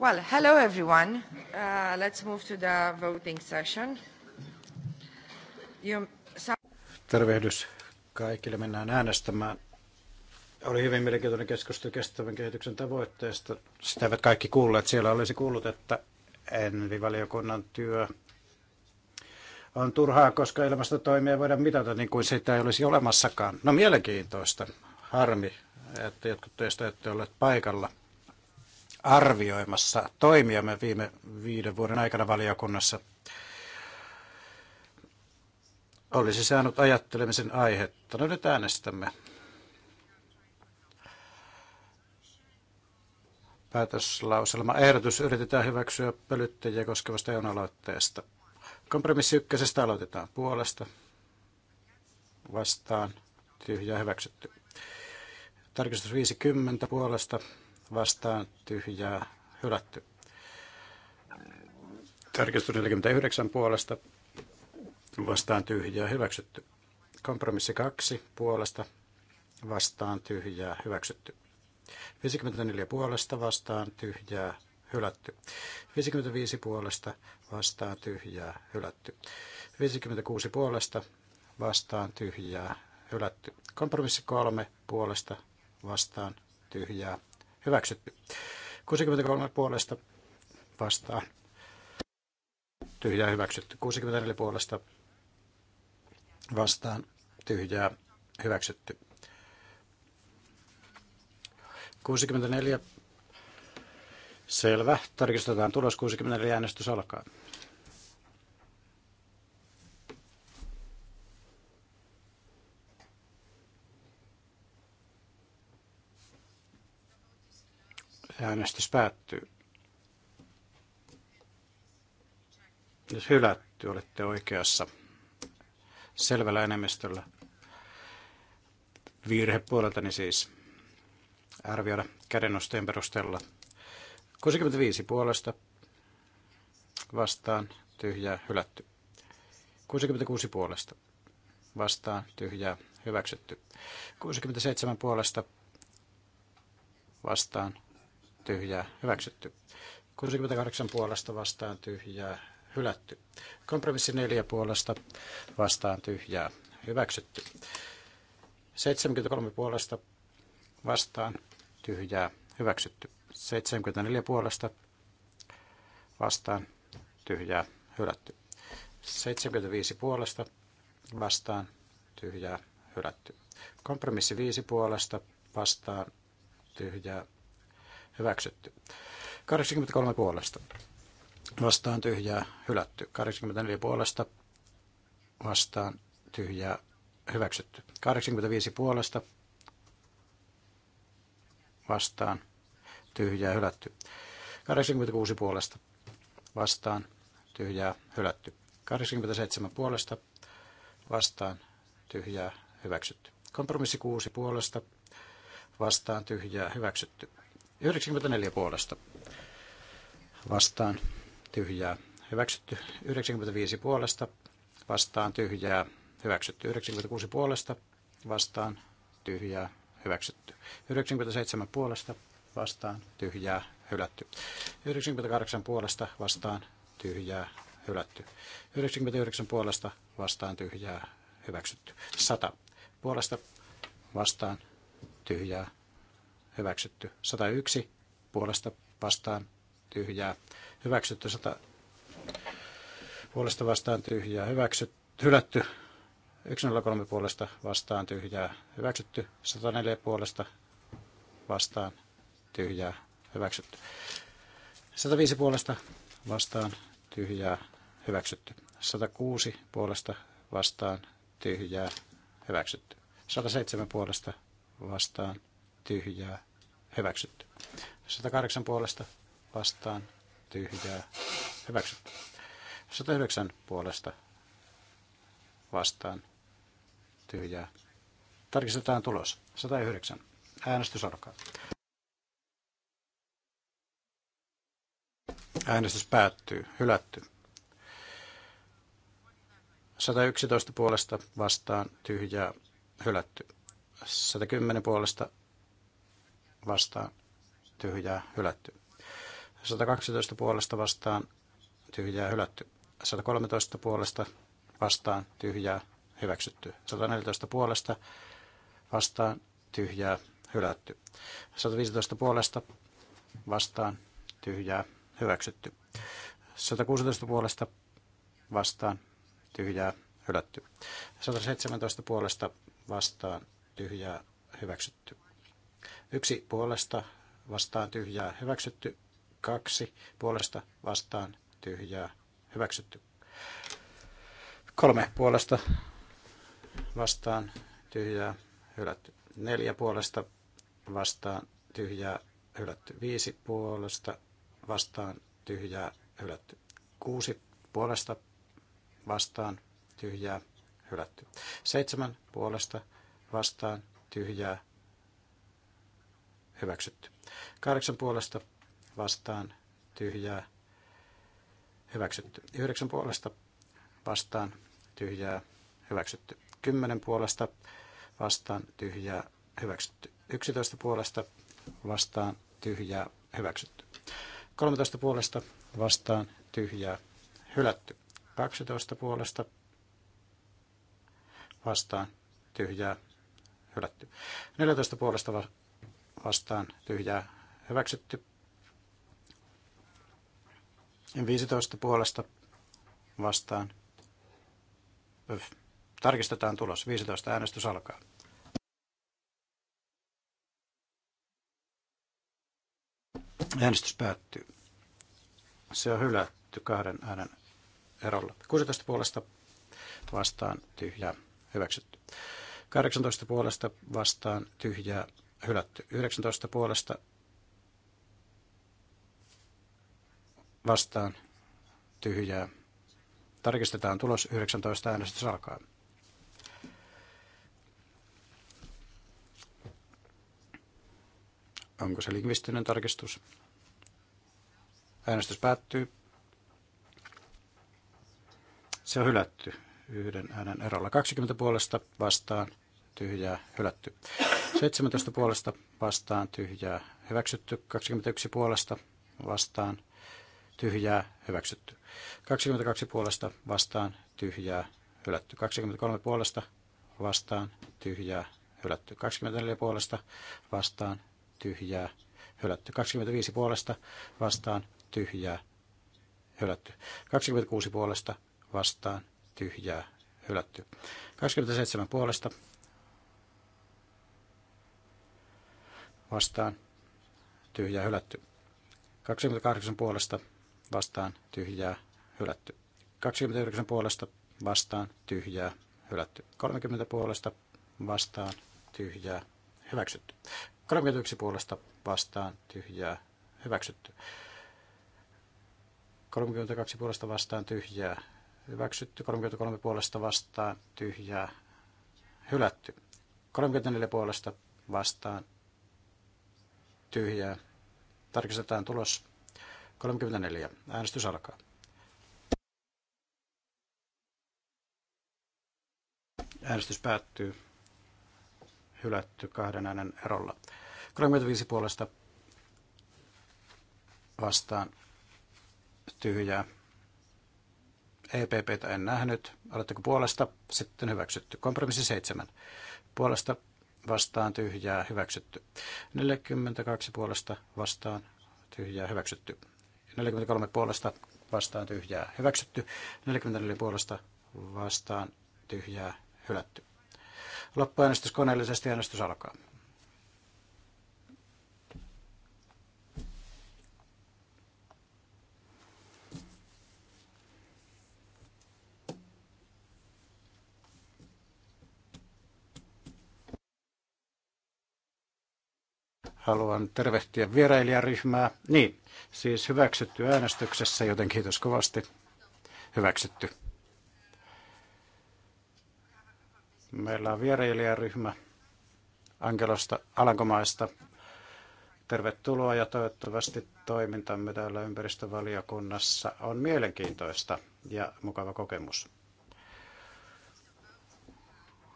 Well, hello everyone. Uh, let's move to the voting session. You... Tervehdys kaikille. Mennään äänestämään. Oli hyvin mielenkiintoinen keskustelu kestävän kehityksen tavoitteesta. Sitä eivät kaikki kuulleet. Siellä olisi kuullut, että Envi-valiokunnan työ on turhaa, koska ilmastotoimia ei voida mitata niin kuin sitä ei olisi olemassakaan. No mielenkiintoista. Harmi, että jotkut teistä ette olleet paikalla arvioimassa toimiamme viime viiden vuoden aikana valiokunnassa. Olisi saanut ajattelemisen aihetta. No nyt äänestämme. Päätöslauselma ehdotus yritetään hyväksyä pölyttäjiä koskevasta eun aloitteesta Kompromissi ykkösestä aloitetaan puolesta. Vastaan tyhjää hyväksytty. Tarkistus 50 puolesta vastaan tyhjää hylätty. Tarkistus 49 puolesta vastaan tyhjää hyväksytty. Kompromissi 2 puolesta vastaan tyhjää hyväksytty. 54 puolesta vastaan tyhjää hylätty. 55 puolesta vastaan tyhjää hylätty. 56 puolesta vastaan tyhjää hylätty. Kompromissi 3 puolesta vastaan tyhjää Hyväksytty. 63 puolesta vastaan. Tyhjää hyväksytty. 64 puolesta vastaan. Tyhjää hyväksytty. 64. Selvä. Tarkistetaan tulos. 64 äänestys alkaa. Äänestys päättyy. Jos hylätty, olette oikeassa. Selvällä enemmistöllä. Virhe niin siis. Arvioida kädennostojen perusteella. 65 puolesta vastaan tyhjää hylätty. 66 puolesta vastaan tyhjää hyväksytty. 67 puolesta vastaan tyhjää, hyväksytty. 68 puolesta vastaan tyhjää, hylätty. Kompromissi 4 puolesta vastaan tyhjää, hyväksytty. 73 puolesta vastaan tyhjää, hyväksytty. 74 puolesta vastaan tyhjää, hylätty. 75 puolesta vastaan tyhjää, hylätty. Kompromissi 5 puolesta vastaan tyhjää, hyväksytty. 83 puolesta vastaan tyhjää hylätty. 84 puolesta vastaan tyhjää hyväksytty. 85 puolesta vastaan tyhjää hylätty. 86 puolesta vastaan tyhjää hylätty. 87 puolesta vastaan tyhjää hyväksytty. Kompromissi 6 puolesta vastaan tyhjää hyväksytty. 94 puolesta vastaan tyhjää hyväksytty. 95 puolesta vastaan tyhjää hyväksytty. 96 puolesta vastaan tyhjää hyväksytty. 97 puolesta vastaan tyhjää hylätty. 98 puolesta vastaan tyhjää hylätty. 99 puolesta vastaan tyhjää hyväksytty. 100 puolesta vastaan tyhjää hyväksytty 101 puolesta vastaan tyhjää, hyväksytty 100 puolesta vastaan tyhjää, hyväksytty, hylätty 103 puolesta vastaan tyhjää, hyväksytty 104 puolesta vastaan tyhjää, hyväksytty 105 puolesta vastaan tyhjää, hyväksytty 106 puolesta vastaan tyhjää, hyväksytty 107 puolesta vastaan tyhjää, hyväksytty. 108 puolesta vastaan, tyhjää, hyväksytty. 109 puolesta vastaan, tyhjää. Tarkistetaan tulos. 109. Äänestys alkaa. Äänestys päättyy. Hylätty. 111 puolesta vastaan tyhjää hylätty. 110 puolesta vastaan tyhjää hylätty. 112 puolesta vastaan tyhjää hylätty. 113 puolesta vastaan tyhjää hyväksytty. 114 puolesta vastaan tyhjää hylätty. 115 puolesta vastaan tyhjää hyväksytty. 116 puolesta vastaan tyhjää hylätty. 117 puolesta vastaan tyhjää hyväksytty. Yksi puolesta vastaan tyhjää hyväksytty. Kaksi puolesta vastaan tyhjää hyväksytty. Kolme puolesta vastaan tyhjää hylätty. Neljä puolesta vastaan tyhjää hylätty. Viisi puolesta vastaan tyhjää hylätty. Kuusi puolesta vastaan tyhjää hylätty. Seitsemän puolesta vastaan tyhjää hyväksytty. Kahdeksan puolesta vastaan tyhjää hyväksytty. Yhdeksän puolesta vastaan tyhjää hyväksytty. Kymmenen puolesta vastaan tyhjää hyväksytty. Yksitoista puolesta vastaan tyhjää hyväksytty. Kolmetoista puolesta vastaan tyhjää hylätty. Kaksitoista puolesta vastaan tyhjää hylätty. Neljätoista puolesta vastaan tyhjää hyväksytty. 15 puolesta vastaan. Öf. Tarkistetaan tulos. 15 äänestys alkaa. Äänestys päättyy. Se on hylätty kahden äänen erolla. 16 puolesta vastaan tyhjää hyväksytty. 18 puolesta vastaan tyhjää hylätty 19 puolesta vastaan tyhjää. Tarkistetaan tulos 19 äänestys alkaa. Onko se lingvistinen tarkistus? Äänestys päättyy. Se on hylätty yhden äänen erolla. 20 puolesta vastaan tyhjää hylätty. 17 puolesta vastaan tyhjää hyväksytty. 21 puolesta vastaan tyhjää hyväksytty. 22 puolesta vastaan tyhjää hylätty. 23 puolesta vastaan tyhjää hylätty. 24 puolesta vastaan tyhjää hylätty. 25 puolesta vastaan tyhjää hylätty. 26 puolesta vastaan tyhjää hylätty. 27 puolesta vastaan tyhjää hylätty. 28 puolesta vastaan tyhjää hylätty. 29 puolesta vastaan tyhjää hylätty. 30 puolesta vastaan tyhjää hyväksytty. 31 puolesta vastaan tyhjää hyväksytty. 32 puolesta vastaan tyhjää hyväksytty. 33 puolesta vastaan tyhjää hylätty. 34 puolesta vastaan tyhjää. Tarkistetaan tulos. 34. Äänestys alkaa. Äänestys päättyy. Hylätty kahden äänen erolla. 35 puolesta vastaan tyhjää. EPPtä en nähnyt. Oletteko puolesta? Sitten hyväksytty. Kompromissi 7. Puolesta vastaan tyhjää hyväksytty. 42 puolesta vastaan tyhjää hyväksytty. 43 puolesta vastaan tyhjää hyväksytty. 44 puolesta vastaan tyhjää hylätty. Loppuäänestys koneellisesti äänestys alkaa. Haluan tervehtiä vierailijaryhmää. Niin, siis hyväksytty äänestyksessä, joten kiitos kovasti. Hyväksytty. Meillä on vierailijaryhmä Angelosta Alankomaista. Tervetuloa ja toivottavasti toimintamme täällä ympäristövaliokunnassa on mielenkiintoista ja mukava kokemus.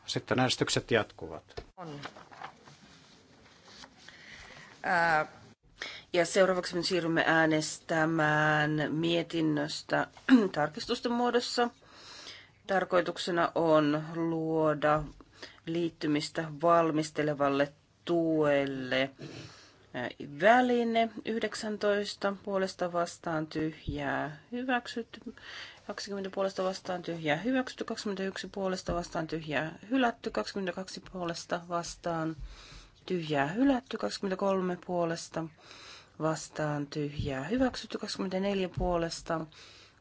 Sitten äänestykset jatkuvat. On ja seuraavaksi me siirrymme äänestämään mietinnöstä tarkistusten muodossa. Tarkoituksena on luoda liittymistä valmistelevalle tuelle väline 19 puolesta vastaan tyhjää hyväksytty, 20 puolesta vastaan tyhjää hyväksytty, 21 puolesta vastaan tyhjää hylätty, 22 puolesta vastaan tyhjää hylätty, 23 puolesta vastaan tyhjää hyväksytty, 24 puolesta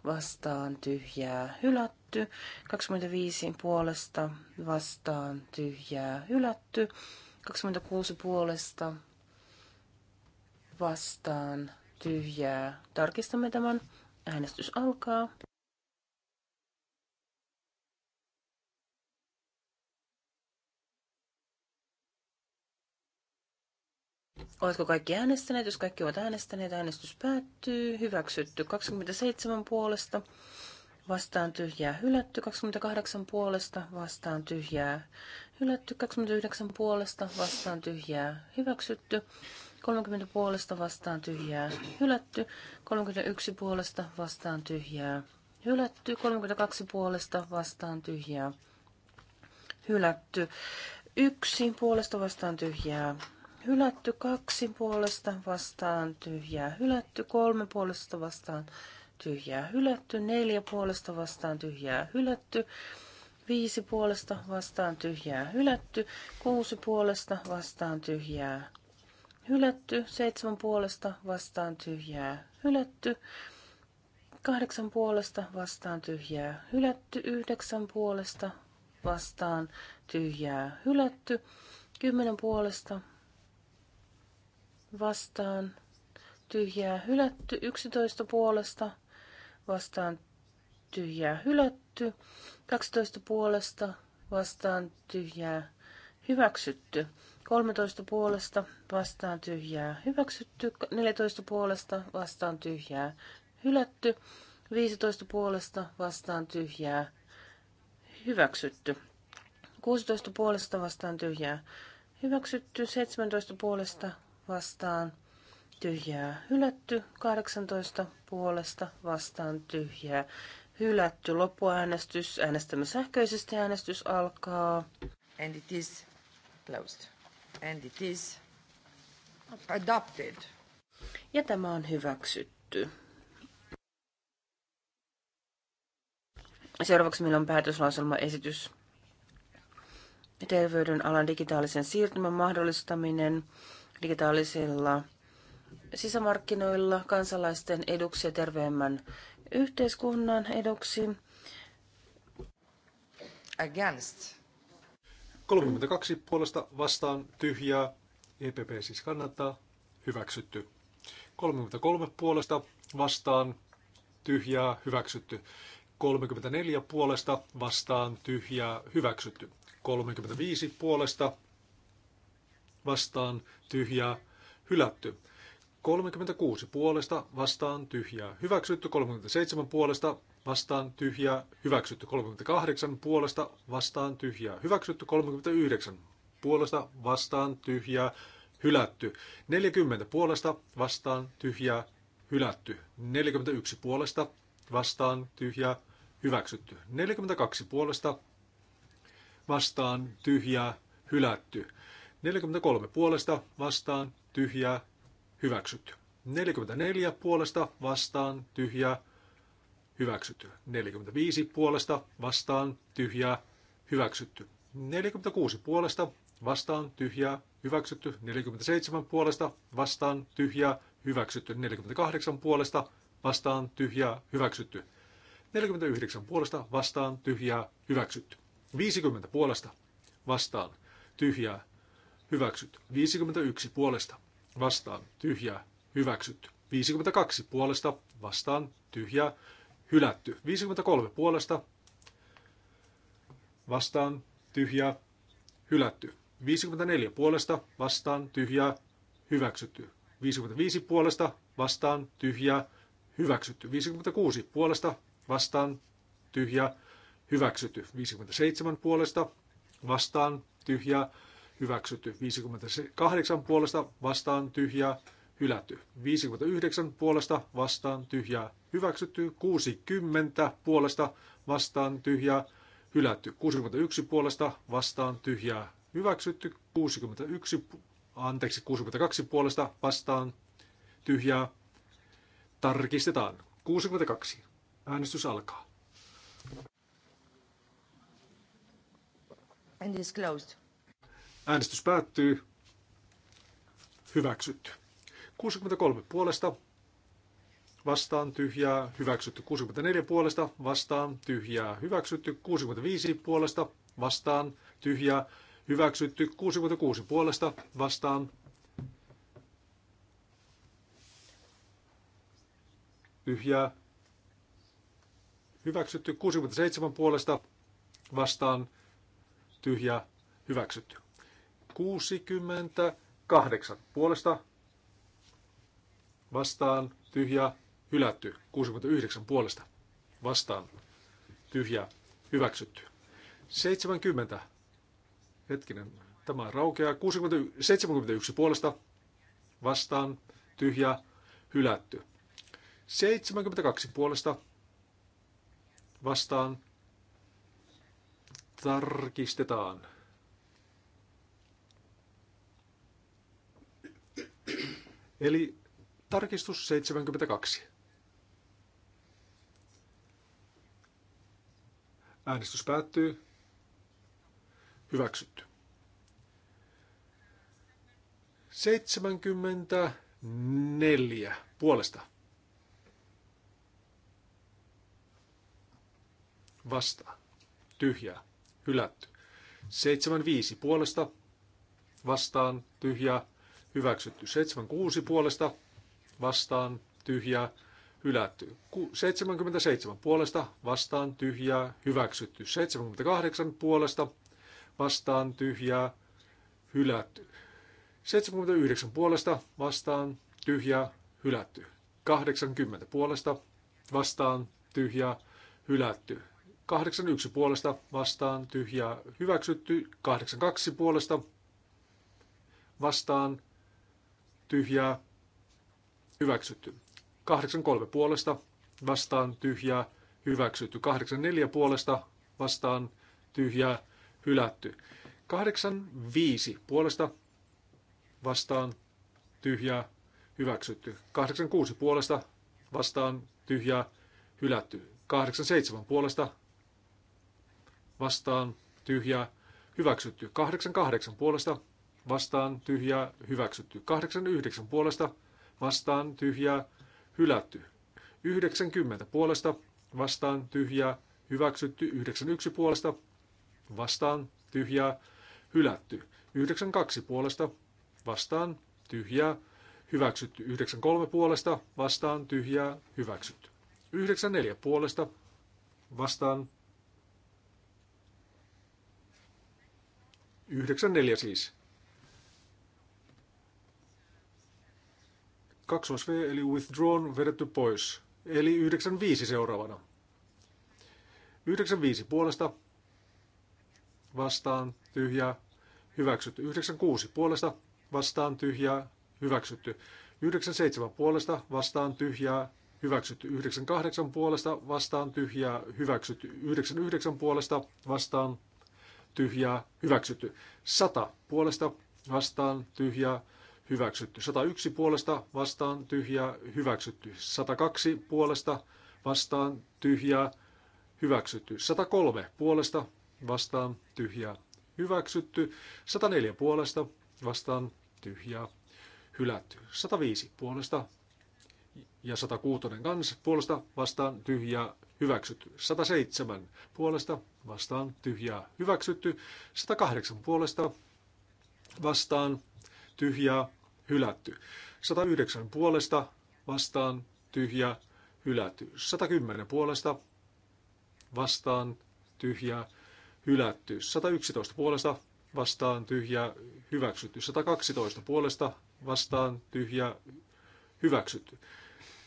vastaan tyhjää hylätty, 25 puolesta vastaan tyhjää hylätty, 26 puolesta vastaan tyhjää. Tarkistamme tämän. Äänestys alkaa. Oletko kaikki äänestäneet? Jos kaikki ovat äänestäneet, äänestys päättyy. Hyväksytty 27 puolesta, vastaan tyhjää hylätty 28 puolesta, vastaan tyhjää hylätty 29 puolesta, vastaan tyhjää hyväksytty. 30 puolesta vastaan tyhjää hylätty, 31 puolesta vastaan tyhjää hylätty, 32 puolesta vastaan tyhjää hylätty, 1 puolesta vastaan tyhjää hylätty, kaksi puolesta vastaan tyhjää hylätty, kolme puolesta vastaan tyhjää hylätty, neljä puolesta vastaan tyhjää hylätty, viisi puolesta vastaan tyhjää hylätty, kuusi puolesta vastaan tyhjää hylätty, seitsemän puolesta vastaan tyhjää hylätty, kahdeksan puolesta vastaan tyhjää hylätty, yhdeksän puolesta vastaan tyhjää hylätty, kymmenen puolesta vastaan tyhjää hylätty, 11 puolesta vastaan tyhjää hylätty, 12 puolesta vastaan tyhjää hyväksytty, 13 puolesta vastaan tyhjää hyväksytty, 14 puolesta vastaan tyhjää hylätty, 15 puolesta vastaan tyhjää hyväksytty, 16 puolesta vastaan tyhjää hyväksytty, 17 puolesta vastaan tyhjää hylätty, 18 puolesta vastaan tyhjää hylätty. Loppuäänestys, äänestämme sähköisesti, äänestys alkaa. And it is closed. And it is adopted. Ja tämä on hyväksytty. Seuraavaksi meillä on Terveyden Terveydenalan digitaalisen siirtymän mahdollistaminen digitaalisilla sisämarkkinoilla kansalaisten eduksi ja terveemmän yhteiskunnan eduksi. Against. 32 puolesta vastaan tyhjää. EPP siis kannattaa. Hyväksytty. 33 puolesta vastaan tyhjää. Hyväksytty. 34 puolesta vastaan tyhjää. Hyväksytty. 35 puolesta vastaan tyhjää hylätty. 36 puolesta vastaan tyhjää hyväksytty, 37 puolesta vastaan tyhjää hyväksytty, 38 puolesta vastaan tyhjää hyväksytty, 39 puolesta vastaan tyhjää hylätty, 40 puolesta vastaan tyhjää hylätty, 41 puolesta vastaan tyhjää hyväksytty, 42 puolesta vastaan tyhjää hylätty, 43 puolesta vastaan tyhjää hyväksytty. 44 puolesta vastaan tyhjää hyväksytty. 45 puolesta vastaan tyhjää hyväksytty. 46 puolesta vastaan tyhjää hyväksytty. 47 puolesta vastaan tyhjää hyväksytty. 48 puolesta vastaan tyhjää hyväksytty. 49 puolesta vastaan tyhjää hyväksytty. 50 puolesta vastaan tyhjää hyväksytty. 51 puolesta vastaan tyhjää hyväksytty. 52 puolesta vastaan tyhjää hylätty. 53 puolesta vastaan tyhjää hylätty. 54 puolesta vastaan tyhjää hyväksytty. 55 puolesta vastaan tyhjää hyväksytty. 56 puolesta vastaan tyhjää hyväksytty. 57 puolesta vastaan tyhjää hyväksytty hyväksytty. 58 puolesta vastaan tyhjää, hylätty. 59 puolesta vastaan tyhjää, hyväksytty. 60 puolesta vastaan tyhjää, hylätty. 61 puolesta vastaan tyhjää, hyväksytty. 61, anteeksi, 62 puolesta vastaan tyhjää, tarkistetaan. 62. Äänestys alkaa. And is closed. Äänestys päättyy. Hyväksytty. 63 puolesta vastaan tyhjää, hyväksytty 64 puolesta, vastaan tyhjää, hyväksytty 65 puolesta, vastaan tyhjää, hyväksytty 66 puolesta, vastaan tyhjää, hyväksytty 67 puolesta, vastaan tyhjää, hyväksytty 68 puolesta vastaan tyhjä hylätty. 69 puolesta vastaan tyhjä hyväksytty. 70 hetkinen, tämä raukeaa. 60, 71 puolesta vastaan tyhjä hylätty. 72 puolesta vastaan tarkistetaan. Eli tarkistus 72. Äänestys päättyy. Hyväksytty. 74 puolesta. Vastaan. Tyhjää. Hylätty. 75 puolesta. Vastaan. Tyhjää hyväksytty. 76 puolesta vastaan tyhjää hylätty. 77 puolesta vastaan tyhjää hyväksytty. 78 puolesta vastaan tyhjää hylätty. 79 puolesta vastaan tyhjää hylätty. 80 puolesta vastaan tyhjää hylätty. 81 puolesta vastaan tyhjää hyväksytty. 82 puolesta vastaan tyhjää, hyväksytty. 83 puolesta vastaan tyhjää, hyväksytty. 84 puolesta vastaan tyhjää, hylätty. 85 puolesta vastaan tyhjää, hyväksytty. 86 puolesta vastaan tyhjää, hylätty. 87 puolesta vastaan tyhjää, hyväksytty. 88 puolesta vastaan tyhjää hyväksytty. 89 puolesta vastaan tyhjää hylätty. 90 puolesta vastaan tyhjää hyväksytty. 91 puolesta vastaan tyhjää hylätty. 92 puolesta vastaan tyhjää hyväksytty. 93 puolesta vastaan tyhjää hyväksytty. 94 puolesta vastaan 94 siis. 2 V eli withdrawn vedetty pois. Eli 95 seuraavana. 95 puolesta vastaan tyhjä hyväksytty. 96 puolesta vastaan tyhjä hyväksytty. 97 puolesta vastaan tyhjä hyväksytty 98 puolesta vastaan tyhjä hyväksytty 99 puolesta vastaan tyhjä hyväksytty 100 puolesta vastaan tyhjää, hyväksytty. 101 puolesta vastaan tyhjää hyväksytty. 102 puolesta vastaan tyhjää hyväksytty. 103 puolesta vastaan tyhjää hyväksytty. 104 puolesta vastaan tyhjää hylätty. 105 puolesta ja 106 kanssa puolesta vastaan tyhjää hyväksytty. 107 puolesta vastaan tyhjää hyväksytty. 108 puolesta vastaan tyhjää hylätty. 109 puolesta vastaan tyhjä hylätty. 110 puolesta vastaan tyhjä hylätty. 111 puolesta vastaan tyhjä hyväksytty. 112 puolesta vastaan tyhjä hyväksytty.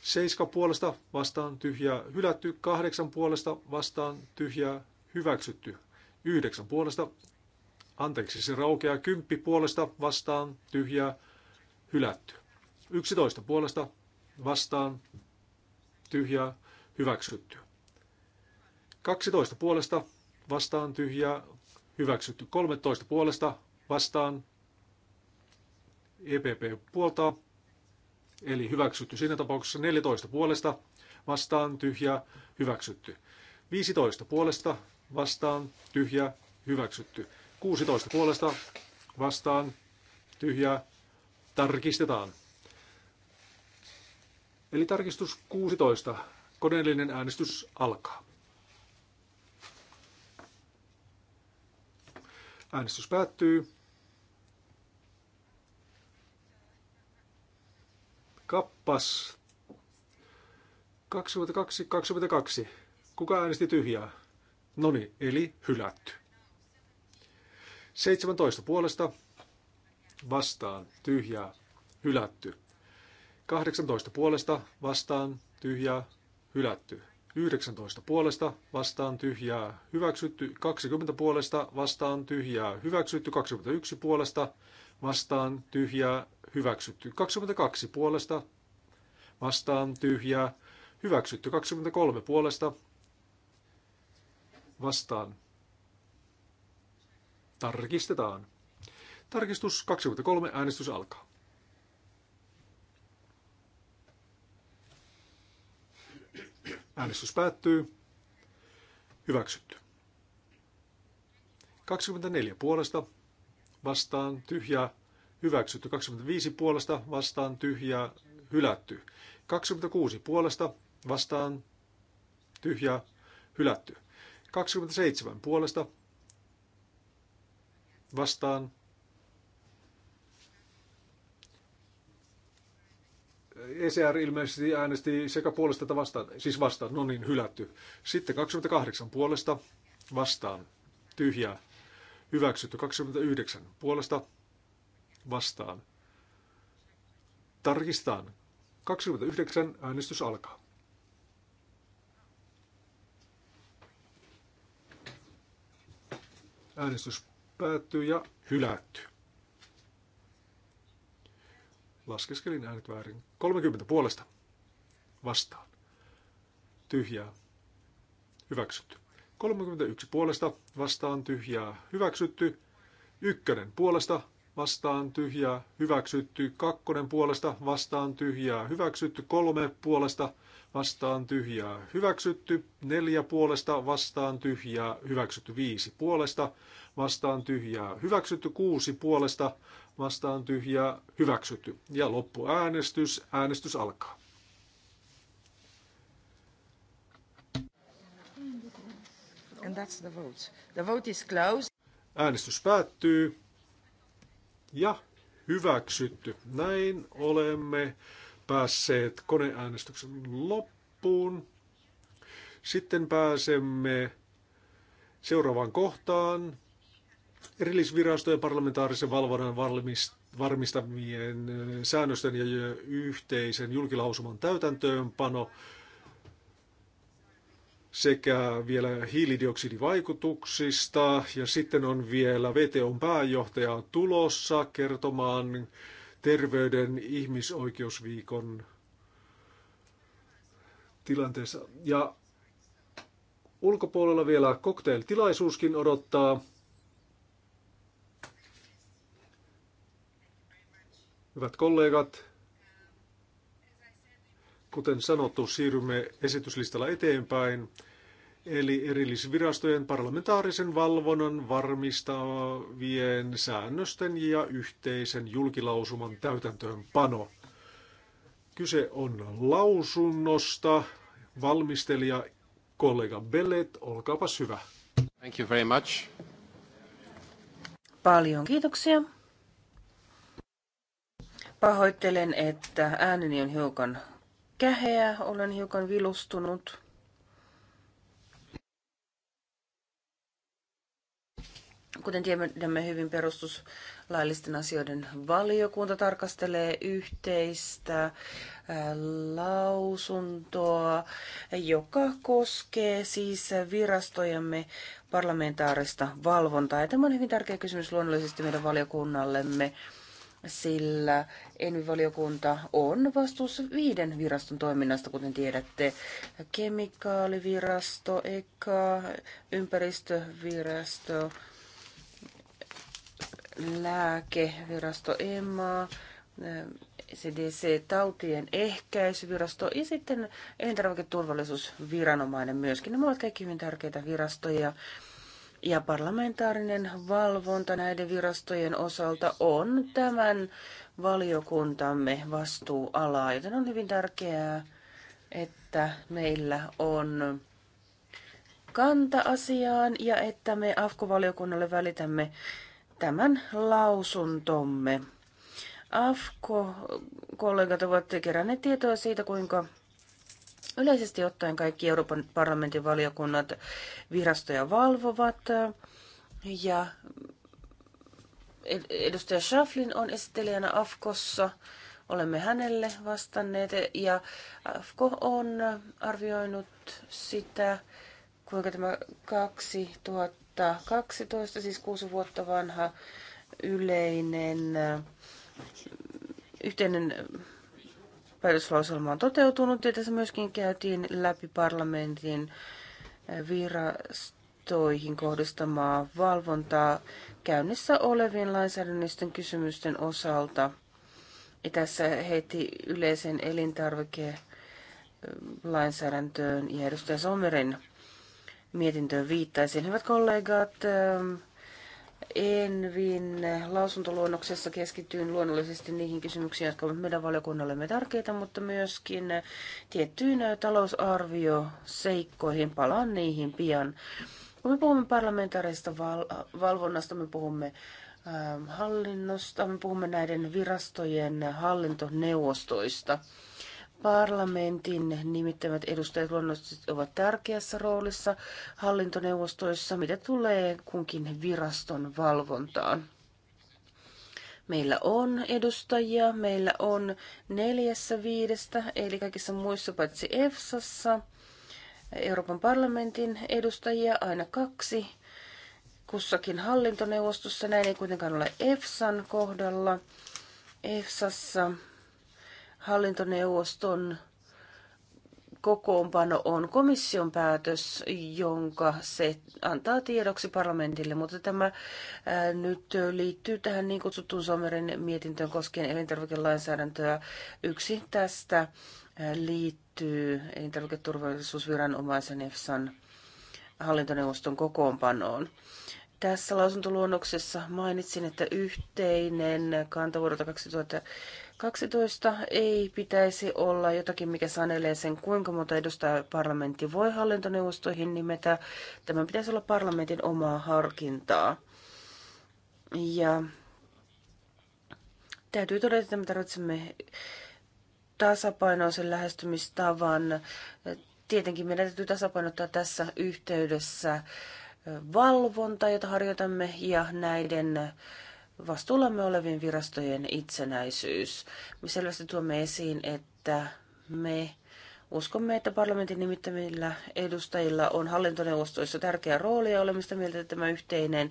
7 puolesta vastaan tyhjä hylätty. 8 puolesta vastaan tyhjä hyväksytty. 9 puolesta, anteeksi se raukeaa, 10 puolesta vastaan tyhjä hylätty. 11 puolesta vastaan tyhjää hyväksytty. 12 puolesta vastaan tyhjää hyväksytty. 13 puolesta vastaan EPP puoltaa, eli hyväksytty. Siinä tapauksessa 14 puolesta vastaan tyhjää hyväksytty. 15 puolesta vastaan tyhjää hyväksytty. 16 puolesta vastaan tyhjää Tarkistetaan. Eli tarkistus 16. Koneellinen äänestys alkaa. Äänestys päättyy. Kappas. 22, 22. Kuka äänesti tyhjää? Noni, niin, eli hylätty. 17 puolesta vastaan, tyhjää, hylätty. 18 puolesta vastaan, tyhjää, hylätty. 19 puolesta vastaan tyhjää hyväksytty, 20 puolesta vastaan tyhjää hyväksytty, 21 puolesta vastaan tyhjää hyväksytty, 22 puolesta vastaan tyhjää hyväksytty, 23 puolesta vastaan. Tarkistetaan. Tarkistus 23. Äänestys alkaa. Äänestys päättyy. Hyväksytty. 24 puolesta vastaan tyhjää hyväksytty. 25 puolesta vastaan tyhjää hylätty. 26 puolesta vastaan tyhjää hylätty. 27 puolesta vastaan ECR ilmeisesti äänesti sekä puolesta että vastaan, siis vastaan, no niin, hylätty. Sitten 28 puolesta vastaan, tyhjää, hyväksytty. 29 puolesta vastaan. Tarkistaan. 29 äänestys alkaa. Äänestys päättyy ja hylätty. Laskeskelin äänet väärin. 30 puolesta. Vastaan. Tyhjää. Hyväksytty. 31 puolesta. Vastaan tyhjää. Hyväksytty. Ykkönen puolesta. Vastaan tyhjää. Hyväksytty. Kakkonen puolesta. Vastaan tyhjää. Hyväksytty. Kolme puolesta. Vastaan tyhjää. Hyväksytty. Neljä puolesta. Vastaan tyhjää. Hyväksytty. Viisi puolesta. Vastaan tyhjää. Hyväksytty. Kuusi puolesta vastaan tyhjää hyväksytty. Ja loppuäänestys, äänestys alkaa. And that's the vote. The vote is closed. Äänestys päättyy ja hyväksytty. Näin olemme päässeet koneäänestyksen loppuun. Sitten pääsemme seuraavaan kohtaan erillisvirastojen parlamentaarisen valvonnan varmistamien säännösten ja yhteisen julkilausuman täytäntöönpano sekä vielä hiilidioksidivaikutuksista ja sitten on vielä VTOn pääjohtaja tulossa kertomaan terveyden ihmisoikeusviikon tilanteessa. Ja ulkopuolella vielä cocktailtilaisuuskin odottaa. Hyvät kollegat, kuten sanottu, siirrymme esityslistalla eteenpäin. Eli erillisvirastojen parlamentaarisen valvonnan varmistavien säännösten ja yhteisen julkilausuman täytäntöönpano. Kyse on lausunnosta. Valmistelija kollega Bellet, olkaapas hyvä. Thank you very much. Paljon kiitoksia. Pahoittelen, että ääneni on hiukan käheä, olen hiukan vilustunut. Kuten tiedämme hyvin, perustuslaillisten asioiden valiokunta tarkastelee yhteistä lausuntoa, joka koskee siis virastojemme parlamentaarista valvontaa. Ja tämä on hyvin tärkeä kysymys luonnollisesti meidän valiokunnallemme sillä envivaliokunta on vastuussa viiden viraston toiminnasta, kuten tiedätte. Kemikaalivirasto, EKA, ympäristövirasto, lääkevirasto EMA, CDC-tautien ehkäisyvirasto ja sitten elintarviketurvallisuusviranomainen myöskin. Nämä ovat kaikki hyvin tärkeitä virastoja ja parlamentaarinen valvonta näiden virastojen osalta on tämän valiokuntamme vastuualaa, joten on hyvin tärkeää, että meillä on kanta asiaan ja että me AFKO-valiokunnalle välitämme tämän lausuntomme. AFKO-kollegat ovat keränneet tietoa siitä, kuinka Yleisesti ottaen kaikki Euroopan parlamentin valiokunnat virastoja valvovat ja edustaja Schaflin on esittelijänä AFKossa. Olemme hänelle vastanneet ja AFKO on arvioinut sitä, kuinka tämä 2012, siis kuusi vuotta vanha yleinen yhteinen päätöslauselma on toteutunut ja tässä myöskin käytiin läpi parlamentin eh, virastoihin kohdistamaa valvontaa käynnissä olevien lainsäädännöllisten kysymysten osalta. Ja tässä heti yleisen elintarvike eh, lainsäädäntöön ja edustaja Somerin mietintöön viittaisin. Hyvät kollegat, eh, Envin lausuntoluonnoksessa keskityin luonnollisesti niihin kysymyksiin, jotka ovat meidän valiokunnallemme tärkeitä, mutta myöskin tiettyyn talousarvioseikkoihin. Palaan niihin pian. Kun me puhumme parlamentaarista val- valvonnasta, me puhumme ähm, hallinnosta, me puhumme näiden virastojen hallintoneuvostoista – parlamentin nimittämät edustajat luonnollisesti ovat tärkeässä roolissa hallintoneuvostoissa, mitä tulee kunkin viraston valvontaan. Meillä on edustajia, meillä on neljässä viidestä, eli kaikissa muissa paitsi EFSassa, Euroopan parlamentin edustajia aina kaksi kussakin hallintoneuvostossa. Näin ei kuitenkaan ole EFSAn kohdalla. EFSassa hallintoneuvoston kokoonpano on komission päätös, jonka se antaa tiedoksi parlamentille, mutta tämä ää, äh, nyt liittyy tähän niin kutsuttuun Somerin mietintöön koskien elintarvikelainsäädäntöä. Yksi tästä ää, äh, liittyy elintarviketurvallisuusviranomaisen EFSAn hallintoneuvoston kokoonpanoon. Tässä lausuntoluonnoksessa mainitsin, että yhteinen kantavuodelta 2000 12 ei pitäisi olla jotakin, mikä sanelee sen, kuinka monta edustajaa parlamentti voi hallintoneuvostoihin nimetä. Tämän pitäisi olla parlamentin omaa harkintaa. Ja täytyy todeta, että me tarvitsemme tasapainoisen lähestymistavan. Tietenkin meidän täytyy tasapainottaa tässä yhteydessä valvonta, jota harjoitamme, ja näiden vastuullamme olevien virastojen itsenäisyys. Me selvästi tuomme esiin, että me uskomme, että parlamentin nimittämillä edustajilla on hallintoneuvostoissa tärkeä rooli ja olemme sitä mieltä, että tämä yhteinen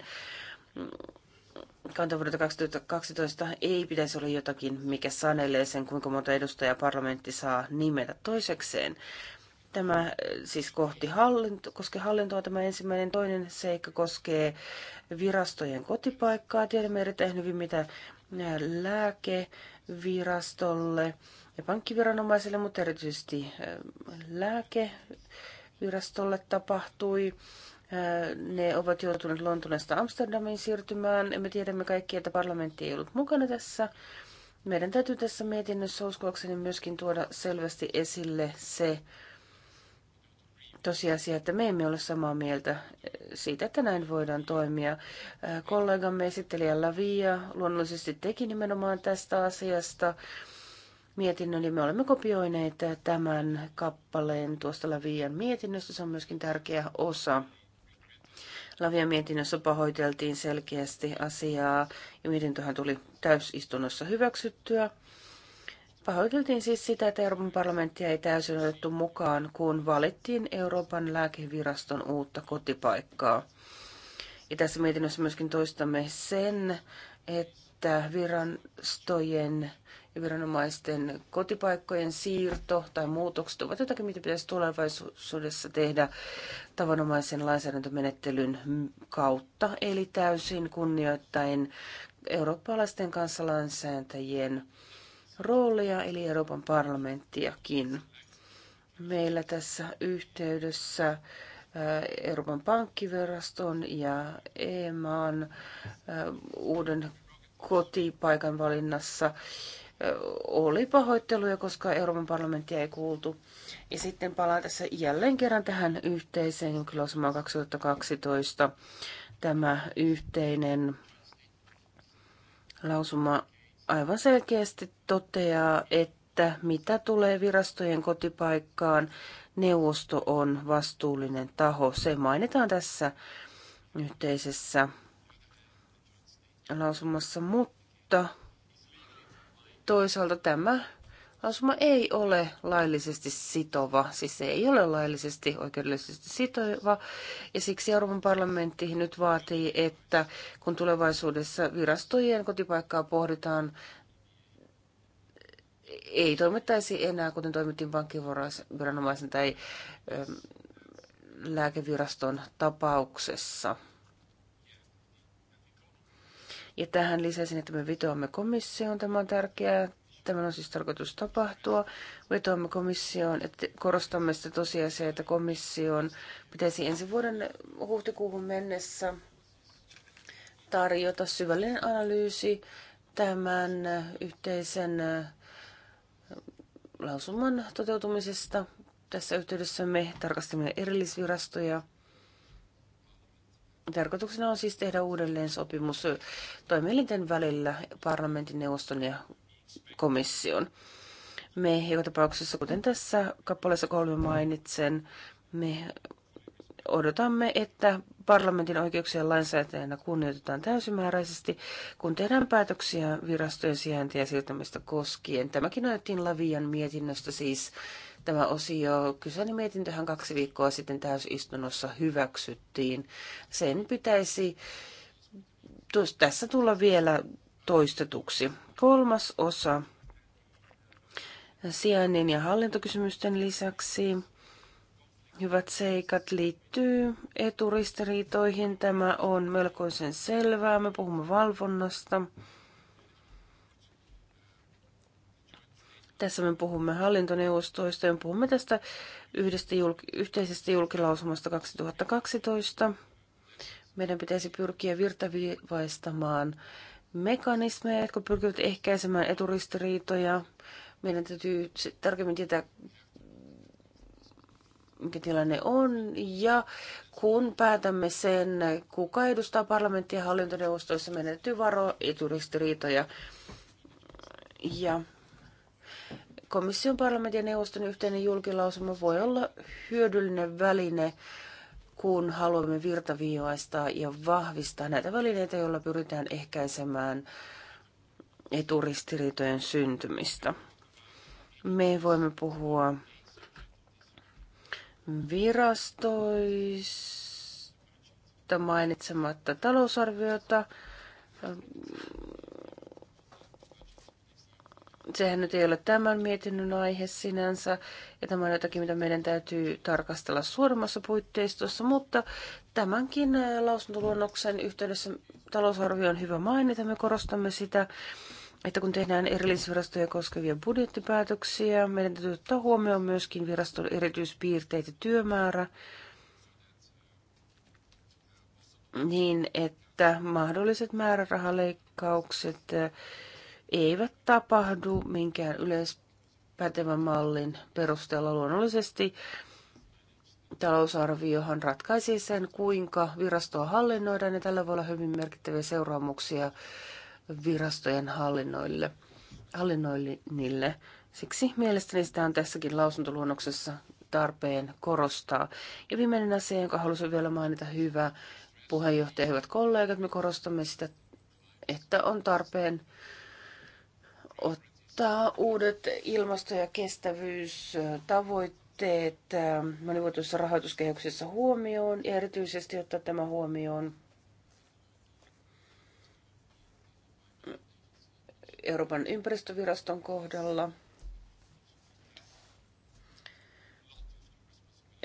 kanta vuodelta 2012 ei pitäisi olla jotakin, mikä sanelee sen, kuinka monta edustajaa parlamentti saa nimetä toisekseen. Tämä äh, siis kohti hallinto, koskee hallintoa tämä ensimmäinen. Toinen seikka koskee virastojen kotipaikkaa. Tiedämme erittäin hyvin, mitä äh, lääkevirastolle ja pankkiviranomaiselle, mutta erityisesti äh, lääkevirastolle tapahtui. Ne ovat joutuneet Lontoonesta Amsterdamiin siirtymään. Me tiedämme kaikki, että parlamentti ei ollut mukana tässä. Meidän täytyy tässä mietinnössä uskoakseni myöskin tuoda selvästi esille se, tosiasia, että me emme ole samaa mieltä eh, siitä, että näin voidaan toimia. Eh, kollegamme esittelijä Lavia luonnollisesti teki nimenomaan tästä asiasta mietinnön, ja me olemme kopioineet tämän kappaleen tuosta Lavian mietinnöstä. Se on myöskin tärkeä osa. Lavian mietinnössä pahoiteltiin selkeästi asiaa, ja mietintöhän tuli täysistunnossa hyväksyttyä. Pahoiteltiin siis sitä, että Euroopan parlamenttia ei täysin otettu mukaan, kun valittiin Euroopan lääkeviraston uutta kotipaikkaa. Ja tässä mietinnössä myöskin toistamme sen, että virastojen ja viranomaisten kotipaikkojen siirto tai muutokset ovat jotakin, mitä pitäisi tulevaisuudessa tehdä tavanomaisen lainsäädäntömenettelyn kautta, eli täysin kunnioittain eurooppalaisten kansalaisääntäjien roolia, eli Euroopan parlamenttiakin. Meillä tässä yhteydessä äh, Euroopan pankkiviraston ja EMAan äh, uuden kotipaikan valinnassa äh, oli pahoitteluja, koska Euroopan parlamenttia ei kuultu. Ja sitten palaan tässä jälleen kerran tähän yhteiseen kyllä 2012. Tämä yhteinen lausuma aivan selkeästi toteaa, että mitä tulee virastojen kotipaikkaan, neuvosto on vastuullinen taho. Se mainitaan tässä yhteisessä lausumassa, mutta toisaalta tämä lausuma ei ole laillisesti sitova, siis se ei ole laillisesti oikeudellisesti sitova, ja siksi Euroopan parlamentti nyt vaatii, että kun tulevaisuudessa virastojen kotipaikkaa pohditaan, ei toimittaisi enää, kuten toimittiin pankkiviranomaisen tai ö, ähm, lääkeviraston tapauksessa. Ja tähän lisäisin, että me vitoamme komissioon. Tämä on tärkeää Tämän on siis tarkoitus tapahtua. Vetoamme komissioon, että korostamme sitä tosiasiaa, että komission pitäisi ensi vuoden huhtikuuhun mennessä tarjota syvällinen analyysi tämän yhteisen äh, lausuman toteutumisesta. Tässä yhteydessä me tarkastamme erillisvirastoja. Tarkoituksena on siis tehdä uudelleen sopimus äh, toimielinten välillä parlamentin, neuvoston ja komission. Me joka tapauksessa, kuten tässä kappaleessa kolme mainitsen, me odotamme, että parlamentin oikeuksien lainsäätäjänä kunnioitetaan täysimääräisesti, kun tehdään päätöksiä virastojen sijaintia siirtämistä koskien. Tämäkin otettiin Lavian mietinnöstä siis tämä osio. Kyseinen mietintöhän kaksi viikkoa sitten täysistunnossa hyväksyttiin. Sen pitäisi tässä tulla vielä toistetuksi. Kolmas osa sijainnin ja hallintokysymysten lisäksi hyvät seikat liittyy eturistiriitoihin. Tämä on melkoisen selvää. Me puhumme valvonnasta. Tässä me puhumme hallintoneuvostoista ja puhumme tästä yhdestä julk- yhteisestä julkilausumasta 2012. Meidän pitäisi pyrkiä virtavaistamaan mekanismeja, jotka pyrkivät ehkäisemään eturistiriitoja. Meidän täytyy tarkemmin tietää, mikä tilanne on. Ja kun päätämme sen, kuka edustaa parlamenttia hallintoneuvostoissa, meidän täytyy varoa eturistiriitoja. Ja komission parlamentin ja neuvoston yhteinen julkilausuma voi olla hyödyllinen väline kun haluamme virtaviivaistaa ja vahvistaa näitä välineitä, joilla pyritään ehkäisemään eturistiriitojen syntymistä. Me voimme puhua virastoista mainitsematta talousarviota, sehän nyt ei ole tämän mietinnön aihe sinänsä, ja tämä on jotakin, mitä meidän täytyy tarkastella suuremmassa puitteistossa, mutta tämänkin äh, lausuntoluonnoksen yhteydessä talousarvio on hyvä mainita. Me korostamme sitä, että kun tehdään erillisvirastoja koskevia budjettipäätöksiä, meidän täytyy ottaa huomioon myöskin viraston erityispiirteet ja työmäärä, niin että mahdolliset määrärahaleikkaukset eivät tapahdu minkään yleispätevän mallin perusteella luonnollisesti. Talousarviohan ratkaisi sen, kuinka virastoa hallinnoidaan, ja tällä voi olla hyvin merkittäviä seuraamuksia virastojen hallinnoille. hallinnoinnille. Siksi mielestäni sitä on tässäkin lausuntoluonnoksessa tarpeen korostaa. Ja viimeinen asia, jonka halusin vielä mainita, hyvä puheenjohtaja, hyvät kollegat, me korostamme sitä, että on tarpeen ottaa uudet ilmasto- ja kestävyystavoitteet äh, monivuotoisessa rahoituskehyksessä huomioon ja erityisesti ottaa tämä huomioon Euroopan ympäristöviraston kohdalla.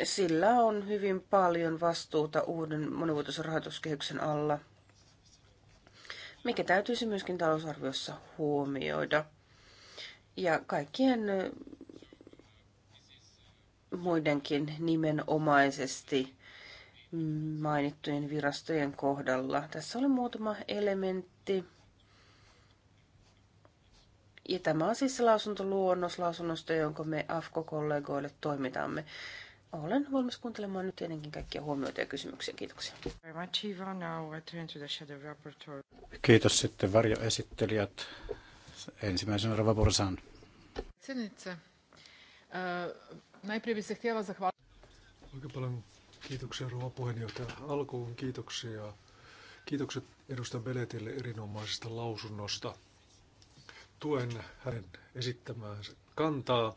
Sillä on hyvin paljon vastuuta uuden monivuotisen rahoituskehyksen alla – mikä täytyisi myöskin talousarviossa huomioida. Ja kaikkien muidenkin nimenomaisesti mainittujen virastojen kohdalla. Tässä oli muutama elementti. Ja tämä on siis se lausuntoluonnos lausunnosta, jonka me AFKO-kollegoille toimitamme. Olen valmis kuuntelemaan nyt tietenkin kaikkia huomioita ja kysymyksiä. Kiitoksia. Kiitos sitten varjoesittelijät. Ensimmäisenä Rava Bursan. Eh, Oikein paljon kiitoksia rouva puheenjohtaja. Alkuun kiitoksia. Kiitokset edustaja Beletille erinomaisesta lausunnosta. Tuen hänen esittämäänsä kantaa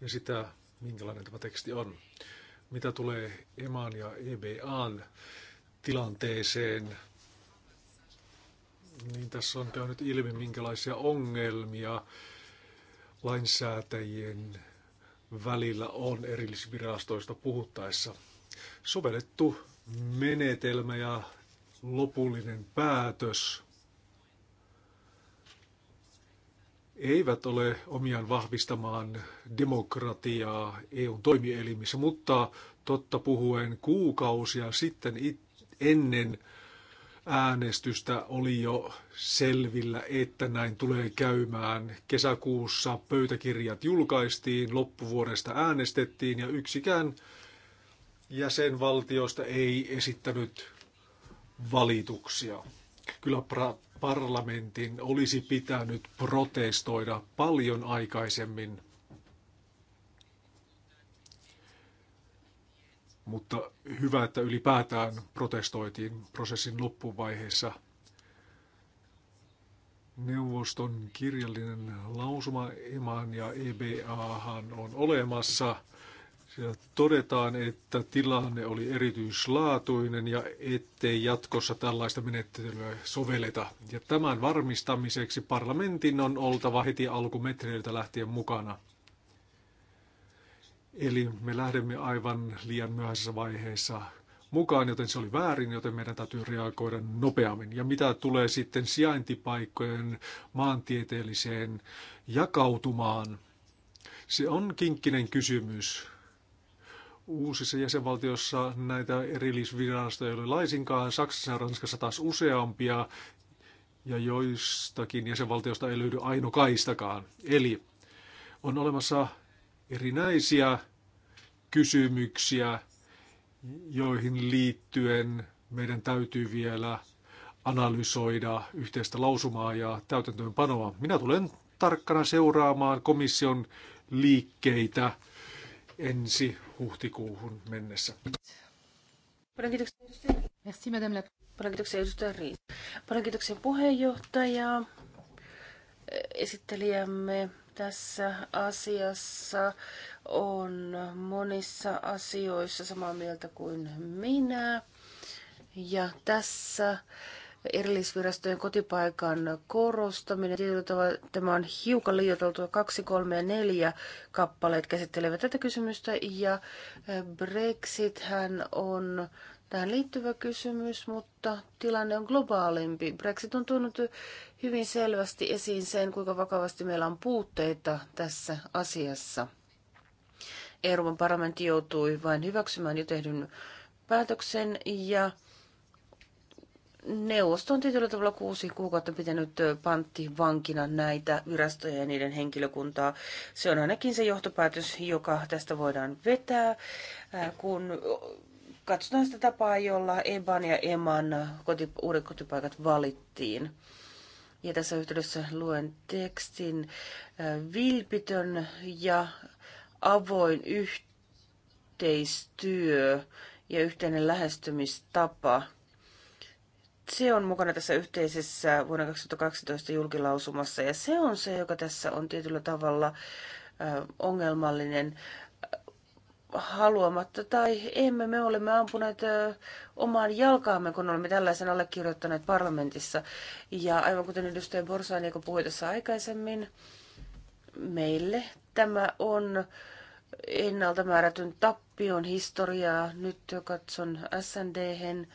ja sitä minkälainen tämä teksti on. Mitä tulee EMAan ja EBAan tilanteeseen, niin tässä on käynyt ilmi, minkälaisia ongelmia lainsäätäjien välillä on erillisvirastoista puhuttaessa. Sovellettu menetelmä ja lopullinen päätös eivät ole omiaan vahvistamaan demokratiaa EUn toimielimissä, mutta totta puhuen kuukausia sitten ennen äänestystä oli jo selvillä, että näin tulee käymään. Kesäkuussa pöytäkirjat julkaistiin, loppuvuodesta äänestettiin ja yksikään jäsenvaltiosta ei esittänyt valituksia. Kyllä parlamentin olisi pitänyt protestoida paljon aikaisemmin, mutta hyvä, että ylipäätään protestoitiin prosessin loppuvaiheessa – neuvoston kirjallinen lausuma EMAN ja EBAhan on olemassa. Siinä todetaan, että tilanne oli erityislaatuinen ja ettei jatkossa tällaista menettelyä sovelleta. Ja tämän varmistamiseksi parlamentin on oltava heti alkumetreiltä lähtien mukana. Eli me lähdemme aivan liian myöhäisessä vaiheessa mukaan, joten se oli väärin, joten meidän täytyy reagoida nopeammin. Ja mitä tulee sitten sijaintipaikkojen maantieteelliseen jakautumaan, se on kinkkinen kysymys uusissa jäsenvaltioissa näitä erillisvirastoja ei ole laisinkaan. Saksassa ja Ranskassa taas useampia ja joistakin jäsenvaltioista ei löydy ainokaistakaan. Eli on olemassa erinäisiä kysymyksiä, joihin liittyen meidän täytyy vielä analysoida yhteistä lausumaa ja täytäntöönpanoa. Minä tulen tarkkana seuraamaan komission liikkeitä ensi huhtikuuhun mennessä. Paljon kiitoksia. Merci, madame la... Paljon kiitoksia edustaja Riis. Paljon kiitoksia puheenjohtaja, esittelijämme tässä asiassa on monissa asioissa samaa mieltä kuin minä. Ja tässä erillisvirastojen kotipaikan korostaminen. Tietyllä tavalla tämä on hiukan liioiteltua. Kaksi, kolme ja neljä kappaleet käsittelevät tätä kysymystä. Ja Brexit hän on tähän liittyvä kysymys, mutta tilanne on globaalimpi. Brexit on tuonut hyvin selvästi esiin sen, kuinka vakavasti meillä on puutteita tässä asiassa. Euroopan parlamentti joutui vain hyväksymään jo tehdyn päätöksen ja neuvosto on tietyllä tavalla kuusi kuukautta pitänyt pantti vankina näitä virastoja ja niiden henkilökuntaa. Se on ainakin se johtopäätös, joka tästä voidaan vetää, kun katsotaan sitä tapaa, jolla Eban ja Eman koti, uudet kotipaikat valittiin. Ja tässä yhteydessä luen tekstin vilpitön ja avoin yhteistyö ja yhteinen lähestymistapa – se on mukana tässä yhteisessä vuonna 2012 julkilausumassa ja se on se, joka tässä on tietyllä tavalla ongelmallinen haluamatta tai emme me olemme ampuneet omaan jalkaamme, kun olemme tällaisen allekirjoittaneet parlamentissa. Ja aivan kuten edustaja Borsaan, joka puhui tässä aikaisemmin, meille tämä on ennalta määrätyn tappion historiaa. Nyt katson SND-hen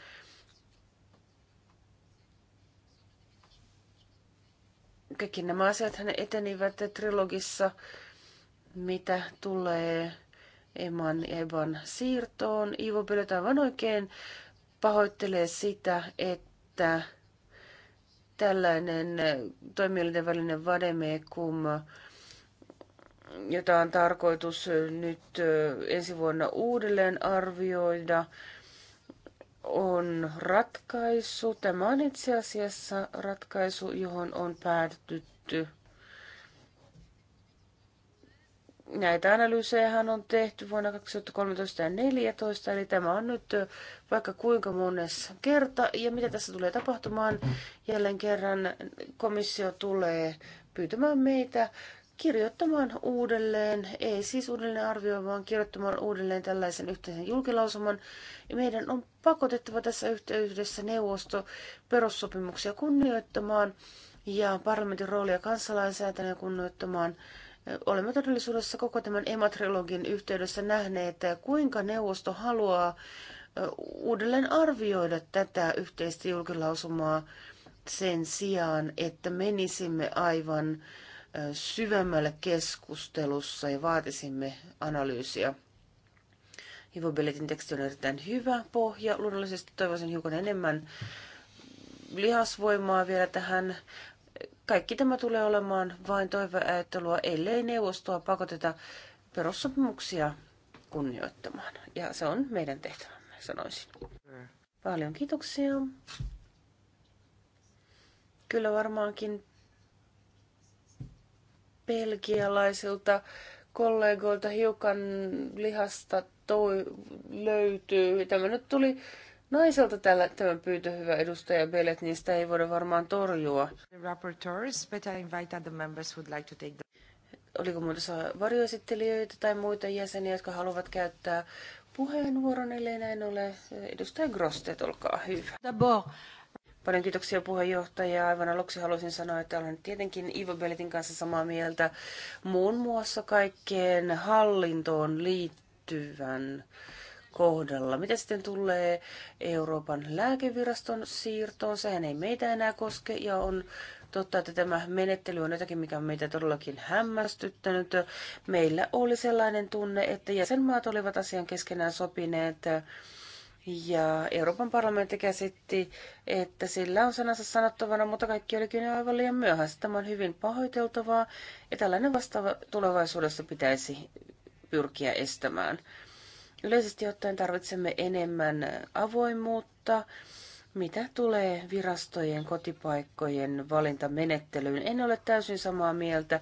kaikki nämä asiat hän etenivät trilogissa, mitä tulee Eman ja Eban siirtoon. Ivo Pölöt aivan oikein pahoittelee sitä, että tällainen toimielinten välinen vademekum, jota on tarkoitus nyt ensi vuonna uudelleen arvioida, on ratkaisu. Tämä on itse asiassa ratkaisu, johon on päädytty. Näitä analyysejähän on tehty vuonna 2013 ja 2014, eli tämä on nyt vaikka kuinka monessa kerta. Ja mitä tässä tulee tapahtumaan? Jälleen kerran komissio tulee pyytämään meitä kirjoittamaan uudelleen, ei siis uudelleen vaan kirjoittamaan uudelleen tällaisen yhteisen julkilausuman. Ja meidän on pakotettava tässä yhteydessä neuvosto perussopimuksia kunnioittamaan ja parlamentin roolia kansalainsäätäneen kunnioittamaan. Olemme todellisuudessa koko tämän ematrilogin yhteydessä nähneet, kuinka neuvosto haluaa uudelleen arvioida tätä yhteistä julkilausumaa sen sijaan, että menisimme aivan syvemmälle keskustelussa ja vaatisimme analyysiä. Ivo Belletin teksti on erittäin hyvä pohja. Luonnollisesti toivoisin hiukan enemmän lihasvoimaa vielä tähän. Kaikki tämä tulee olemaan vain toiveajattelua, ellei neuvostoa pakoteta perussopimuksia kunnioittamaan. Ja se on meidän tehtävämme, sanoisin. Paljon kiitoksia. Kyllä varmaankin belgialaisilta kollegoilta hiukan lihasta toi, löytyy. Tämä nyt tuli naiselta tällä, tämä pyytö, hyvä edustaja Belet, sitä ei voida varmaan torjua. Like Oliko muodossa varjoesittelijöitä tai muita jäseniä, jotka haluavat käyttää puheenvuoron, ellei näin ole. Edustaja Grostet, olkaa hyvä. Paljon kiitoksia puheenjohtaja. Aivan aluksi haluaisin sanoa, että olen tietenkin Ivo Belletin kanssa samaa mieltä muun muassa kaikkeen hallintoon liittyvän kohdalla. Mitä sitten tulee Euroopan lääkeviraston siirtoon? Sehän ei meitä enää koske ja on totta, että tämä menettely on jotakin, mikä on meitä todellakin hämmästyttänyt. Meillä oli sellainen tunne, että jäsenmaat olivat asian keskenään sopineet ja Euroopan parlamentti käsitti, että sillä on sanansa sanottavana, mutta kaikki olikin jo aivan liian myöhäistä. Tämä on hyvin pahoiteltavaa ja tällainen vastaava tulevaisuudessa pitäisi pyrkiä estämään. Yleisesti ottaen tarvitsemme enemmän avoimuutta, mitä tulee virastojen kotipaikkojen valintamenettelyyn. En ole täysin samaa mieltä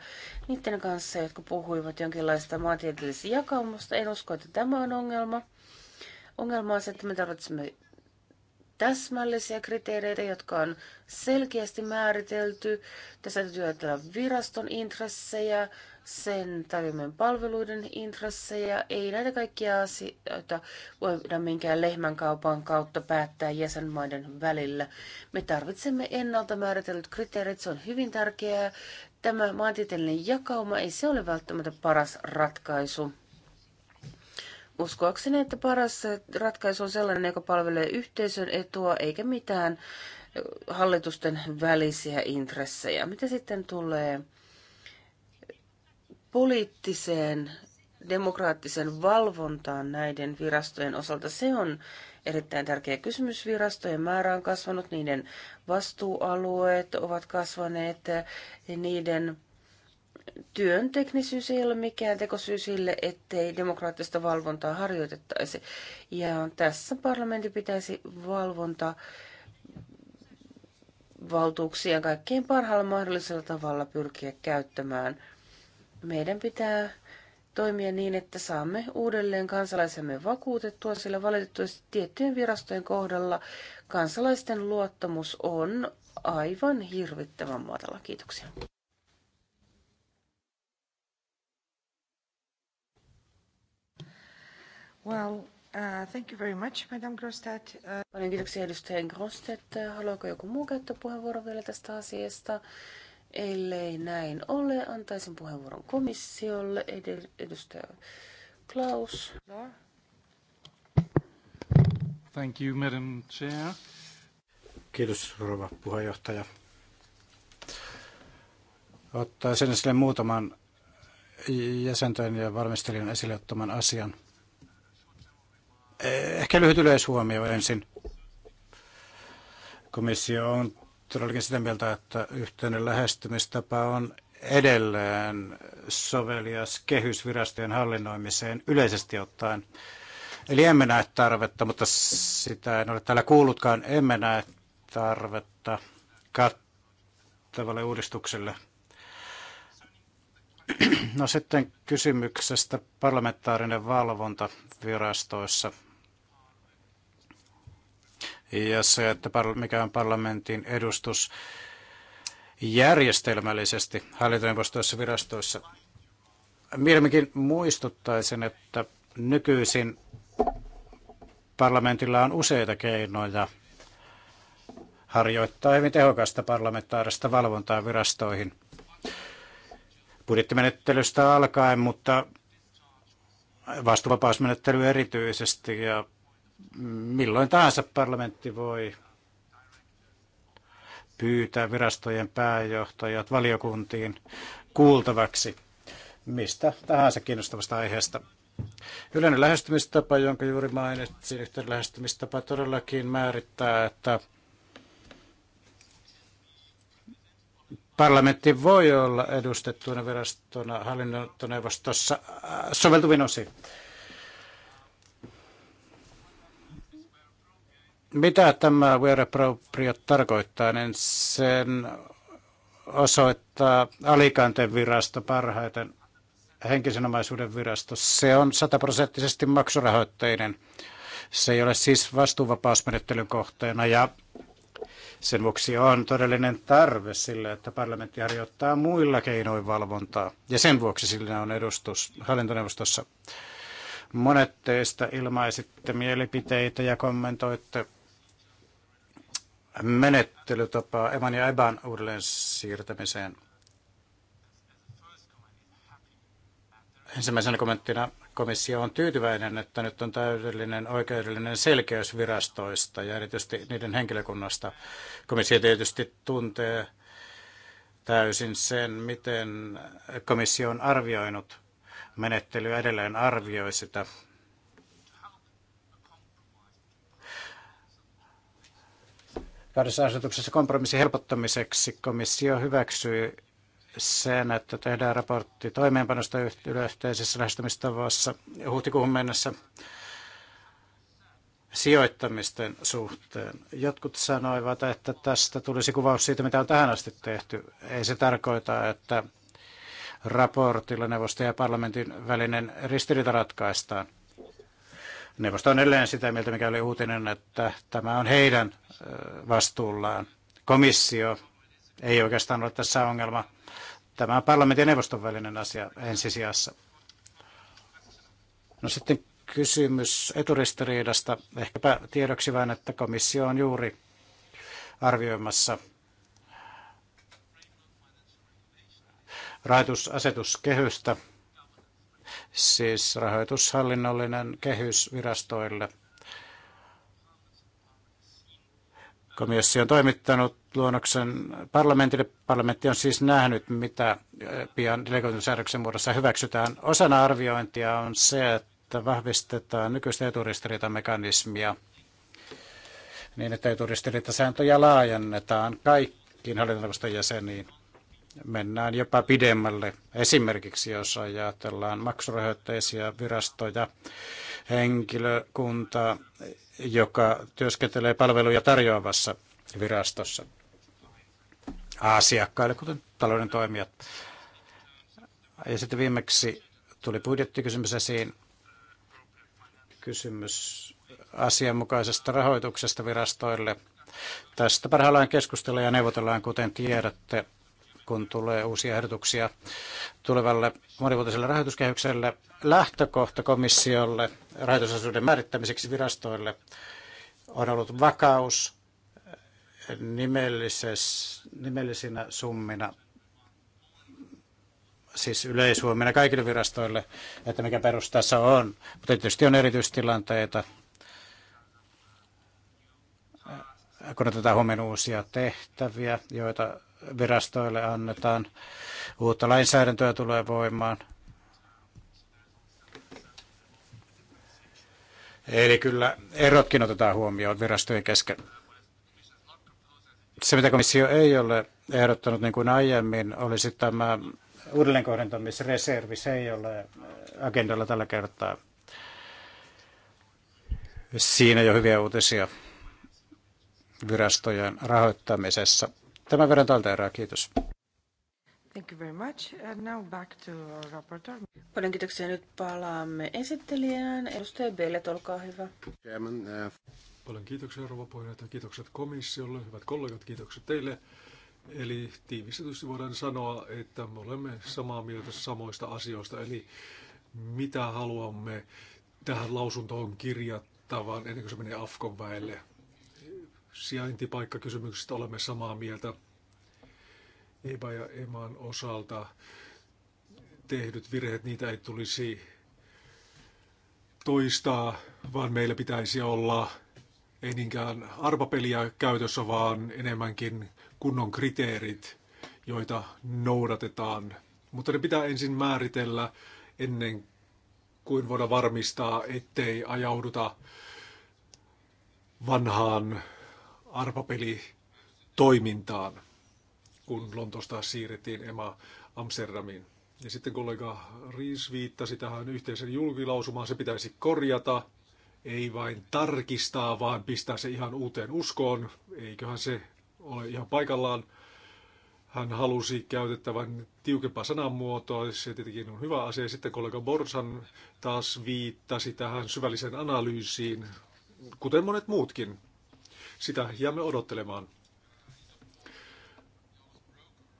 niiden kanssa, jotka puhuivat jonkinlaista maantieteellisestä jakaumusta. En usko, että tämä on ongelma Ongelma on se, että me tarvitsemme täsmällisiä kriteereitä, jotka on selkeästi määritelty. Tässä täytyy ajatella viraston intressejä, sen tarjoamien palveluiden intressejä. Ei näitä kaikkia asioita voida minkään kaupan kautta päättää jäsenmaiden välillä. Me tarvitsemme ennalta määritellyt kriteerit, se on hyvin tärkeää. Tämä maantieteellinen jakauma ei se ole välttämättä paras ratkaisu uskoakseni, että paras ratkaisu on sellainen, joka palvelee yhteisön etua eikä mitään hallitusten välisiä intressejä. Mitä sitten tulee poliittiseen demokraattisen valvontaan näiden virastojen osalta, se on erittäin tärkeä kysymys. Virastojen määrä on kasvanut, niiden vastuualueet ovat kasvaneet, niiden työn teknisyys ei ole mikään tekosyy sille, ettei demokraattista valvontaa harjoitettaisi. Ja tässä parlamentti pitäisi valvonta valtuuksia kaikkein parhaalla mahdollisella tavalla pyrkiä käyttämään. Meidän pitää toimia niin, että saamme uudelleen kansalaisemme vakuutettua, sillä valitettavasti tiettyjen virastojen kohdalla kansalaisten luottamus on aivan hirvittävän matala. Kiitoksia. Uh, uh, Paljon kiitoksia edustajan Grostet. Haluaako joku muu käyttää puheenvuoron vielä tästä asiasta? Ellei näin ole, antaisin puheenvuoron komissiolle. Edustaja Klaus. Thank you, Madam Chair. Kiitos, rouva puheenjohtaja. Ottaisin esille muutaman jäsentöjen ja valmistelijan esille ottaman asian – Ehkä lyhyt yleishuomio ensin. Komissio on todellakin sitä mieltä, että yhteinen lähestymistapa on edelleen sovelias kehysvirastojen hallinnoimiseen yleisesti ottaen. Eli emme näe tarvetta, mutta sitä en ole täällä kuullutkaan, emme näe tarvetta kattavalle uudistukselle. No sitten kysymyksestä parlamentaarinen valvonta virastoissa ja se, että mikä on parlamentin edustus järjestelmällisesti hallintoneuvostoissa virastoissa. Mielemminkin muistuttaisin, että nykyisin parlamentilla on useita keinoja harjoittaa hyvin tehokasta parlamentaarista valvontaa virastoihin budjettimenettelystä alkaen, mutta vastuvapausmenettely erityisesti ja milloin tahansa parlamentti voi pyytää virastojen pääjohtajat valiokuntiin kuultavaksi mistä tahansa kiinnostavasta aiheesta. Yleinen lähestymistapa, jonka juuri mainitsin, yhteinen lähestymistapa todellakin määrittää, että parlamentti voi olla edustettuna virastona hallintoneuvostossa äh, soveltuvin osin. Mitä tämä wear appropriate tarkoittaa, niin sen osoittaa Alikanten virasto parhaiten henkisen omaisuuden virasto. Se on sataprosenttisesti maksurahoitteinen. Se ei ole siis vastuuvapausmenettelyn kohteena ja sen vuoksi on todellinen tarve sille, että parlamentti harjoittaa muilla keinoin valvontaa. Ja sen vuoksi sillä on edustus hallintoneuvostossa. Monet teistä ilmaisitte mielipiteitä ja kommentoitte menettelytapaa Eman ja Eban uudelleen siirtämiseen. Ensimmäisenä kommenttina komissio on tyytyväinen, että nyt on täydellinen oikeudellinen selkeys virastoista ja erityisesti niiden henkilökunnasta. Komissio tietysti tuntee täysin sen, miten komissio on arvioinut menettelyä, edelleen arvioi sitä Pariisin asetuksessa kompromissin helpottamiseksi komissio hyväksyi sen, että tehdään raportti toimeenpanosta yleisessä lähestymistavassa huhtikuuhun mennessä sijoittamisten suhteen. Jotkut sanoivat, että tästä tulisi kuvaus siitä, mitä on tähän asti tehty. Ei se tarkoita, että raportilla neuvoston ja parlamentin välinen ristiriita ratkaistaan. Neuvosto on edelleen sitä mieltä, mikä oli uutinen, että tämä on heidän vastuullaan. Komissio ei oikeastaan ole tässä ongelma. Tämä on parlamentin ja neuvoston välinen asia ensisijassa. No sitten kysymys eturistiriidasta. Ehkäpä tiedoksi vain, että komissio on juuri arvioimassa rahoitusasetuskehystä siis rahoitushallinnollinen kehys virastoille. Komissio on toimittanut luonnoksen parlamentille. Parlamentti on siis nähnyt, mitä eh, pian delegoitun säädöksen muodossa hyväksytään. Osana arviointia on se, että vahvistetaan nykyistä eturistiriitamekanismia niin, että eturistiriitasääntöjä laajennetaan kaikkiin hallintoneuvoston jäseniin mennään jopa pidemmälle. Esimerkiksi jos ajatellaan maksurahoitteisia virastoja, henkilökunta joka työskentelee palveluja tarjoavassa virastossa asiakkaille, kuten talouden toimijat. Ja sitten viimeksi tuli budjettikysymys esiin. Kysymys asianmukaisesta rahoituksesta virastoille. Tästä parhaillaan keskustellaan ja neuvotellaan, kuten tiedätte kun tulee uusia ehdotuksia tulevalle monivuotiselle rahoituskehykselle. Lähtökohta komissiolle rahoitusosuuden määrittämiseksi virastoille on ollut vakaus nimellisinä summina siis yleishuomina kaikille virastoille, että mikä perustaso on. Mutta tietysti on erityistilanteita, kun otetaan huomioon uusia tehtäviä, joita virastoille annetaan, uutta lainsäädäntöä tulee voimaan. Eli kyllä erotkin otetaan huomioon virastojen kesken. Se, mitä komissio ei ole ehdottanut niin kuin aiemmin, olisi tämä uudelleenkohdentamisreservi. Se ei ole agendalla tällä kertaa. Siinä jo hyviä uutisia virastojen rahoittamisessa. Tämän verran tältä erää, kiitos. Thank you very much. And now back to rapporteur. Paljon kiitoksia. Nyt palaamme esittelijään. Edustaja Bellet, olkaa hyvä. Chairman, uh, Paljon kiitoksia, rouva puheenjohtaja. Kiitokset komissiolle. Hyvät kollegat, kiitokset teille. Eli tiivistetysti voidaan sanoa, että me olemme samaa mieltä samoista asioista, eli mitä haluamme tähän lausuntoon kirjattavan ennen kuin se menee Afkon väelle sijaintipaikkakysymyksistä olemme samaa mieltä. EBA ja EMAan osalta tehdyt virheet, niitä ei tulisi toistaa, vaan meillä pitäisi olla ei niinkään arpapeliä käytössä, vaan enemmänkin kunnon kriteerit, joita noudatetaan. Mutta ne pitää ensin määritellä ennen kuin voida varmistaa, ettei ajauduta vanhaan Arpa-peli-toimintaan, kun Lontosta siirrettiin Emma Amsterdamiin. Ja sitten kollega Riis viittasi tähän yhteisen julkilausumaan, se pitäisi korjata, ei vain tarkistaa, vaan pistää se ihan uuteen uskoon. Eiköhän se ole ihan paikallaan. Hän halusi käytettävän tiukempaa sanamuotoa, se tietenkin on hyvä asia. Sitten kollega Borsan taas viittasi tähän syvälliseen analyysiin, kuten monet muutkin. Sitä jäämme odottelemaan.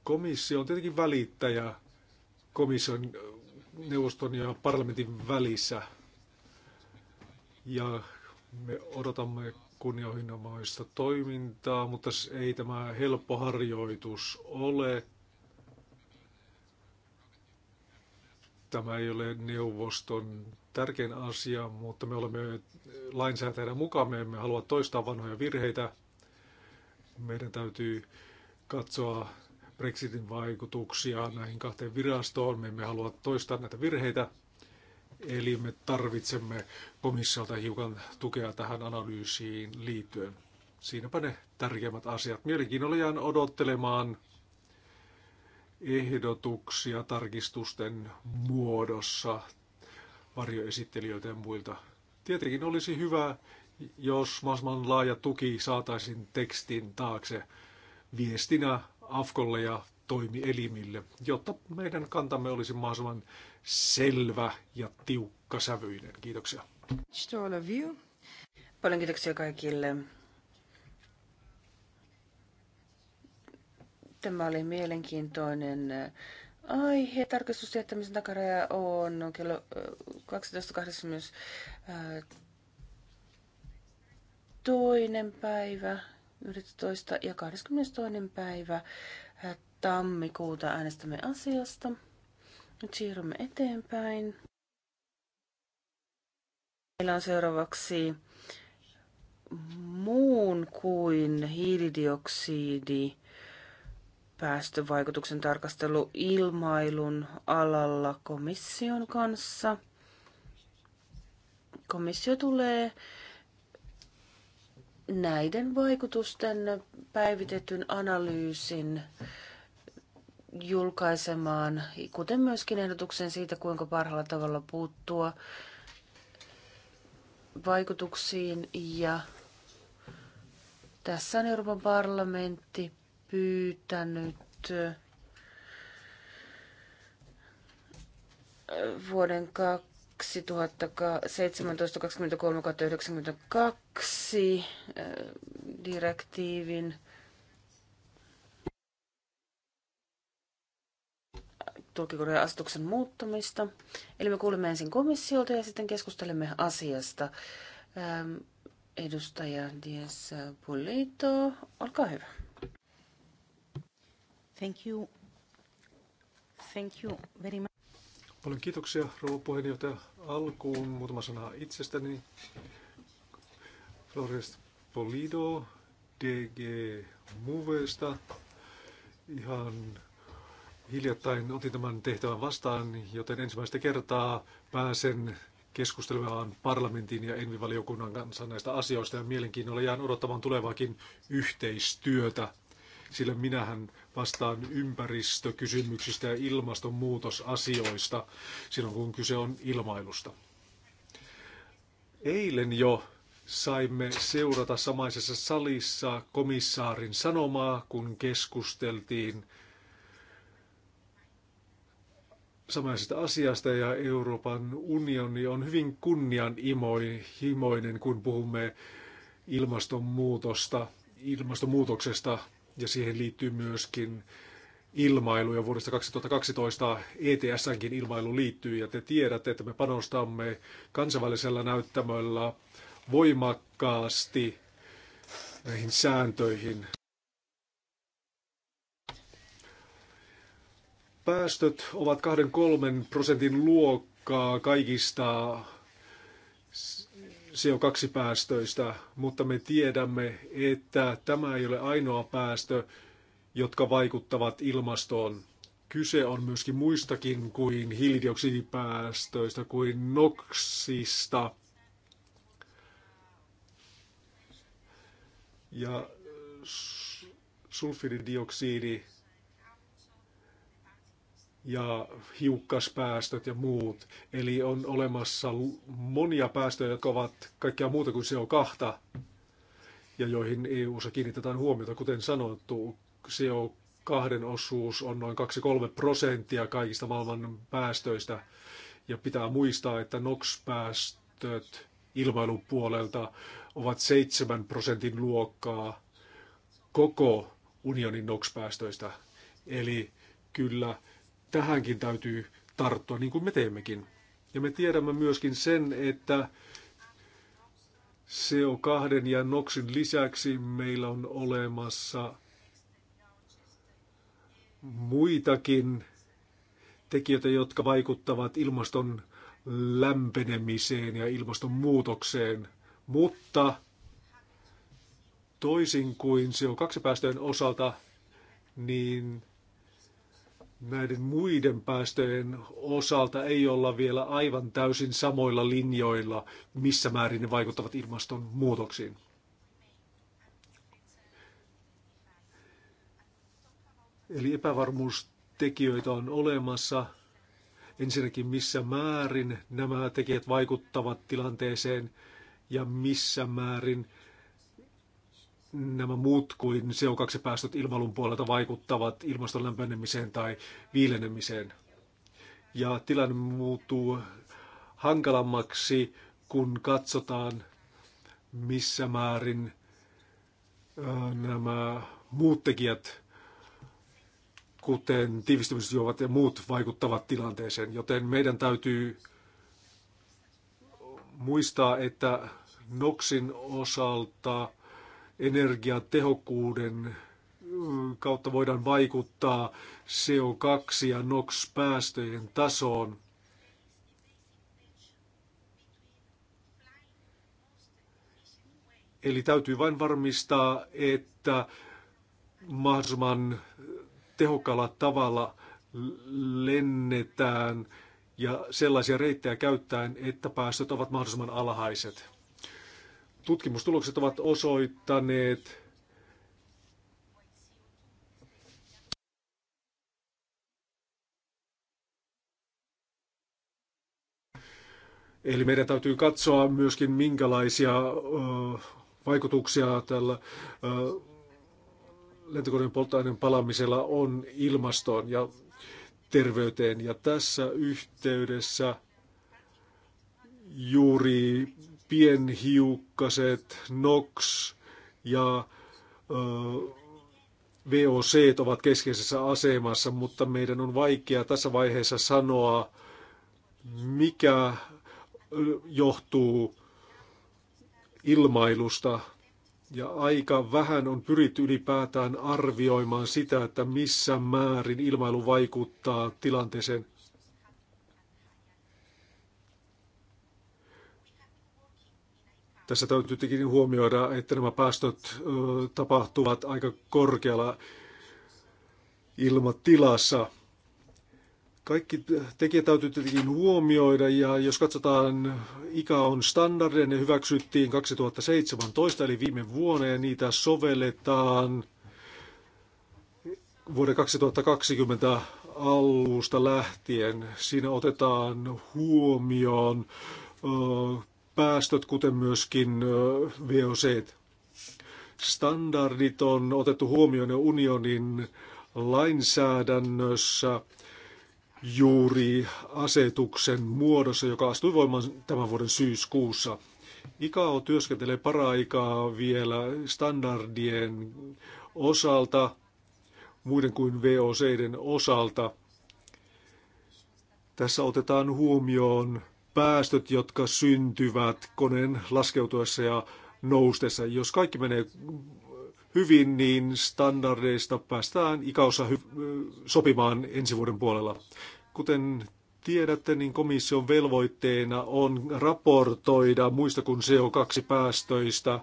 Komissio on tietenkin välittäjä komission, äh, neuvoston ja parlamentin välissä. Ja me odotamme kunnianhimoista toimintaa, mutta ei tämä helppo harjoitus ole. Tämä ei ole neuvoston tärkein asia, mutta me olemme lainsäätäjänä mukaan, me emme halua toistaa vanhoja virheitä. Meidän täytyy katsoa Brexitin vaikutuksia näihin kahteen virastoon. Me emme halua toistaa näitä virheitä, eli me tarvitsemme komissiolta hiukan tukea tähän analyysiin liittyen. Siinäpä ne tärkeimmät asiat. Mielenkiinnolla jään odottelemaan ehdotuksia tarkistusten muodossa varjoesittelijöiltä ja muilta. Tietenkin olisi hyvä, jos mahdollisimman laaja tuki saataisiin tekstin taakse viestinä Afkolle ja toimielimille, jotta meidän kantamme olisi mahdollisimman selvä ja tiukka sävyinen. Kiitoksia. Paljon kiitoksia kaikille. Tämä oli mielenkiintoinen aihe. Tarkistusjättämisen takaraja on kello 12.20. Toinen päivä 11. ja 22. päivä tammikuuta äänestämme asiasta. Nyt siirrymme eteenpäin. Meillä on seuraavaksi muun kuin hiilidioksidi päästövaikutuksen tarkastelu ilmailun alalla komission kanssa. Komissio tulee näiden vaikutusten päivitetyn analyysin julkaisemaan, kuten myöskin ehdotuksen siitä, kuinka parhaalla tavalla puuttua vaikutuksiin. Ja tässä on Euroopan parlamentti pyytänyt äh, vuoden 2017-23-92 äh, direktiivin tulkikorjan asetuksen muuttamista. Eli me kuulemme ensin komissiolta ja sitten keskustelemme asiasta. Ähm, edustaja Dies Pulito, olkaa hyvä. Thank you. Thank you very much. Paljon kiitoksia, rouva puheenjohtaja. Alkuun muutama sana itsestäni. Flores Polido, DG Movesta. Ihan hiljattain otin tämän tehtävän vastaan, joten ensimmäistä kertaa pääsen keskustelemaan parlamentin ja envivaliokunnan kanssa näistä asioista ja mielenkiinnolla jään odottamaan tulevaakin yhteistyötä sillä minähän vastaan ympäristökysymyksistä ja ilmastonmuutosasioista silloin, kun kyse on ilmailusta. Eilen jo saimme seurata samaisessa salissa komissaarin sanomaa, kun keskusteltiin samaisesta asiasta ja Euroopan unioni on hyvin kunnianhimoinen, kun puhumme ilmastonmuutosta, ilmastonmuutoksesta ja siihen liittyy myöskin ilmailu ja vuodesta 2012 ETSnkin ilmailu liittyy ja te tiedätte, että me panostamme kansainvälisellä näyttämöllä voimakkaasti näihin sääntöihin. Päästöt ovat 2-3 prosentin luokkaa kaikista CO2-päästöistä, mutta me tiedämme, että tämä ei ole ainoa päästö, jotka vaikuttavat ilmastoon. Kyse on myöskin muistakin kuin hiilidioksidipäästöistä, kuin noksista. Ja sulfididioksidi ja hiukkaspäästöt ja muut. Eli on olemassa monia päästöjä, jotka ovat kaikkea muuta kuin CO2 ja joihin EU-ssa kiinnitetään huomiota. Kuten sanottu, CO2 osuus on noin 2-3 prosenttia kaikista maailman päästöistä. Ja pitää muistaa, että NOx-päästöt puolelta ovat 7 prosentin luokkaa koko unionin NOx-päästöistä. Eli kyllä Tähänkin täytyy tarttua, niin kuin me teemmekin. Ja me tiedämme myöskin sen, että CO2 ja NOXin lisäksi meillä on olemassa muitakin tekijöitä, jotka vaikuttavat ilmaston lämpenemiseen ja ilmastonmuutokseen. Mutta toisin kuin CO2-päästöjen osalta, niin näiden muiden päästöjen osalta ei olla vielä aivan täysin samoilla linjoilla, missä määrin ne vaikuttavat ilmastonmuutoksiin. Eli epävarmuustekijöitä on olemassa. Ensinnäkin missä määrin nämä tekijät vaikuttavat tilanteeseen ja missä määrin nämä muut kuin CO2-päästöt ilmailun puolelta vaikuttavat ilmaston lämpenemiseen tai viilenemiseen. Ja tilanne muuttuu hankalammaksi, kun katsotaan, missä määrin äh, nämä muut tekijät, kuten tiivistymisjuovat ja muut, vaikuttavat tilanteeseen. Joten meidän täytyy muistaa, että NOXin osalta energiatehokkuuden kautta voidaan vaikuttaa CO2- ja NOx-päästöjen tasoon. Eli täytyy vain varmistaa, että mahdollisimman tehokkaalla tavalla lennetään ja sellaisia reittejä käyttäen, että päästöt ovat mahdollisimman alhaiset. Tutkimustulokset ovat osoittaneet, Eli meidän täytyy katsoa myöskin, minkälaisia vaikutuksia tällä lentokoneen polttoaineen palamisella on ilmastoon ja terveyteen. Ja tässä yhteydessä juuri pienhiukkaset, NOx ja ö, VOC ovat keskeisessä asemassa, mutta meidän on vaikea tässä vaiheessa sanoa, mikä johtuu ilmailusta. Ja aika vähän on pyritty ylipäätään arvioimaan sitä, että missä määrin ilmailu vaikuttaa tilanteeseen. Tässä täytyy tietenkin huomioida, että nämä päästöt tapahtuvat aika korkealla ilmatilassa. Kaikki tekijät täytyy tietenkin huomioida ja jos katsotaan on standardeja, ne hyväksyttiin 2017 eli viime vuonna ja niitä sovelletaan vuoden 2020 alusta lähtien. Siinä otetaan huomioon päästöt, kuten myöskin VOC. Standardit on otettu huomioon unionin lainsäädännössä juuri asetuksen muodossa, joka astui voimaan tämän vuoden syyskuussa. ICAO työskentelee paraikaa vielä standardien osalta, muiden kuin VOCiden osalta. Tässä otetaan huomioon päästöt, jotka syntyvät koneen laskeutuessa ja noustessa. Jos kaikki menee hyvin, niin standardeista päästään ikäosa sopimaan ensi vuoden puolella. Kuten tiedätte, niin komission velvoitteena on raportoida muista kuin CO2-päästöistä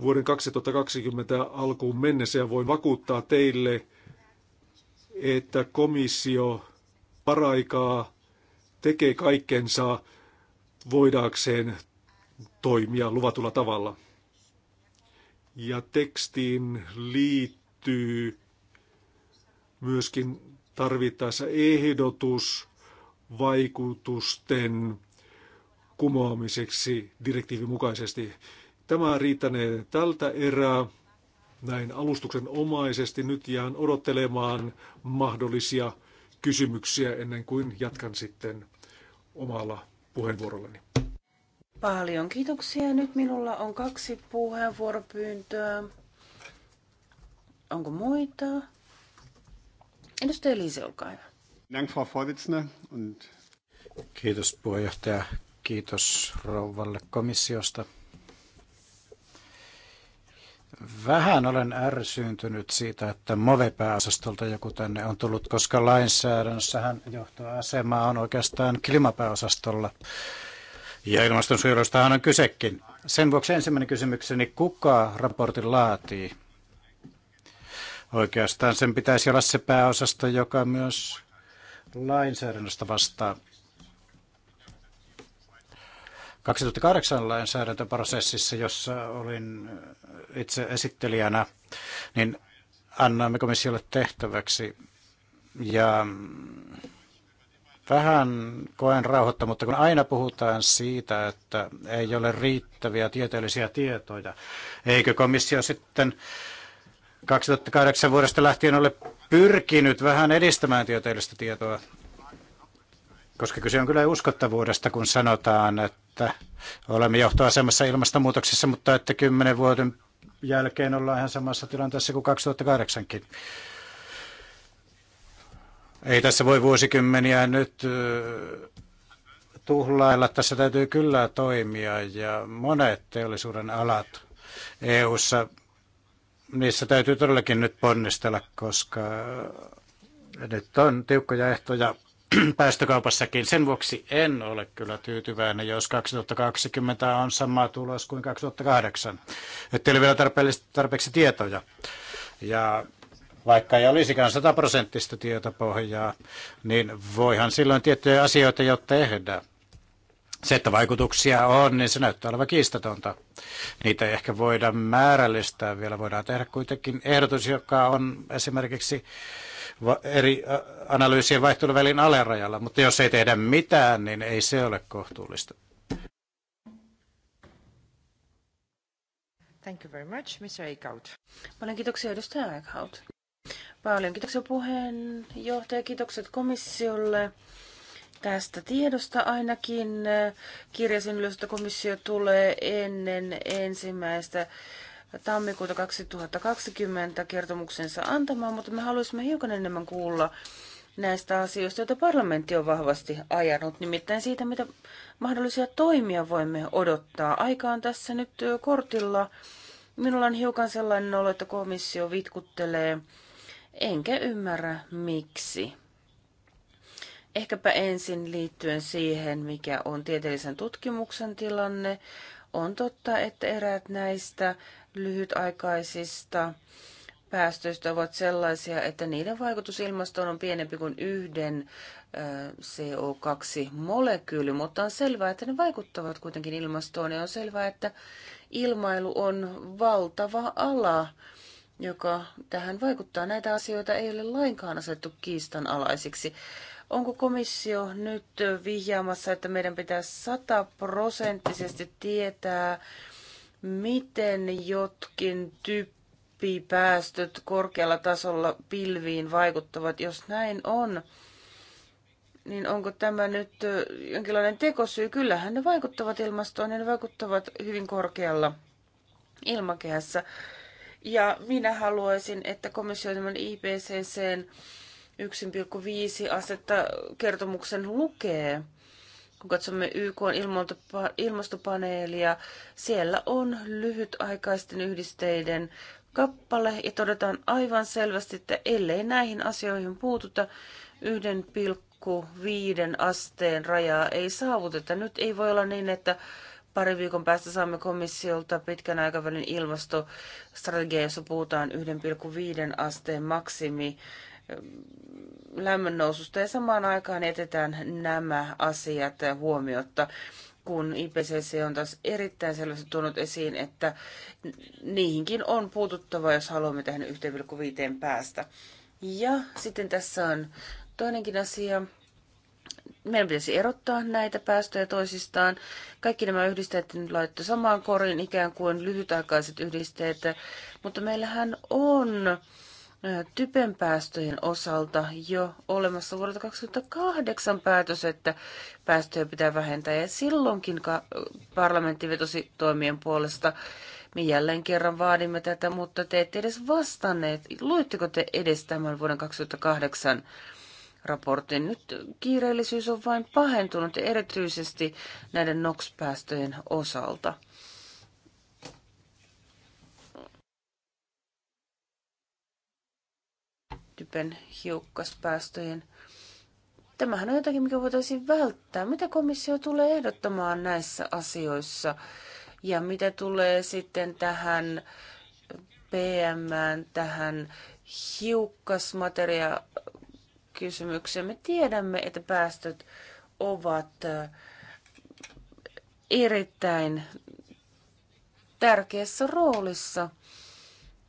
vuoden 2020 alkuun mennessä ja voin vakuuttaa teille, että komissio paraikaa tekee kaikkensa voidaakseen toimia luvatulla tavalla. Ja tekstiin liittyy myöskin tarvittaessa ehdotus vaikutusten kumoamiseksi direktiivin mukaisesti. Tämä riittänee tältä erää näin alustuksen omaisesti. Nyt jään odottelemaan mahdollisia kysymyksiä ennen kuin jatkan sitten omalla puheenvuorollani. Paljon kiitoksia. Nyt minulla on kaksi puheenvuoropyyntöä. Onko muita? Edustaja Liise, olkaa hyvä. Dank, Frau Vorsitzende. Und... Kiitos puheenjohtaja. Kiitos rouvalle komissiosta Vähän olen ärsyyntynyt siitä, että MOVE-pääosastolta joku tänne on tullut, koska lainsäädännössähän johtoasema on oikeastaan klimapääosastolla. Ja ilmastonsuojelustahan on kysekin. Sen vuoksi ensimmäinen kysymykseni, kuka raportin laatii? Oikeastaan sen pitäisi olla se pääosasto, joka myös lainsäädännöstä vastaa. 2008 lainsäädäntöprosessissa, jossa olin itse esittelijänä, niin annamme komissiolle tehtäväksi ja vähän koen rauhoitta, mutta kun aina puhutaan siitä, että ei ole riittäviä tieteellisiä tietoja, eikö komissio sitten 2008 vuodesta lähtien ole pyrkinyt vähän edistämään tieteellistä tietoa? Koska kyse on kyllä uskottavuudesta, kun sanotaan, että että olemme johtoasemassa ilmastonmuutoksessa, mutta että kymmenen vuoden jälkeen ollaan ihan samassa tilanteessa kuin 2008kin. Ei tässä voi vuosikymmeniä nyt tuhlailla. Tässä täytyy kyllä toimia ja monet teollisuuden alat EU-ssa, niissä täytyy todellakin nyt ponnistella, koska nyt on tiukkoja ehtoja päästökaupassakin. Sen vuoksi en ole kyllä tyytyväinen, jos 2020 on sama tulos kuin 2008. Että ei ole vielä tarpeeksi tietoja. Ja vaikka ei olisikaan sataprosenttista tietopohjaa, niin voihan silloin tiettyjä asioita jo tehdä. Se, että vaikutuksia on, niin se näyttää olevan kiistatonta. Niitä ei ehkä voida määrällistää vielä. Voidaan tehdä kuitenkin ehdotus, joka on esimerkiksi eri analyysien vaihteluvälin alerajalla, mutta jos ei tehdä mitään, niin ei se ole kohtuullista. Thank you very much, Mr. Eickhout. Paljon kiitoksia edustaja Eickhout. Paljon kiitoksia puheenjohtaja, kiitokset komissiolle tästä tiedosta ainakin. Kirjasin ylös, että komissio tulee ennen ensimmäistä tammikuuta 2020 kertomuksensa antamaan, mutta me haluaisimme hiukan enemmän kuulla näistä asioista, joita parlamentti on vahvasti ajanut, nimittäin siitä, mitä mahdollisia toimia voimme odottaa. Aika on tässä nyt kortilla. Minulla on hiukan sellainen olo, että komissio vitkuttelee, enkä ymmärrä miksi. Ehkäpä ensin liittyen siihen, mikä on tieteellisen tutkimuksen tilanne. On totta, että eräät näistä lyhytaikaisista päästöistä ovat sellaisia, että niiden vaikutus ilmastoon on pienempi kuin yhden CO2-molekyyli, mutta on selvää, että ne vaikuttavat kuitenkin ilmastoon ja on selvää, että ilmailu on valtava ala, joka tähän vaikuttaa. Näitä asioita ei ole lainkaan asettu kiistanalaisiksi. Onko komissio nyt vihjaamassa, että meidän pitää sataprosenttisesti tietää, miten jotkin typpipäästöt korkealla tasolla pilviin vaikuttavat. Jos näin on, niin onko tämä nyt jonkinlainen tekosyy? Kyllähän ne vaikuttavat ilmastoon ja ne vaikuttavat hyvin korkealla ilmakehässä. Ja minä haluaisin, että komissio tämän IPCCn 1,5 asetta kertomuksen lukee kun katsomme YK ilmastopaneelia, siellä on lyhytaikaisten yhdisteiden kappale ja todetaan aivan selvästi, että ellei näihin asioihin puututa, 1,5 asteen rajaa ei saavuteta. Nyt ei voi olla niin, että pari viikon päästä saamme komissiolta pitkän aikavälin ilmastostrategia, jossa puhutaan 1,5 asteen maksimi lämmön noususta ja samaan aikaan etetään nämä asiat huomiotta, kun IPCC on taas erittäin selvästi tuonut esiin, että niihinkin on puututtava, jos haluamme tähän 1,5 päästä. Ja sitten tässä on toinenkin asia. Meidän pitäisi erottaa näitä päästöjä toisistaan. Kaikki nämä yhdisteet nyt laittu samaan koriin, ikään kuin lyhytaikaiset yhdisteet. Mutta meillähän on typen päästöjen osalta jo olemassa vuodelta 2008 päätös, että päästöjä pitää vähentää. Ja silloinkin parlamentti vetosi toimien puolesta. Me jälleen kerran vaadimme tätä, mutta te ette edes vastanneet. Luitteko te edes tämän vuoden 2008 raportin? Nyt kiireellisyys on vain pahentunut erityisesti näiden NOx-päästöjen osalta. typen hiukkaspäästöjen. Tämähän on jotakin, mikä voitaisiin välttää. Mitä komissio tulee ehdottamaan näissä asioissa? Ja mitä tulee sitten tähän PM, tähän hiukkasmateria kysymykseen. Me tiedämme, että päästöt ovat äh, erittäin tärkeässä roolissa –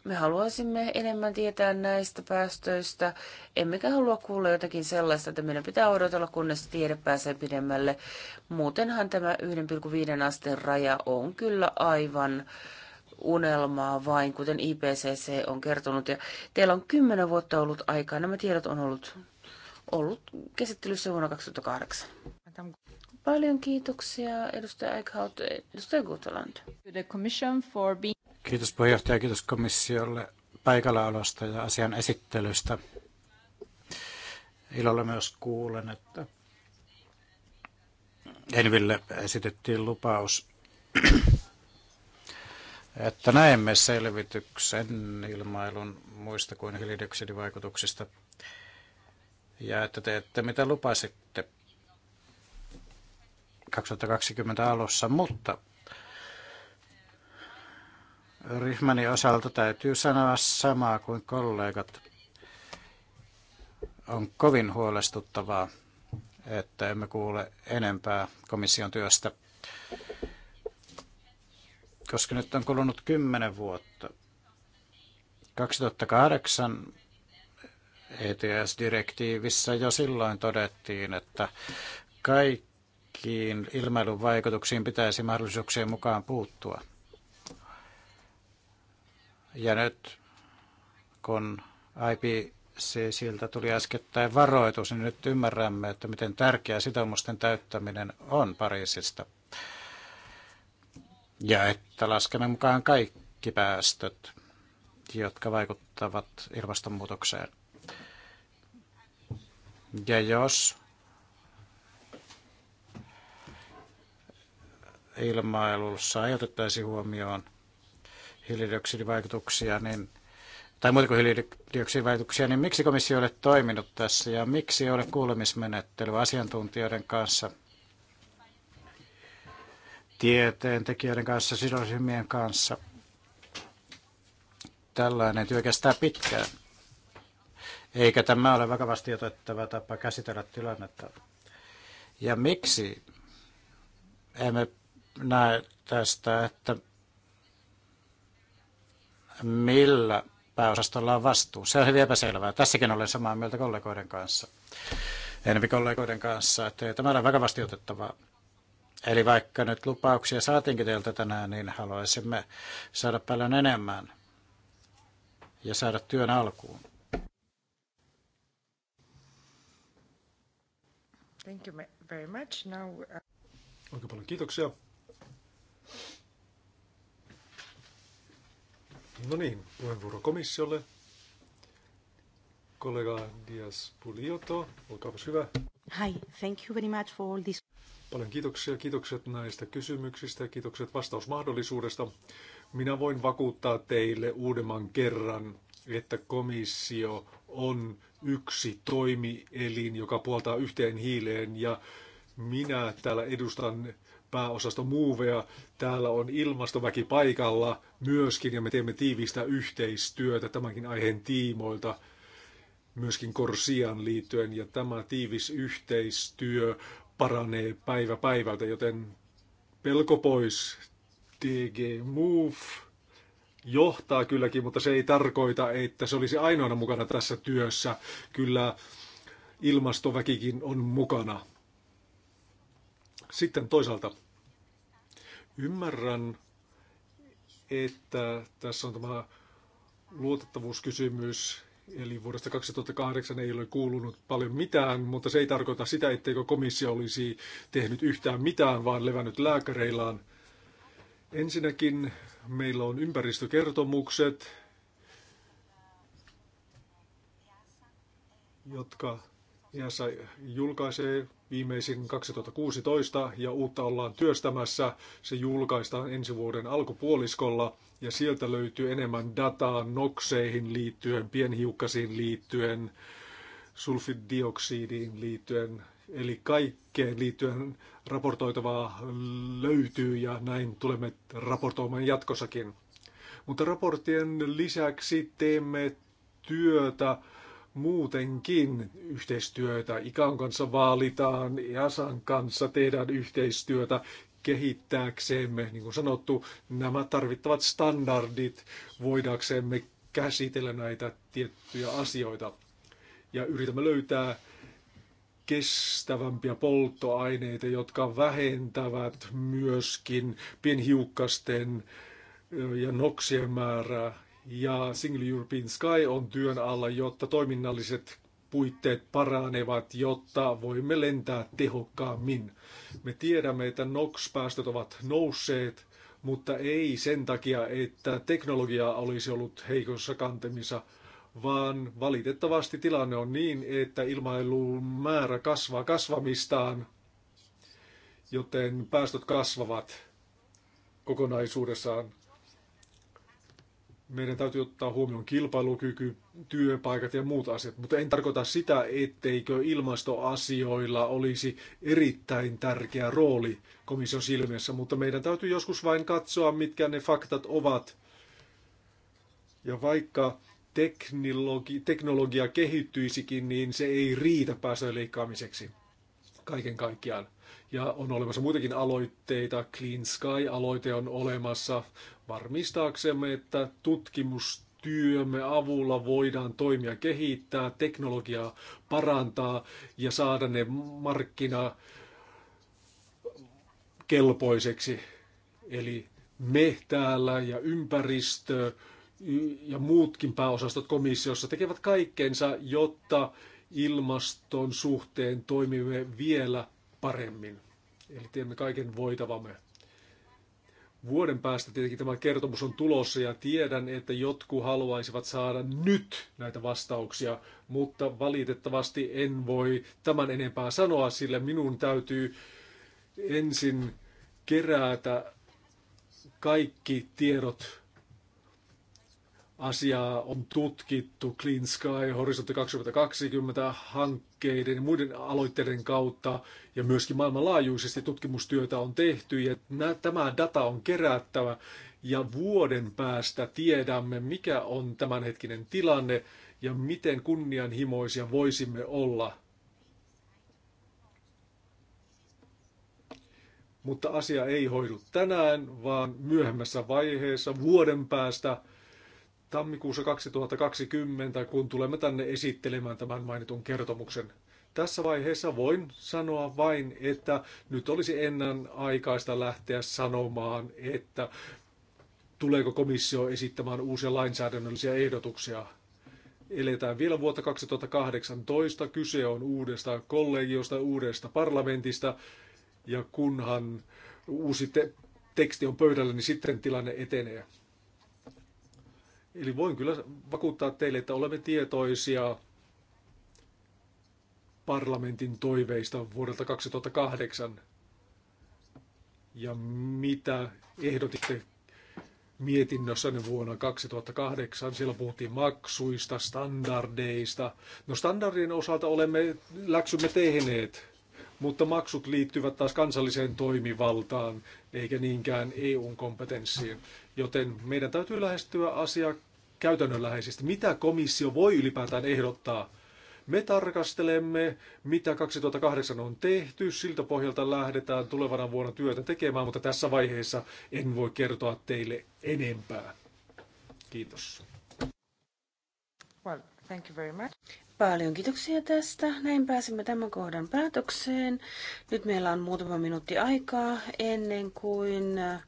me haluaisimme enemmän tietää näistä päästöistä, emmekä halua kuulla jotakin sellaista, että meidän pitää odotella, kunnes tiede pääsee pidemmälle. Muutenhan tämä 1,5 asteen raja on kyllä aivan unelmaa vain, kuten IPCC on kertonut. Ja teillä on kymmenen vuotta ollut aikaa. Nämä tiedot on ollut, ollut käsittelyssä vuonna 2008. Paljon kiitoksia edustaja Eichhout, edustaja Gutland. The commission for being... Kiitos puheenjohtaja, kiitos komissiolle paikallaolosta ja asian esittelystä. Ilolla myös kuulen, että Enville esitettiin lupaus, että näemme selvityksen ilmailun muista kuin hiilidioksidivaikutuksista ja että te, ette mitä lupasitte 2020 alussa, mutta ryhmäni osalta täytyy sanoa samaa kuin kollegat. On kovin huolestuttavaa, että emme kuule enempää komission työstä, koska nyt on kulunut kymmenen vuotta. 2008 ETS-direktiivissä jo silloin todettiin, että kaikkiin ilmailun vaikutuksiin pitäisi mahdollisuuksien mukaan puuttua. Ja nyt kun IPC siltä tuli äskettäin varoitus, niin nyt ymmärrämme, että miten tärkeää sitoumusten täyttäminen on Pariisista. Ja että laskemme mukaan kaikki päästöt, jotka vaikuttavat ilmastonmuutokseen. Ja jos ilmailussa ei otettaisi huomioon hiilidioksidivaikutuksia, niin, tai muita kuin hiilidioksidivaikutuksia, niin miksi komissio ei ole toiminut tässä ja miksi ei ole kuulemismenettely asiantuntijoiden kanssa, tieteen tekijöiden kanssa, sidosryhmien kanssa? Tällainen työ kestää pitkään. Eikä tämä ole vakavasti otettava tapa käsitellä tilannetta. Ja miksi emme näe tästä, että millä pääosastolla on vastuu. Se on hyvin epäselvää. Tässäkin olen samaa mieltä kollegoiden kanssa, enempi kollegoiden kanssa, että tämä on vakavasti otettavaa. Eli vaikka nyt lupauksia saatiinkin teiltä tänään, niin haluaisimme saada paljon enemmän ja saada työn alkuun. Thank you very much. Now, uh, Oikein paljon kiitoksia. No niin, puheenvuoro komissiolle. Kollega Dias Pulioto, olkaa hyvä. Hi, thank you very much for all this. Paljon kiitoksia, kiitokset näistä kysymyksistä ja kiitokset vastausmahdollisuudesta. Minä voin vakuuttaa teille uudemman kerran, että komissio on yksi toimielin, joka puoltaa yhteen hiileen ja minä täällä edustan pääosasto Movea. Täällä on ilmastoväki paikalla myöskin ja me teemme tiivistä yhteistyötä tämänkin aiheen tiimoilta myöskin Korsian liittyen ja tämä tiivis yhteistyö paranee päivä päivältä, joten pelko pois. DG Move johtaa kylläkin, mutta se ei tarkoita, että se olisi ainoana mukana tässä työssä. Kyllä ilmastoväkikin on mukana. Sitten toisaalta ymmärrän, että tässä on tämä luotettavuuskysymys, eli vuodesta 2008 ei ole kuulunut paljon mitään, mutta se ei tarkoita sitä, etteikö komissio olisi tehnyt yhtään mitään, vaan levännyt lääkäreillään. Ensinnäkin meillä on ympäristökertomukset, jotka ESA julkaisee viimeisin 2016 ja uutta ollaan työstämässä. Se julkaistaan ensi vuoden alkupuoliskolla ja sieltä löytyy enemmän dataa nokseihin liittyen, pienhiukkasiin liittyen, sulfidioksidiin liittyen, eli kaikkeen liittyen raportoitavaa löytyy ja näin tulemme raportoimaan jatkossakin. Mutta raporttien lisäksi teemme työtä muutenkin yhteistyötä. Ikan kanssa vaalitaan, EASAN kanssa tehdään yhteistyötä kehittääksemme, niin kuin sanottu, nämä tarvittavat standardit voidaksemme käsitellä näitä tiettyjä asioita. Ja yritämme löytää kestävämpiä polttoaineita, jotka vähentävät myöskin pienhiukkasten ja noksien määrää ja Single European Sky on työn alla, jotta toiminnalliset puitteet paranevat, jotta voimme lentää tehokkaammin. Me tiedämme, että NOx-päästöt ovat nousseet, mutta ei sen takia, että teknologia olisi ollut heikossa kantemissa, vaan valitettavasti tilanne on niin, että ilmailun määrä kasvaa kasvamistaan, joten päästöt kasvavat kokonaisuudessaan meidän täytyy ottaa huomioon kilpailukyky, työpaikat ja muut asiat, mutta en tarkoita sitä, etteikö ilmastoasioilla olisi erittäin tärkeä rooli komission silmissä, mutta meidän täytyy joskus vain katsoa, mitkä ne faktat ovat. Ja vaikka teknologi, teknologia kehittyisikin, niin se ei riitä päästöjen leikkaamiseksi kaiken kaikkiaan. Ja on olemassa muitakin aloitteita. Clean Sky-aloite on olemassa varmistaaksemme, että tutkimustyömme avulla voidaan toimia kehittää, teknologiaa parantaa ja saada ne markkina kelpoiseksi. Eli me täällä ja ympäristö ja muutkin pääosastot komissiossa tekevät kaikkensa, jotta ilmaston suhteen toimimme vielä paremmin. Eli teemme kaiken voitavamme. Vuoden päästä tietenkin tämä kertomus on tulossa ja tiedän, että jotkut haluaisivat saada nyt näitä vastauksia, mutta valitettavasti en voi tämän enempää sanoa, sillä minun täytyy ensin kerätä kaikki tiedot Asiaa on tutkittu Clean Sky, Horisontti 2020 hankkeiden ja muiden aloitteiden kautta ja myöskin maailmanlaajuisesti tutkimustyötä on tehty ja tämä data on kerättävä ja vuoden päästä tiedämme, mikä on tämänhetkinen tilanne ja miten kunnianhimoisia voisimme olla. Mutta asia ei hoidu tänään, vaan myöhemmässä vaiheessa, vuoden päästä – tammikuussa 2020, kun tulemme tänne esittelemään tämän mainitun kertomuksen. Tässä vaiheessa voin sanoa vain, että nyt olisi ennen aikaista lähteä sanomaan, että tuleeko komissio esittämään uusia lainsäädännöllisiä ehdotuksia. Eletään vielä vuotta 2018, kyse on uudesta kollegiosta, uudesta parlamentista, ja kunhan uusi te- teksti on pöydällä, niin sitten tilanne etenee. Eli voin kyllä vakuuttaa teille, että olemme tietoisia parlamentin toiveista vuodelta 2008 ja mitä ehdotitte mietinnössänne vuonna 2008. Siellä puhuttiin maksuista, standardeista. No standardien osalta olemme läksymme tehneet mutta maksut liittyvät taas kansalliseen toimivaltaan eikä niinkään EUn kompetenssiin. Joten meidän täytyy lähestyä asiaa käytännönläheisesti. Mitä komissio voi ylipäätään ehdottaa? Me tarkastelemme, mitä 2008 on tehty. Siltä pohjalta lähdetään tulevana vuonna työtä tekemään, mutta tässä vaiheessa en voi kertoa teille enempää. Kiitos. Well, thank you very much. Paljon kiitoksia tästä. Näin pääsemme tämän kohdan päätökseen. Nyt meillä on muutama minuutti aikaa ennen kuin äh,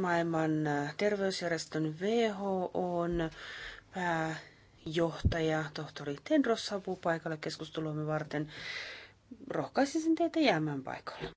maailman äh, terveysjärjestön WHO on pääjohtaja tohtori Tendros saapuu paikalle keskusteluamme varten. Rohkaisisin teitä jäämään paikalle.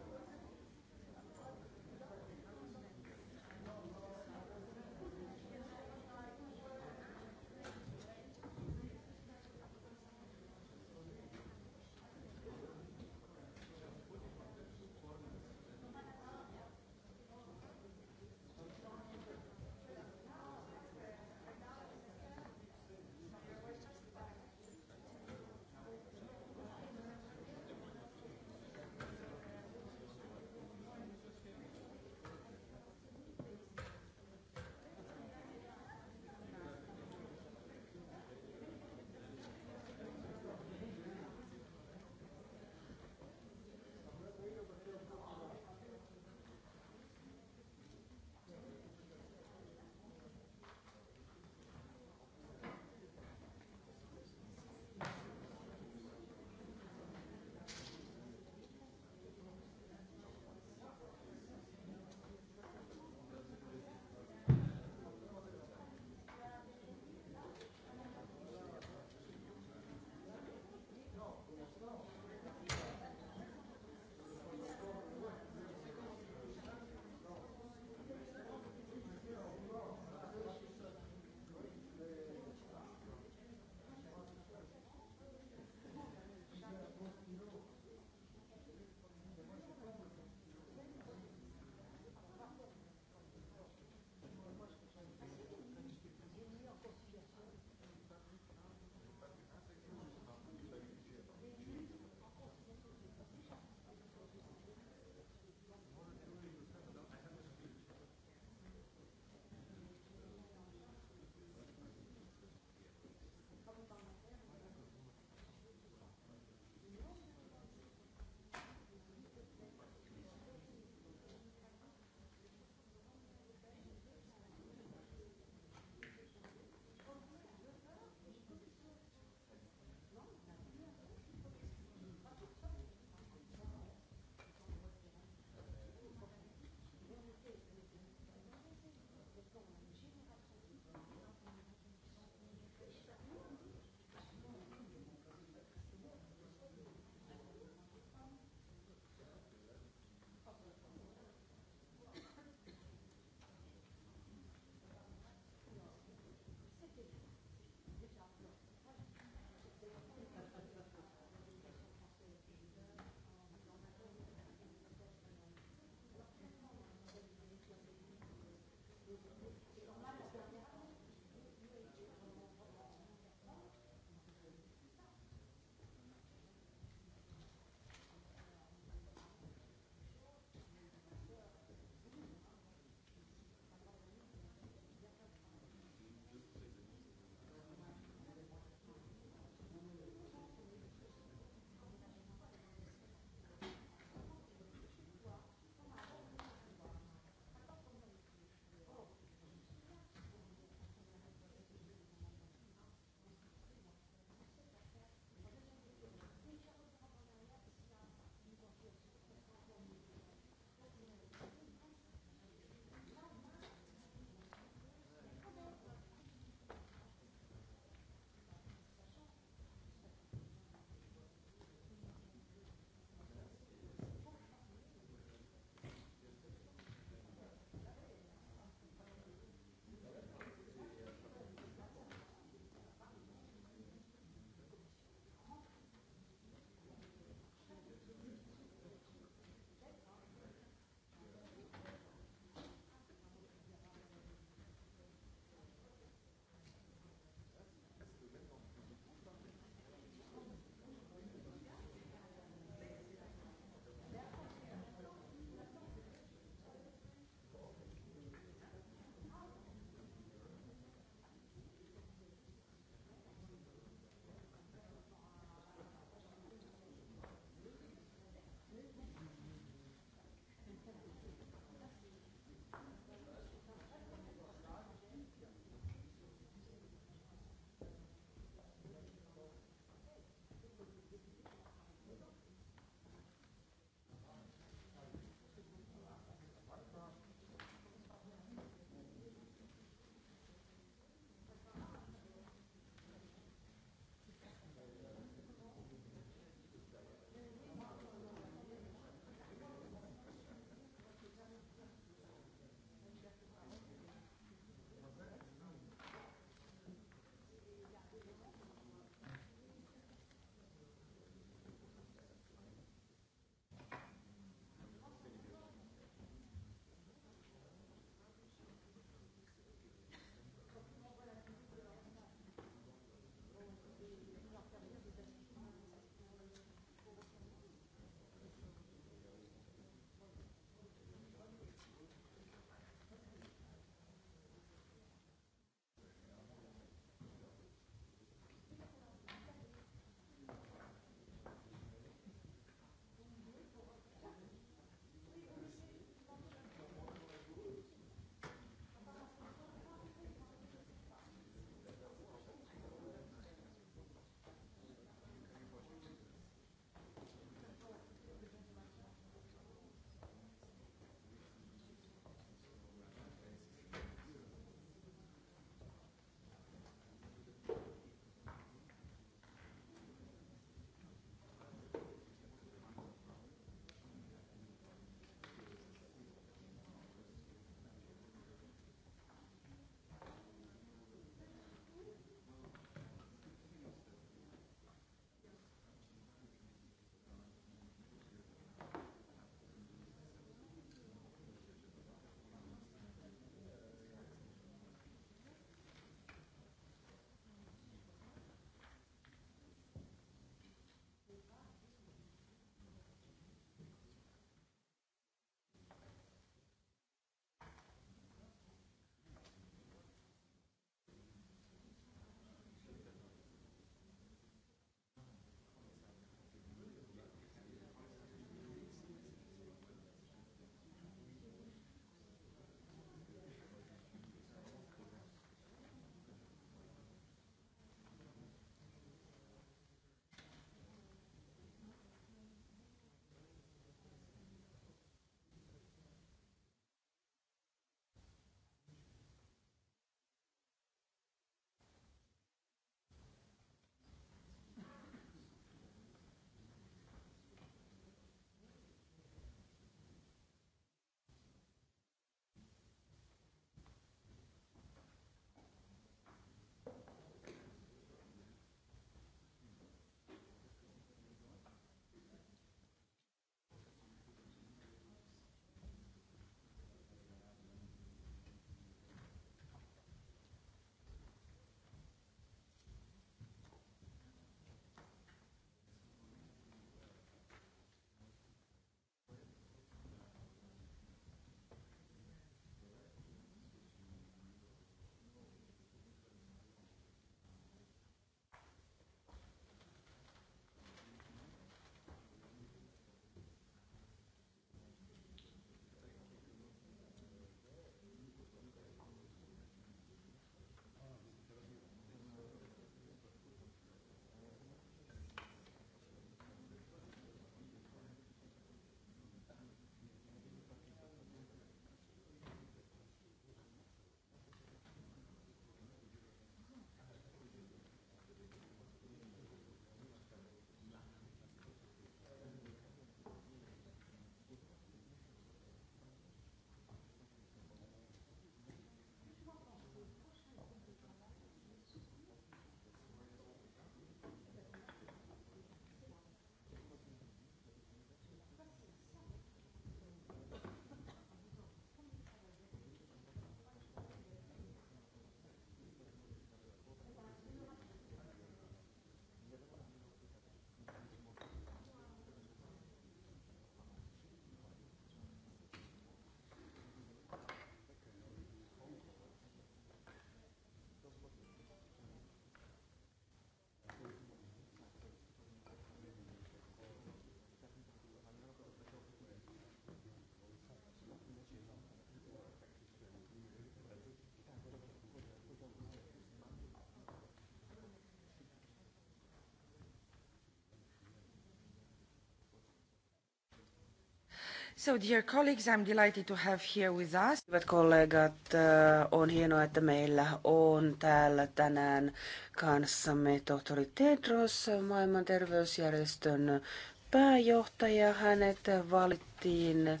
So dear colleagues, I'm delighted to have here with us. Hyvät kollegat, äh, on hienoa, että meillä on täällä tänään kanssamme tohtori Tedros, maailman terveysjärjestön pääjohtaja. Hänet valittiin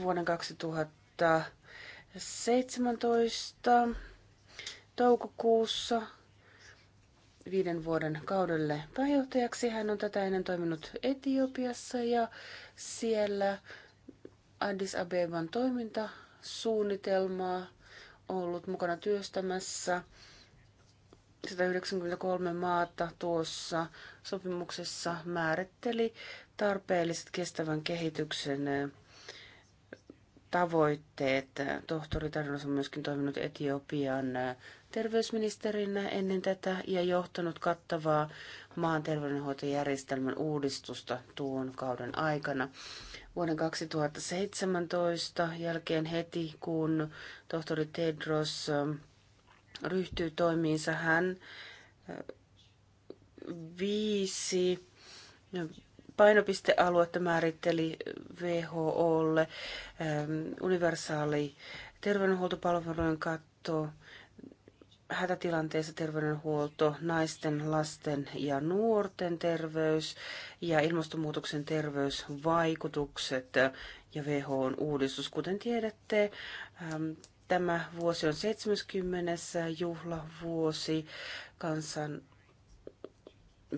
vuoden 2017 toukokuussa viiden vuoden kaudelle pääjohtajaksi. Hän on tätä ennen toiminut Etiopiassa ja siellä Addis Abeban toimintasuunnitelmaa ollut mukana työstämässä. 193 maata tuossa sopimuksessa määritteli tarpeelliset kestävän kehityksen eh, tavoitteet. Tohtori Tarnas on myöskin toiminut Etiopian eh, terveysministerinä ennen tätä ja johtanut kattavaa maan terveydenhoitojärjestelmän uudistusta tuon kauden aikana. Vuoden 2017 jälkeen heti, kun tohtori Tedros ähm, ryhtyy toimiinsa, hän äh, viisi äh, painopistealuetta määritteli WHOlle ähm, universaali terveydenhuoltopalvelujen katto, hätätilanteessa terveydenhuolto, naisten, lasten ja nuorten terveys ja ilmastonmuutoksen terveysvaikutukset ja WHOn uudistus. Kuten tiedätte, tämä vuosi on 70. juhlavuosi kansan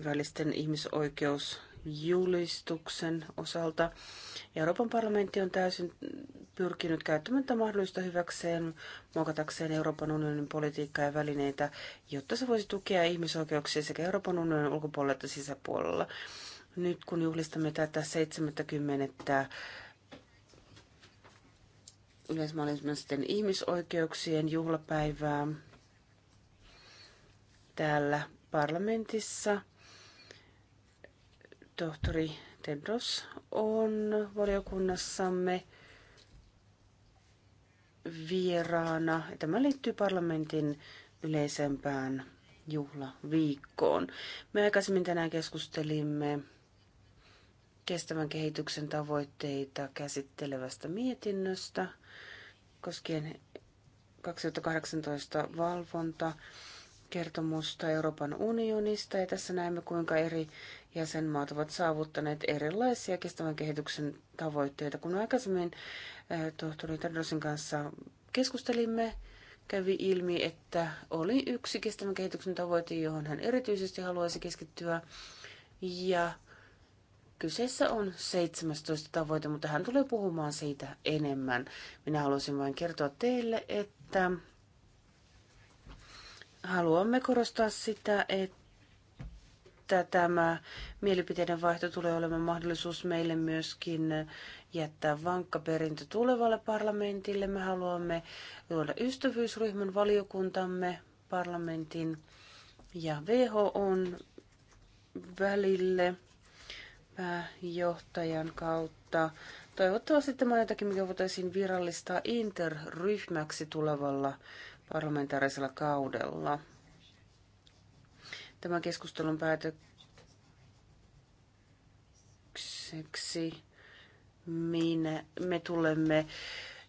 välisten ihmisoikeus julistuksen osalta. Euroopan parlamentti on täysin pyrkinyt käyttämään tätä mahdollista hyväkseen, muokatakseen Euroopan unionin politiikkaa ja välineitä, jotta se voisi tukea ihmisoikeuksia sekä Euroopan unionin ulkopuolella että sisäpuolella. Nyt kun juhlistamme tätä 70 yleismaailmallisten ihmisoikeuksien juhlapäivää täällä parlamentissa – tohtori Tedros on valiokunnassamme vieraana. Tämä liittyy parlamentin yleisempään juhlaviikkoon. Me aikaisemmin tänään keskustelimme kestävän kehityksen tavoitteita käsittelevästä mietinnöstä koskien 2018 valvonta kertomusta Euroopan unionista ja tässä näemme kuinka eri jäsenmaat ovat saavuttaneet erilaisia kestävän kehityksen tavoitteita. Kun aikaisemmin tohtori Tadrosin kanssa keskustelimme, kävi ilmi, että oli yksi kestävän kehityksen tavoite, johon hän erityisesti haluaisi keskittyä. Ja kyseessä on 17 tavoite, mutta hän tulee puhumaan siitä enemmän. Minä haluaisin vain kertoa teille, että haluamme korostaa sitä, että että tämä mielipiteiden vaihto tulee olemaan mahdollisuus meille myöskin jättää vankka perintö tulevalle parlamentille. Me haluamme luoda ystävyysryhmän valiokuntamme, parlamentin ja WHOn välille pääjohtajan kautta. Toivottavasti tämä on jotakin, mikä voitaisiin virallistaa interryhmäksi tulevalla parlamentaarisella kaudella tämän keskustelun päätökseksi minä, me tulemme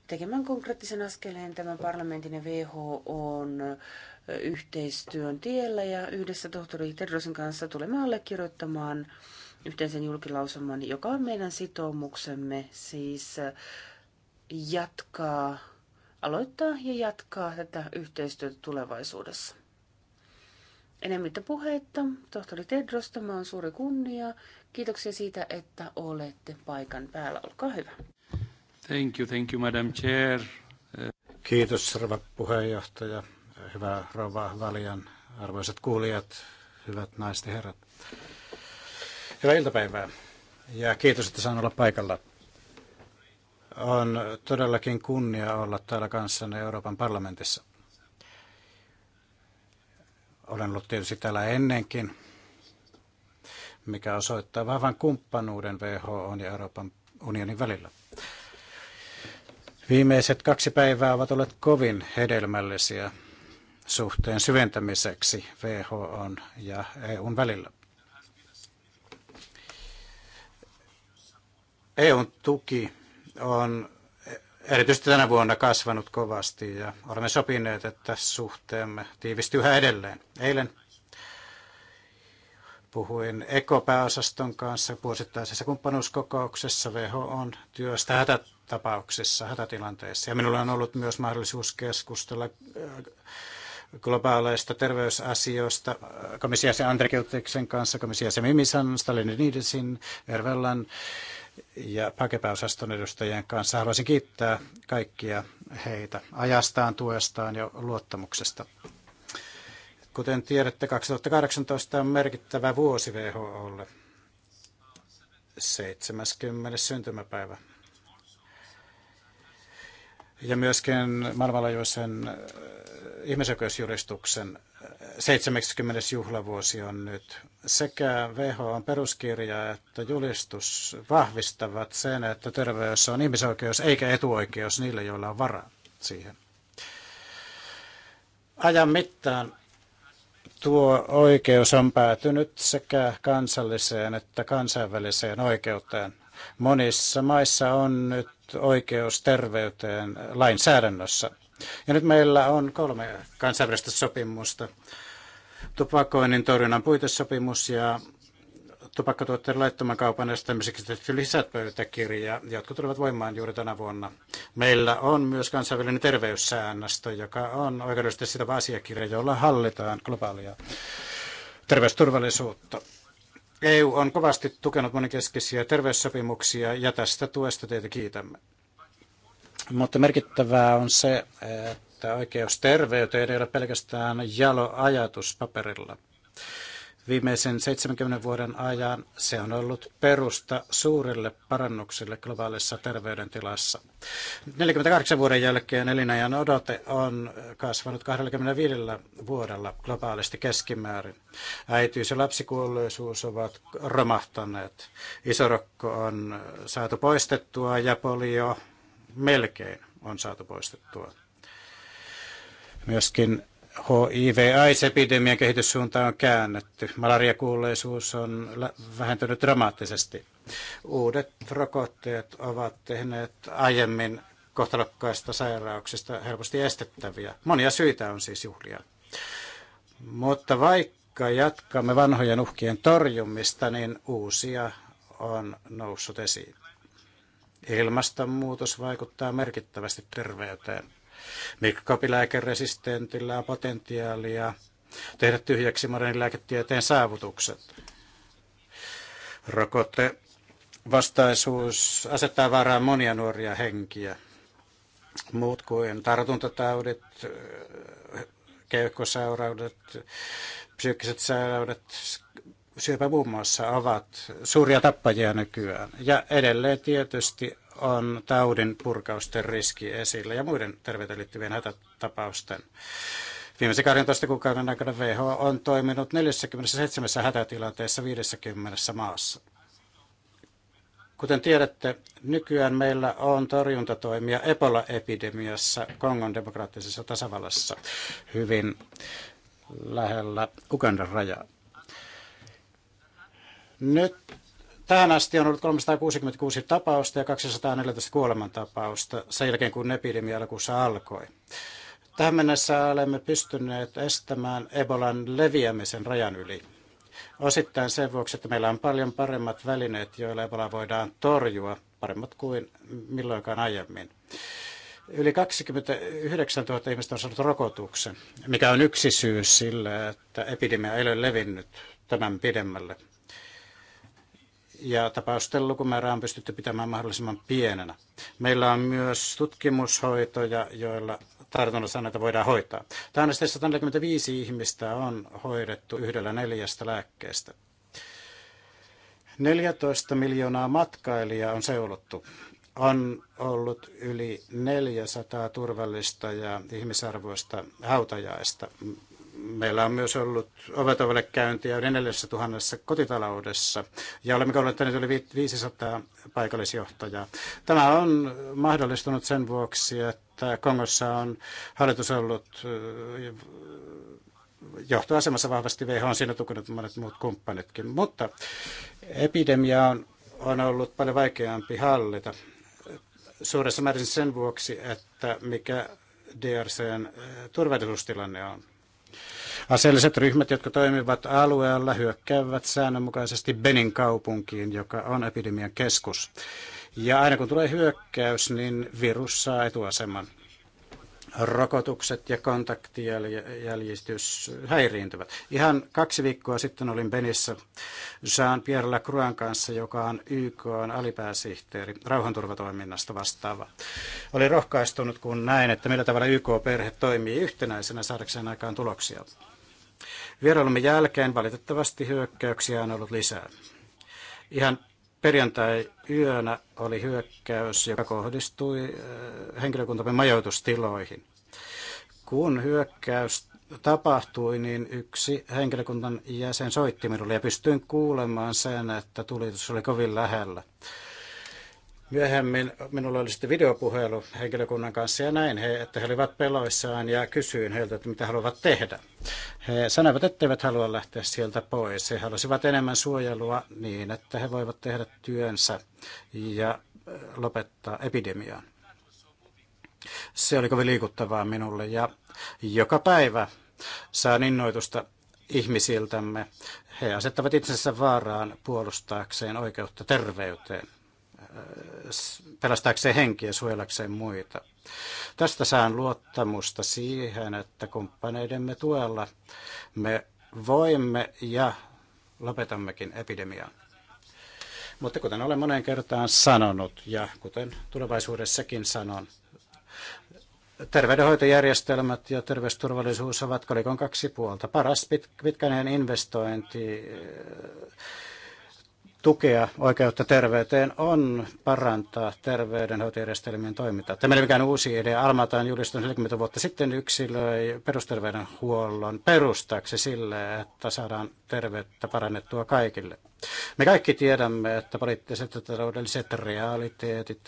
tekemään konkreettisen askeleen tämän parlamentin ja WHOn yhteistyön tiellä ja yhdessä tohtori Tedrosin kanssa tulemme allekirjoittamaan yhteisen julkilausuman, joka on meidän sitoumuksemme siis jatkaa, aloittaa ja jatkaa tätä yhteistyötä tulevaisuudessa. Enemmittä puheitta, tohtori Tedros, tämä on suuri kunnia. Kiitoksia siitä, että olette paikan päällä. Olkaa hyvä. Thank you, thank you, Madam Chair. Kiitos, rouva puheenjohtaja. Hyvä rouva Valian, arvoisat kuulijat, hyvät naiset ja herrat. Hyvää iltapäivää ja kiitos, että saan olla paikalla. On todellakin kunnia olla täällä kanssanne Euroopan parlamentissa. Olen ollut tietysti täällä ennenkin, mikä osoittaa vahvan kumppanuuden WHO ja Euroopan unionin välillä. Viimeiset kaksi päivää ovat olleet kovin hedelmällisiä suhteen syventämiseksi WHO ja EUn välillä. EUn tuki on erityisesti tänä vuonna kasvanut kovasti ja olemme sopineet, että suhteemme tiivistyy yhä edelleen. Eilen puhuin ekopääosaston kanssa vuosittaisessa kumppanuuskokouksessa on työstä hätätapauksissa, hätätilanteissa. Ja minulla on ollut myös mahdollisuus keskustella äh, globaaleista terveysasioista Andre Kiltiksen kanssa, komissiasi Mimisan, Stalinidisin, Ervellan, ja pakepäosaston edustajien kanssa. Haluaisin kiittää kaikkia heitä ajastaan, tuestaan ja luottamuksesta. Kuten tiedätte, 2018 on merkittävä vuosi WHOlle. 70. syntymäpäivä ja myöskin maailmanlaajuisen äh, ihmisoikeusjuristuksen 70. Äh, juhlavuosi on nyt. Sekä on peruskirja että julistus vahvistavat sen, että terveys on ihmisoikeus eikä etuoikeus niille, joilla on varaa siihen. Ajan mittaan tuo oikeus on päätynyt sekä kansalliseen että kansainväliseen oikeuteen. Monissa maissa on nyt oikeus terveyteen lainsäädännössä. Ja nyt meillä on kolme kansainvälistä sopimusta. Tupakoinnin torjunnan puitesopimus ja tupakkatuotteiden laittoman kaupan estämiseksi tehty lisäpöytäkirja, jotka tulevat voimaan juuri tänä vuonna. Meillä on myös kansainvälinen terveyssäännöstö, joka on oikeudellisesti sitä asiakirja, jolla hallitaan globaalia terveysturvallisuutta. EU on kovasti tukenut monikeskisiä terveyssopimuksia ja tästä tuesta teitä kiitämme. Mutta merkittävää on se, että oikeus terveyteen ei ole pelkästään jalo ajatus paperilla. Viimeisen 70 vuoden ajan se on ollut perusta suurille parannuksille globaalissa terveydentilassa. 48 vuoden jälkeen elinajan odote on kasvanut 25 vuodella globaalisti keskimäärin. Äitiys- ja lapsikuolleisuus ovat romahtaneet. Isorokko on saatu poistettua ja polio melkein on saatu poistettua. Myöskin HIV-AIDS-epidemian kehityssuunta on käännetty. Malariakuulleisuus on vähentynyt dramaattisesti. Uudet rokotteet ovat tehneet aiemmin kohtalokkaista sairauksista helposti estettäviä. Monia syitä on siis juhlia. Mutta vaikka jatkamme vanhojen uhkien torjumista, niin uusia on noussut esiin. Ilmastonmuutos vaikuttaa merkittävästi terveyteen. Mikrobilääkeresistentillä on potentiaalia tehdä tyhjäksi modernin lääketieteen saavutukset. Rokote vastaisuus asettaa vaaraan monia nuoria henkiä. Muut kuin tartuntataudit, keuhkosairaudet, psyykkiset sairaudet, syöpä muun muassa ovat suuria tappajia nykyään. Ja edelleen tietysti on taudin purkausten riski esillä ja muiden terveyteen liittyvien hätätapausten. Viimeisen 12 kuukauden aikana WHO on toiminut 47 hätätilanteessa 50 maassa. Kuten tiedätte, nykyään meillä on torjuntatoimia Ebola-epidemiassa Kongon demokraattisessa tasavallassa hyvin lähellä Ugandan rajaa. Nyt Tähän asti on ollut 366 tapausta ja 214 kuolemantapausta sen jälkeen, kun epidemia alkuussa alkoi. Tähän mennessä olemme pystyneet estämään Ebolan leviämisen rajan yli. Osittain sen vuoksi, että meillä on paljon paremmat välineet, joilla Ebola voidaan torjua, paremmat kuin milloinkaan aiemmin. Yli 29 000 ihmistä on saanut rokotuksen, mikä on yksi syy sille, että epidemia ei ole levinnyt tämän pidemmälle ja tapausten lukumäärä on pystytty pitämään mahdollisimman pienenä. Meillä on myös tutkimushoitoja, joilla tartunnasaineita voidaan hoitaa. Tähänastessa 145 ihmistä on hoidettu yhdellä neljästä lääkkeestä. 14 miljoonaa matkailijaa on seuluttu. On ollut yli 400 turvallista ja ihmisarvoista hautajaista Meillä on myös ollut ovetovelle käyntiä yli 4000 kotitaloudessa ja olemme kouluttaneet yli 500 paikallisjohtajaa. Tämä on mahdollistunut sen vuoksi, että Kongossa on hallitus ollut johtoasemassa vahvasti WHO on siinä tukenut monet muut kumppanitkin, mutta epidemia on, on ollut paljon vaikeampi hallita suuressa määrin sen vuoksi, että mikä DRCn turvallisuustilanne on. Aseelliset ryhmät, jotka toimivat alueella, hyökkäävät säännönmukaisesti Benin kaupunkiin, joka on epidemian keskus. Ja aina kun tulee hyökkäys, niin virus saa etuaseman. Rokotukset ja kontaktijäljitys häiriintyvät. Ihan kaksi viikkoa sitten olin Benissä Jean-Pierre Lacroixan kanssa, joka on YK on alipääsihteeri rauhanturvatoiminnasta vastaava. Oli rohkaistunut, kun näin, että millä tavalla YK-perhe toimii yhtenäisenä saadakseen aikaan tuloksia. Vierailumme jälkeen valitettavasti hyökkäyksiä on ollut lisää. Ihan perjantai-yönä oli hyökkäys, joka kohdistui äh, henkilökuntamme majoitustiloihin. Kun hyökkäys tapahtui, niin yksi henkilökunnan jäsen soitti minulle ja pystyin kuulemaan sen, että tulitus oli kovin lähellä. Myöhemmin minulla oli sitten videopuhelu henkilökunnan kanssa ja näin he, että he olivat peloissaan ja kysyin heiltä, että mitä haluavat tehdä. He sanoivat, etteivät halua lähteä sieltä pois. He halusivat enemmän suojelua niin, että he voivat tehdä työnsä ja äh, lopettaa epidemiaan. Se oli kovin liikuttavaa minulle ja joka päivä saan innoitusta ihmisiltämme. He asettavat itsensä vaaraan puolustaakseen oikeutta terveyteen pelastaakseen henkiä suojellakseen muita. Tästä saan luottamusta siihen, että kumppaneidemme tuella me voimme ja lopetammekin epidemiaa. Mutta kuten olen moneen kertaan sanonut ja kuten tulevaisuudessakin sanon, terveydenhoitojärjestelmät ja terveysturvallisuus ovat kolikon kaksi puolta. Paras pitkäinen investointi tukea oikeutta terveyteen on parantaa terveydenhoitojärjestelmien toimintaa. Tämä ei ole mikään uusi idea. Almata on julistunut 40 vuotta sitten yksilöi perusterveydenhuollon perustaksi sille, että saadaan terveyttä parannettua kaikille. Me kaikki tiedämme, että poliittiset ja taloudelliset realiteetit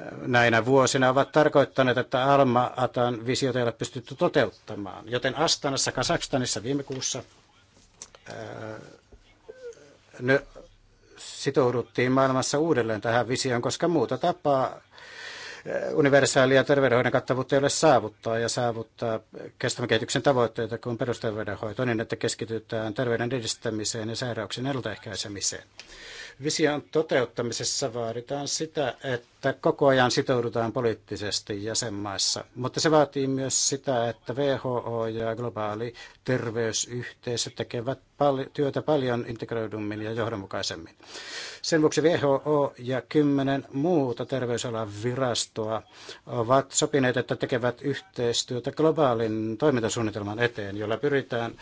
äh, näinä vuosina ovat tarkoittaneet, että Alma-Atan visiota ei ole pystytty toteuttamaan. Joten Astanassa, Kasakstanissa viime kuussa ää, äh, sitouduttiin maailmassa uudelleen tähän visioon, koska muuta tapaa eh, universaalia terveydenhoidon kattavuutta ei ole saavuttaa ja saavuttaa kestävän kehityksen tavoitteita kuin perusterveydenhoito niin, että keskitytään terveyden edistämiseen ja sairauksien ennaltaehkäisemiseen. Vision toteuttamisessa vaaditaan sitä, että koko ajan sitoudutaan poliittisesti jäsenmaissa, mutta se vaatii myös sitä, että WHO ja globaali terveysyhteisö tekevät pal- työtä paljon integroidummin ja johdonmukaisemmin. Sen vuoksi WHO ja kymmenen muuta terveysalan virastoa ovat sopineet, että tekevät yhteistyötä globaalin toimintasuunnitelman eteen, jolla pyritään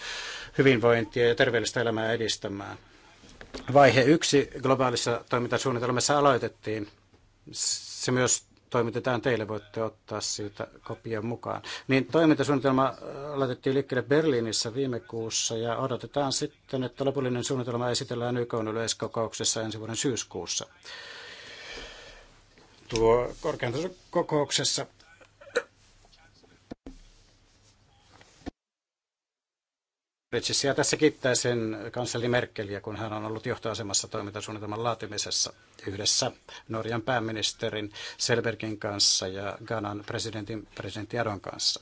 hyvinvointia ja terveellistä elämää edistämään. Vaihe yksi globaalissa toimintasuunnitelmassa aloitettiin. Se myös toimitetaan teille, voitte ottaa siitä kopion mukaan. Niin toimintasuunnitelma äh, laitettiin liikkeelle Berliinissä viime kuussa ja odotetaan sitten, että lopullinen suunnitelma esitellään YK yleiskokouksessa ensi vuoden syyskuussa. Tuo korkean kokouksessa Ritsissiä tässä kiittää sen kansleri Merkeliä, kun hän on ollut johtoasemassa toimintasuunnitelman laatimisessa yhdessä Norjan pääministerin Selbergin kanssa ja Ganan presidentin presidentti Adon kanssa.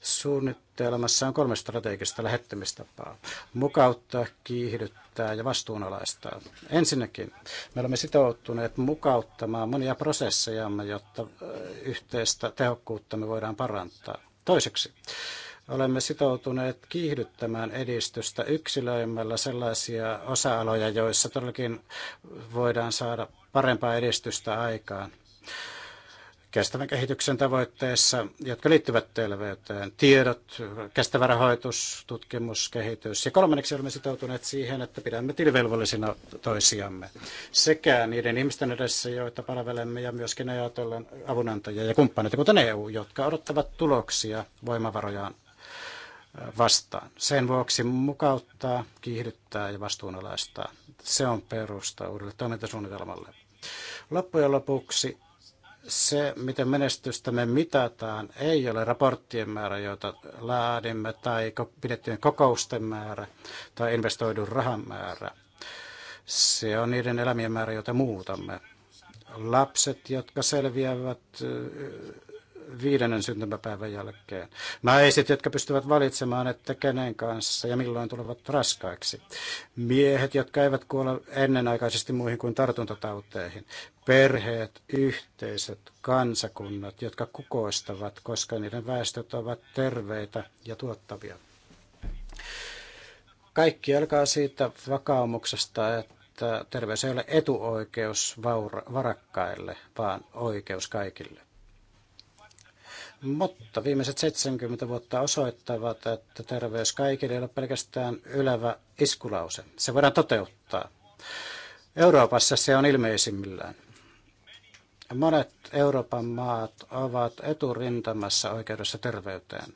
Suunnitelmassa on kolme strategista lähettämistapaa. Mukauttaa, kiihdyttää ja vastuunalaistaa. Ensinnäkin me olemme sitoutuneet mukauttamaan monia prosessejamme, jotta yhteistä tehokkuutta me voidaan parantaa. Toiseksi Olemme sitoutuneet kiihdyttämään edistystä yksilöimällä sellaisia osa-aloja, joissa todellakin voidaan saada parempaa edistystä aikaan kestävän kehityksen tavoitteissa, jotka liittyvät terveyteen, tiedot, kestävä rahoitus, tutkimus, kehitys. Ja kolmanneksi olemme sitoutuneet siihen, että pidämme tilivelvollisina toisiamme sekä niiden ihmisten edessä, joita palvelemme, ja myöskin ajatellen avunantajia ja kumppaneita, kuten EU, jotka odottavat tuloksia voimavarojaan vastaan. Sen vuoksi mukauttaa, kiihdyttää ja vastuunalaistaa. Se on perusta uudelle toimintasuunnitelmalle. Loppujen lopuksi se, miten menestystä me mitataan, ei ole raporttien määrä, joita laadimme, tai pidettyjen kokousten määrä, tai investoidun rahan määrä. Se on niiden elämien määrä, joita muutamme. Lapset, jotka selviävät viidennen syntymäpäivän jälkeen. Naiset, jotka pystyvät valitsemaan, että kenen kanssa ja milloin tulevat raskaiksi. Miehet, jotka eivät kuole ennenaikaisesti muihin kuin tartuntatauteihin. Perheet, yhteisöt, kansakunnat, jotka kukoistavat, koska niiden väestöt ovat terveitä ja tuottavia. Kaikki alkaa siitä vakaumuksesta, että terveys ei ole etuoikeus vaura, varakkaille, vaan oikeus kaikille. Mutta viimeiset 70 vuotta osoittavat, että terveys kaikille ei ole pelkästään ylevä iskulause. Se voidaan toteuttaa. Euroopassa se on ilmeisimmillään. Monet Euroopan maat ovat eturintamassa oikeudessa terveyteen.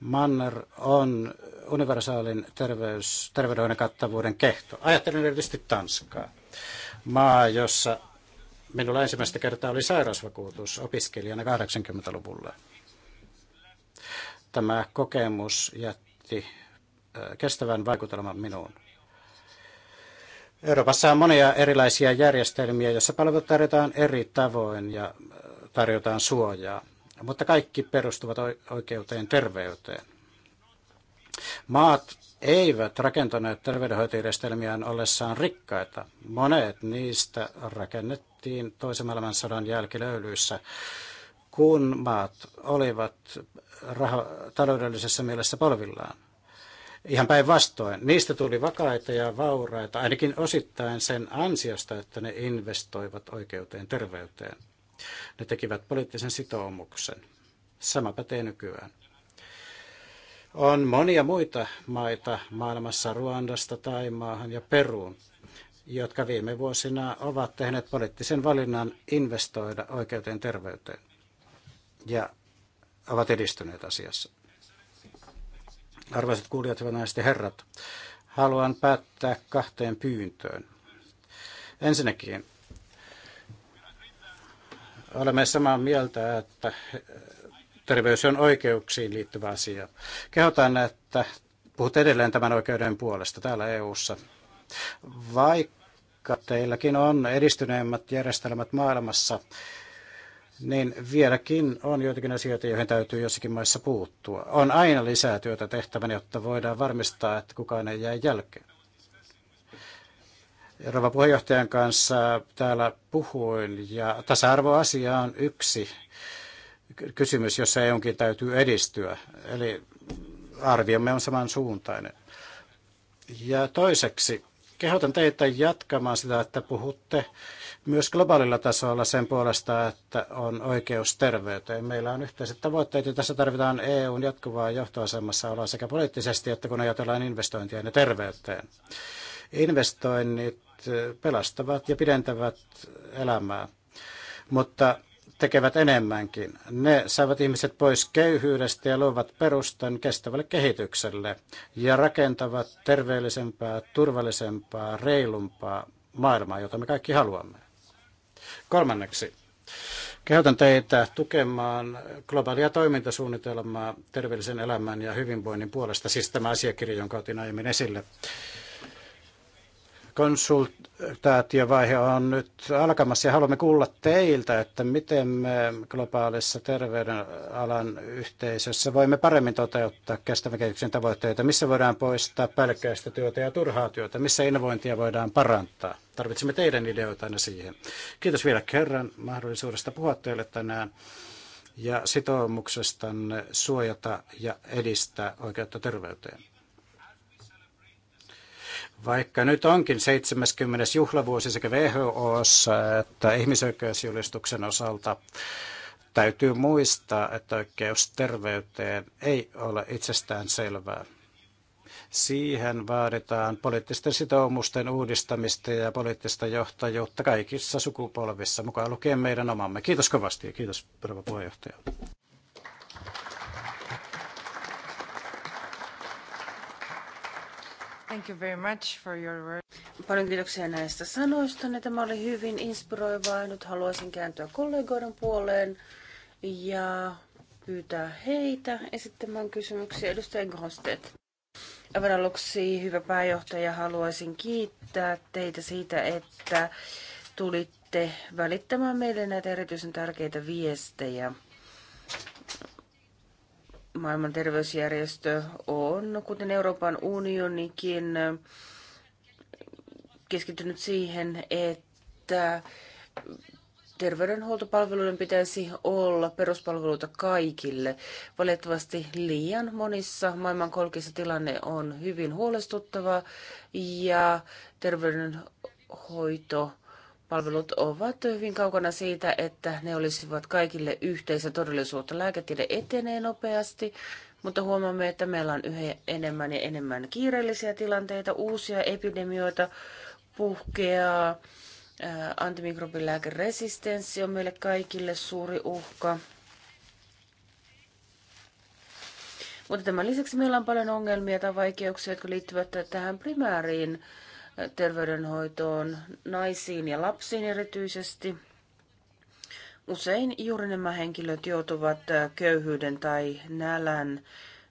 Manner on universaalin terveys, kattavuuden kehto. Ajattelen erityisesti Tanskaa, maa, jossa Minulla ensimmäistä kertaa oli sairausvakuutus opiskelijana 80-luvulla. Tämä kokemus jätti kestävän vaikutelman minuun. Euroopassa on monia erilaisia järjestelmiä, joissa palvelut tarjotaan eri tavoin ja tarjotaan suojaa, mutta kaikki perustuvat oikeuteen terveyteen. Maat eivät rakentaneet terveydenhoitojärjestelmiään ollessaan rikkaita. Monet niistä rakennettiin nähtiin toisen maailmansodan jälkilöylyissä, kun maat olivat raho- taloudellisessa mielessä polvillaan. Ihan päinvastoin. Niistä tuli vakaita ja vauraita, ainakin osittain sen ansiosta, että ne investoivat oikeuteen terveyteen. Ne tekivät poliittisen sitoumuksen. Sama pätee nykyään. On monia muita maita maailmassa Ruandasta, Taimaahan ja Peruun, jotka viime vuosina ovat tehneet poliittisen valinnan investoida oikeuteen terveyteen ja ovat edistyneet asiassa. Arvoisat kuulijat, hyvät naiset ja herrat, haluan päättää kahteen pyyntöön. Ensinnäkin olemme samaa mieltä, että terveys on oikeuksiin liittyvä asia. Kehotan, että puhut edelleen tämän oikeuden puolesta täällä EU:ssa. ssa vaikka teilläkin on edistyneimmät järjestelmät maailmassa, niin vieläkin on joitakin asioita, joihin täytyy jossakin maissa puuttua. On aina lisää työtä tehtävänä, jotta voidaan varmistaa, että kukaan ei jää jälkeen. Rova puheenjohtajan kanssa täällä puhuin, ja tasa-arvoasia on yksi kysymys, jossa EUnkin täytyy edistyä. Eli arviomme on samansuuntainen. Ja toiseksi kehotan teitä jatkamaan sitä, että puhutte myös globaalilla tasolla sen puolesta, että on oikeus terveyteen. Meillä on yhteiset tavoitteet ja tässä tarvitaan EUn jatkuvaa johtoasemassa olla sekä poliittisesti että kun ajatellaan investointia ja terveyteen. Investoinnit pelastavat ja pidentävät elämää, mutta tekevät enemmänkin. Ne saavat ihmiset pois köyhyydestä ja luovat perustan kestävälle kehitykselle ja rakentavat terveellisempää, turvallisempaa, reilumpaa maailmaa, jota me kaikki haluamme. Kolmanneksi, kehotan teitä tukemaan globaalia toimintasuunnitelmaa terveellisen elämän ja hyvinvoinnin puolesta, siis tämä asiakirja, jonka otin aiemmin esille konsultaatiovaihe on nyt alkamassa ja haluamme kuulla teiltä, että miten me globaalissa terveydenalan yhteisössä voimme paremmin toteuttaa kestävän kehityksen tavoitteita, missä voidaan poistaa pälkkäistä työtä ja turhaa työtä, missä innovointia voidaan parantaa. Tarvitsemme teidän aina siihen. Kiitos vielä kerran mahdollisuudesta puhua teille tänään ja sitoumuksestanne suojata ja edistää oikeutta terveyteen. Vaikka nyt onkin 70. juhlavuosi sekä WHOssa että ihmisoikeusjulistuksen osalta, täytyy muistaa, että oikeus terveyteen ei ole itsestään selvää. Siihen vaaditaan poliittisten sitoumusten uudistamista ja poliittista johtajuutta kaikissa sukupolvissa, mukaan lukien meidän omamme. Kiitos kovasti ja kiitos, rouva puheenjohtaja. Thank you very much for your Paljon kiitoksia näistä sanoista. Tämä oli hyvin inspiroivaa. Nyt haluaisin kääntyä kollegoiden puoleen ja pyytää heitä esittämään kysymyksiä. Edustaja Grostet. Aivan aluksi, hyvä pääjohtaja, haluaisin kiittää teitä siitä, että tulitte välittämään meille näitä erityisen tärkeitä viestejä. Maailman terveysjärjestö on, kuten Euroopan unionikin, keskittynyt siihen, että terveydenhuoltopalveluiden pitäisi olla peruspalveluita kaikille. Valitettavasti liian monissa maailman kolkissa tilanne on hyvin huolestuttava ja terveydenhoito palvelut ovat hyvin kaukana siitä, että ne olisivat kaikille yhteistä todellisuutta. Lääketiede etenee nopeasti, mutta huomaamme, että meillä on yhä enemmän ja enemmän kiireellisiä tilanteita, uusia epidemioita, puhkeaa, antimikrobilääkeresistenssi on meille kaikille suuri uhka. Mutta tämän lisäksi meillä on paljon ongelmia tai vaikeuksia, jotka liittyvät tähän primääriin terveydenhoitoon, naisiin ja lapsiin erityisesti. Usein juuri nämä henkilöt joutuvat äh, köyhyyden tai nälän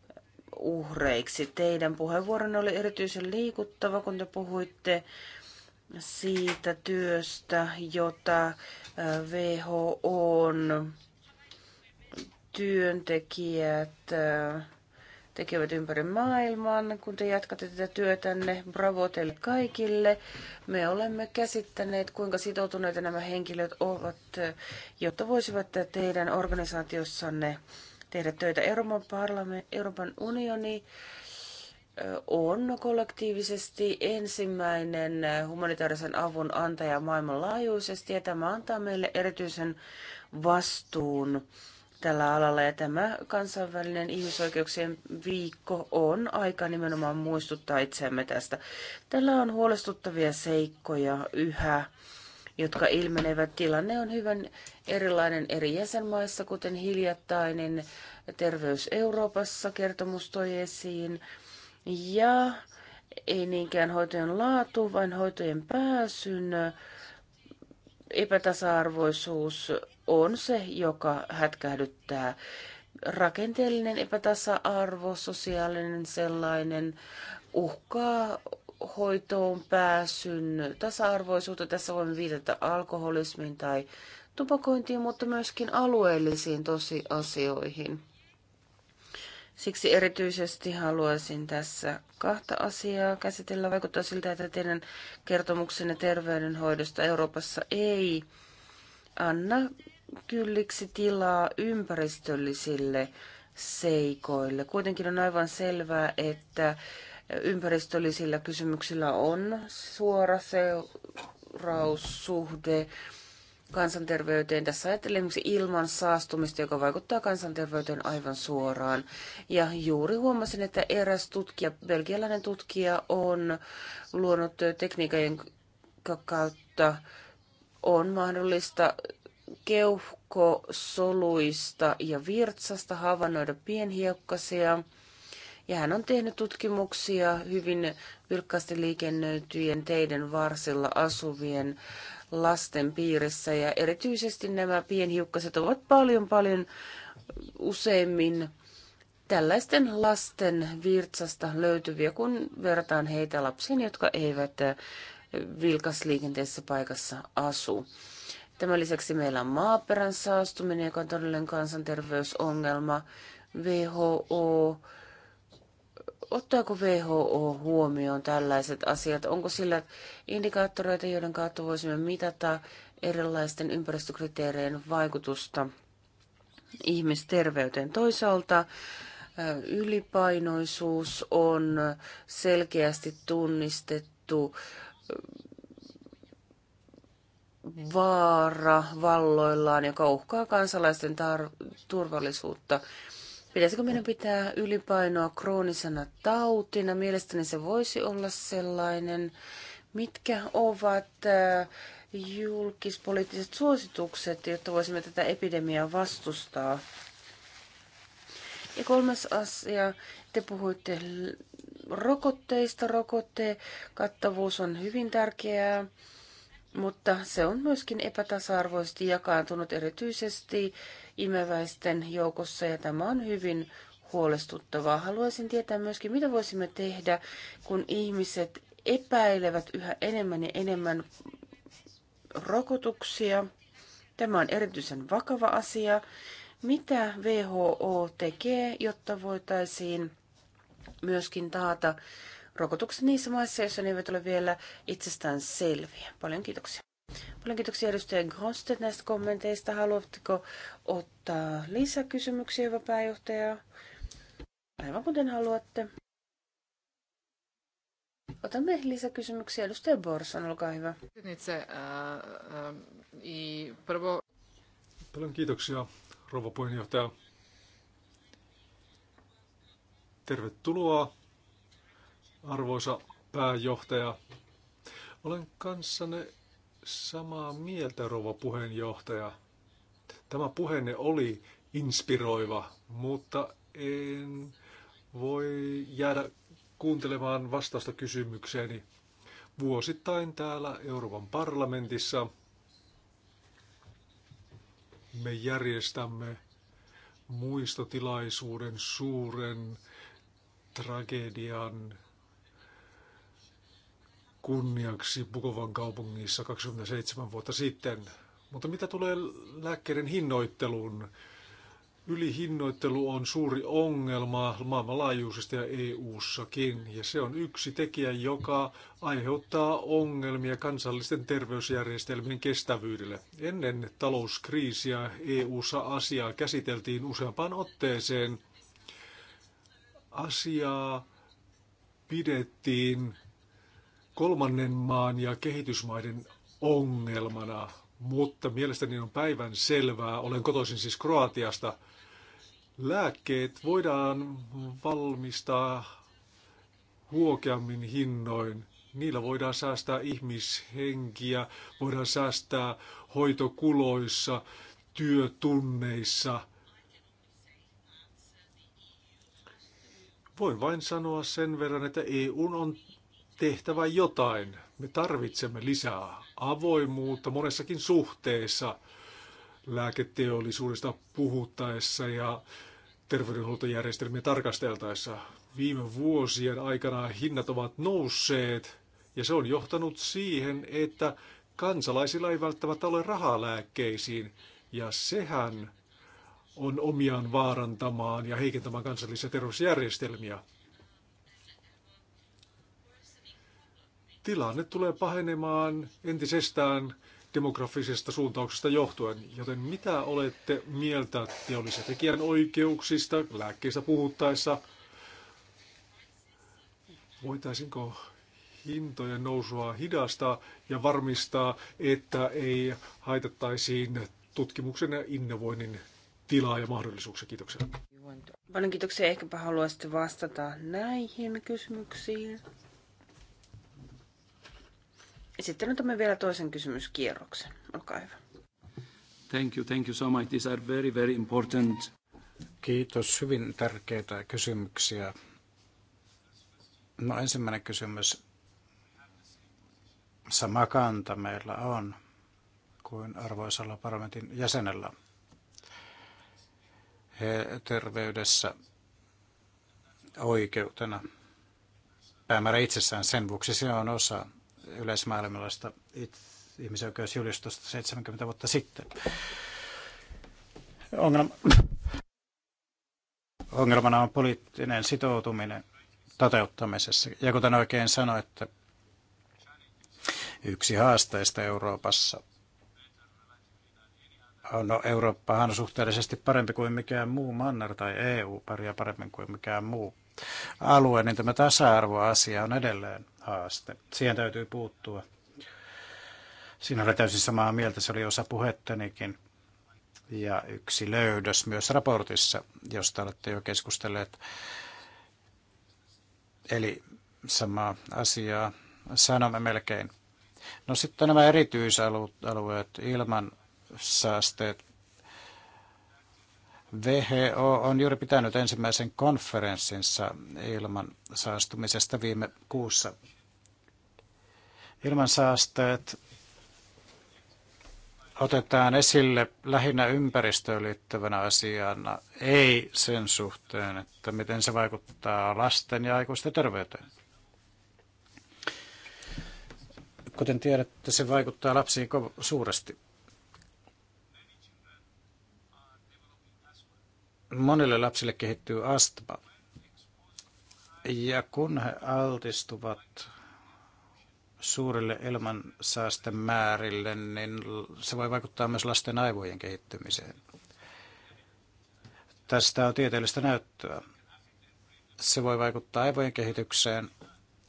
äh, uhreiksi. Teidän puheenvuoronne oli erityisen liikuttava, kun te puhuitte siitä työstä, jota äh, WHO on työntekijät tekevät ympäri maailman. Kun te jatkatte tätä työtänne, bravo teille kaikille. Me olemme käsittäneet, kuinka sitoutuneita nämä henkilöt ovat, jotta voisivat teidän organisaatiossanne tehdä töitä. Euroopan, parlament, Euroopan unioni on kollektiivisesti ensimmäinen humanitaarisen avun antaja maailmanlaajuisesti ja tämä antaa meille erityisen vastuun tällä alalla. Ja tämä kansainvälinen ihmisoikeuksien viikko on aika nimenomaan muistuttaa itseämme tästä. Tällä on huolestuttavia seikkoja yhä, jotka ilmenevät. Tilanne on hyvän erilainen eri jäsenmaissa, kuten hiljattainen Terveys Euroopassa kertomus toi esiin. Ja ei niinkään hoitojen laatu, vaan hoitojen pääsyn epätasa-arvoisuus on se, joka hätkähdyttää. Rakenteellinen epätasa-arvo, sosiaalinen sellainen, uhkaa hoitoon pääsyn tasa-arvoisuutta. Tässä voimme viitata alkoholismiin tai tupakointiin, mutta myöskin alueellisiin tosiasioihin. Siksi erityisesti haluaisin tässä kahta asiaa käsitellä. Vaikuttaa siltä, että teidän kertomuksenne terveydenhoidosta Euroopassa ei anna kylliksi tilaa ympäristöllisille seikoille. Kuitenkin on aivan selvää, että ympäristöllisillä kysymyksillä on suora seuraussuhde kansanterveyteen. Tässä ajattelen esimerkiksi ilman saastumista, joka vaikuttaa kansanterveyteen aivan suoraan. Ja juuri huomasin, että eräs tutkija, belgialainen tutkija, on luonut tekniikan kautta on mahdollista keuhkosoluista ja virtsasta havainnoida pienhiukkasia. Ja hän on tehnyt tutkimuksia hyvin vilkkaasti liikennöityjen teiden varsilla asuvien lasten piirissä. Ja erityisesti nämä pienhiukkaset ovat paljon paljon useimmin tällaisten lasten virtsasta löytyviä, kun vertaan heitä lapsiin, jotka eivät vilkasliikenteessä paikassa asu. Tämän lisäksi meillä on maaperän saastuminen, joka on todellinen kansanterveysongelma. WHO, ottaako WHO huomioon tällaiset asiat? Onko sillä indikaattoreita, joiden kautta voisimme mitata erilaisten ympäristökriteerien vaikutusta ihmisterveyteen? Toisaalta ylipainoisuus on selkeästi tunnistettu vaara valloillaan, joka uhkaa kansalaisten tar- turvallisuutta. Pitäisikö meidän pitää ylipainoa kroonisena tautina? Mielestäni se voisi olla sellainen. Mitkä ovat äh, julkispoliittiset suositukset, jotta voisimme tätä epidemiaa vastustaa? Ja kolmas asia, te puhuitte rokotteista. Rokotteen kattavuus on hyvin tärkeää mutta se on myöskin epätasa-arvoisesti jakaantunut erityisesti imeväisten joukossa ja tämä on hyvin huolestuttavaa. Haluaisin tietää myöskin, mitä voisimme tehdä, kun ihmiset epäilevät yhä enemmän ja enemmän rokotuksia. Tämä on erityisen vakava asia. Mitä WHO tekee, jotta voitaisiin myöskin taata rokotukset niissä maissa, joissa ne eivät ole vielä itsestään selviä. Paljon kiitoksia. Paljon kiitoksia edustaja Grosted näistä kommenteista. Haluatteko ottaa lisäkysymyksiä, hyvä pääjohtaja? Aivan kuten haluatte. Otamme lisäkysymyksiä. Edustaja Borson, olkaa hyvä. Äh, ähm, Paljon kiitoksia, rouva puheenjohtaja. Tervetuloa arvoisa pääjohtaja. Olen kanssanne samaa mieltä, rouva puheenjohtaja. Tämä puheenne oli inspiroiva, mutta en voi jäädä kuuntelemaan vastausta kysymykseeni. Vuosittain täällä Euroopan parlamentissa me järjestämme muistotilaisuuden suuren tragedian kunniaksi Bukovan kaupungissa 27 vuotta sitten. Mutta mitä tulee lääkkeiden hinnoitteluun? Ylihinnoittelu on suuri ongelma maailmanlaajuisesti ja eu ssakin ja se on yksi tekijä, joka aiheuttaa ongelmia kansallisten terveysjärjestelmien kestävyydelle. Ennen talouskriisiä EU-ssa asiaa käsiteltiin useampaan otteeseen. Asiaa pidettiin kolmannen maan ja kehitysmaiden ongelmana, mutta mielestäni on päivän selvää, olen kotoisin siis Kroatiasta, lääkkeet voidaan valmistaa huokeammin hinnoin. Niillä voidaan säästää ihmishenkiä, voidaan säästää hoitokuloissa, työtunneissa. Voin vain sanoa sen verran, että EU on tehtävä jotain. Me tarvitsemme lisää avoimuutta monessakin suhteessa lääketeollisuudesta puhuttaessa ja terveydenhuoltojärjestelmiä tarkasteltaessa. Viime vuosien aikana hinnat ovat nousseet ja se on johtanut siihen, että kansalaisilla ei välttämättä ole rahaa lääkkeisiin ja sehän on omiaan vaarantamaan ja heikentämään kansallisia terveysjärjestelmiä. tilanne tulee pahenemaan entisestään demografisesta suuntauksesta johtuen. Joten mitä olette mieltä teollisen tekijän oikeuksista, lääkkeistä puhuttaessa? Voitaisinko hintojen nousua hidastaa ja varmistaa, että ei haitattaisiin tutkimuksen ja innovoinnin tilaa ja mahdollisuuksia. Kiitoksia. Paljon kiitoksia. Ehkäpä haluaisitte vastata näihin kysymyksiin. Sitten otamme vielä toisen kysymyskierroksen. Olkaa hyvä. Thank you, thank you so much. These are very, very important. Kiitos. Hyvin tärkeitä kysymyksiä. No ensimmäinen kysymys. Sama kanta meillä on kuin arvoisalla parlamentin jäsenellä. He terveydessä oikeutena. Päämäärä itsessään sen vuoksi se on osa yleismaailmallista ihmisoikeusjulistusta 70 vuotta sitten. Ongelma, ongelmana on poliittinen sitoutuminen toteuttamisessa. Ja kuten oikein sanoi, että yksi haasteista Euroopassa on, no Eurooppahan on suhteellisesti parempi kuin mikään muu manner tai EU paria paremmin kuin mikään muu alue, niin tämä tasa-arvoasia on edelleen haaste. Siihen täytyy puuttua. Siinä olen täysin samaa mieltä, se oli osa puhettanikin. Ja yksi löydös myös raportissa, josta olette jo keskustelleet. Eli samaa asiaa sanomme melkein. No sitten nämä erityisalueet, ilman saasteet. WHO on juuri pitänyt ensimmäisen konferenssinsa ilman saastumisesta viime kuussa Ilmansaasteet otetaan esille lähinnä ympäristöön liittyvänä asiana, ei sen suhteen, että miten se vaikuttaa lasten ja aikuisten terveyteen. Kuten tiedätte, se vaikuttaa lapsiin suuresti. Monille lapsille kehittyy astma. Ja kun he altistuvat suurille ilmansaastemäärille, niin se voi vaikuttaa myös lasten aivojen kehittymiseen. Tästä on tieteellistä näyttöä. Se voi vaikuttaa aivojen kehitykseen,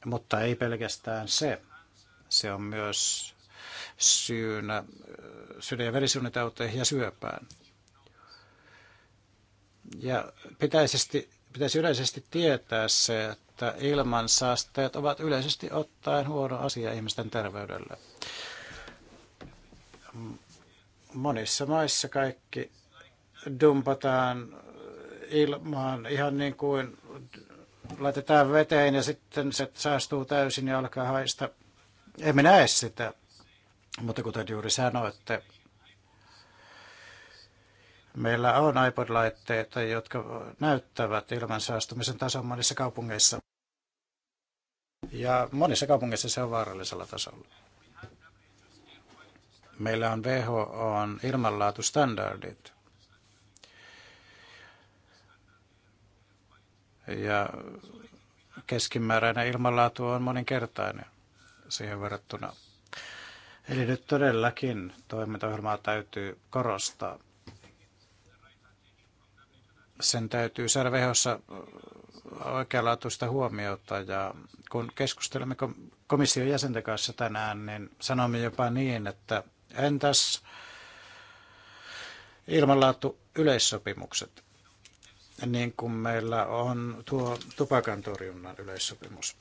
mutta ei pelkästään se. Se on myös syynä sydän- ja verisuonitauteihin ja syöpään. Ja pitäisesti pitäisi yleisesti tietää se, että ilmansaasteet ovat yleisesti ottaen huono asia ihmisten terveydelle. Monissa maissa kaikki dumpataan ilmaan ihan niin kuin laitetaan veteen ja sitten se saastuu täysin ja alkaa haista. Emme näe sitä, mutta kuten juuri sanoitte, Meillä on iPod-laitteita, jotka näyttävät ilman saastumisen tason monissa kaupungeissa. Ja monissa kaupungeissa se on vaarallisella tasolla. Meillä on WHO ilmanlaatustandardit. Ja keskimääräinen ilmanlaatu on moninkertainen siihen verrattuna. Eli nyt todellakin toimintaohjelmaa täytyy korostaa sen täytyy saada vehossa äh, oikeanlaatuista huomiota. Ja kun keskustelemme komission jäsenten kanssa tänään, niin sanomme jopa niin, että entäs ilmanlaatu yleissopimukset, niin kuin meillä on tuo tupakan torjunnan yleissopimus.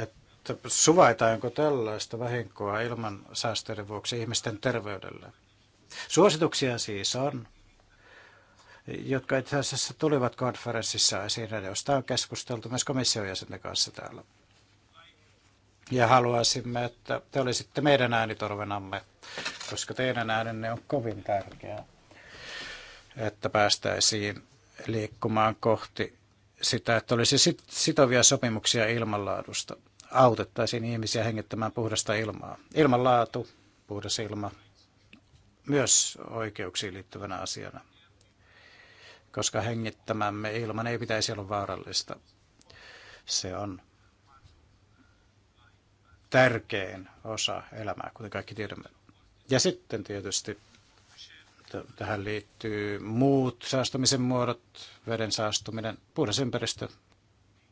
Että suvaitaanko tällaista vahinkoa ilman säästöiden vuoksi ihmisten terveydelle? Suosituksia siis on, jotka itse asiassa tulivat konferenssissa esiin, josta on keskusteltu myös komission jäsenten kanssa täällä. Ja haluaisimme, että te olisitte meidän äänitorvenamme, koska teidän äänenne on kovin tärkeää, että päästäisiin liikkumaan kohti sitä, että olisi sitovia sopimuksia ilmanlaadusta. Autettaisiin ihmisiä hengittämään puhdasta ilmaa. Ilmanlaatu, puhdas ilma, myös oikeuksiin liittyvänä asiana, koska hengittämämme ilman ei pitäisi olla vaarallista. Se on tärkein osa elämää, kuten kaikki tiedämme. Ja sitten tietysti tähän liittyy muut saastumisen muodot, veden saastuminen, puhdas ympäristö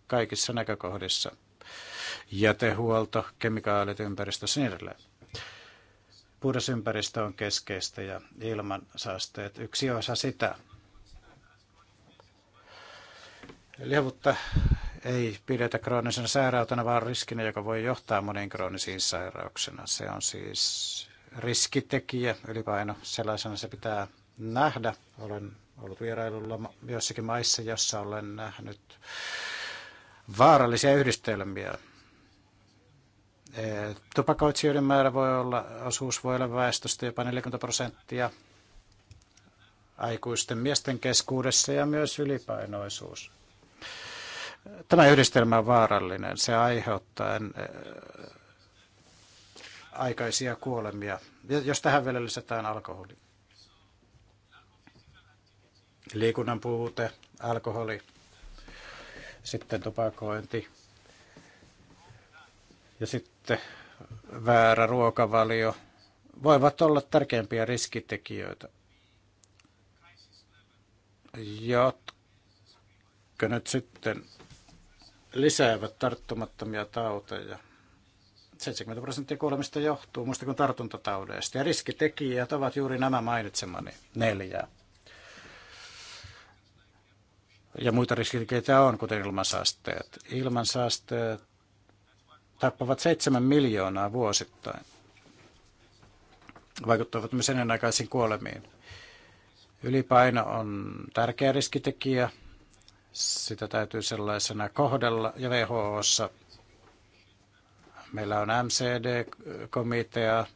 kaikissa näkökohdissa, jätehuolto, kemikaalit ympäristössä ja niin edelleen. Puhdas ympäristö on keskeistä ja ilmansaasteet yksi osa sitä. Lihavuutta ei pidetä kroonisena sairautena, vaan riskinä, joka voi johtaa moniin kroonisiin sairauksena. Se on siis riskitekijä, ylipaino. Sellaisena se pitää nähdä. Olen ollut vierailulla joissakin maissa, jossa olen nähnyt vaarallisia yhdistelmiä Tupakoitsijoiden määrä voi olla, osuus voi olla väestöstä jopa 40 prosenttia aikuisten miesten keskuudessa ja myös ylipainoisuus. Tämä yhdistelmä on vaarallinen. Se aiheuttaa äh, aikaisia kuolemia, jos tähän vielä lisätään alkoholi. Liikunnan puute, alkoholi, sitten tupakointi, ja sitten väärä ruokavalio voivat olla tärkeimpiä riskitekijöitä, jotka nyt sitten lisäävät tarttumattomia tauteja. 70 prosenttia kuolemista johtuu muista kuin tartuntataudeista. Ja riskitekijät ovat juuri nämä mainitsemani neljä. Ja muita riskitekijöitä on, kuten ilmansaasteet. Ilmansaasteet tappavat 7 miljoonaa vuosittain. Vaikuttavat myös ennenaikaisiin kuolemiin. Ylipaino on tärkeä riskitekijä. Sitä täytyy sellaisena kohdella ja WHOssa. Meillä on MCD-komitea,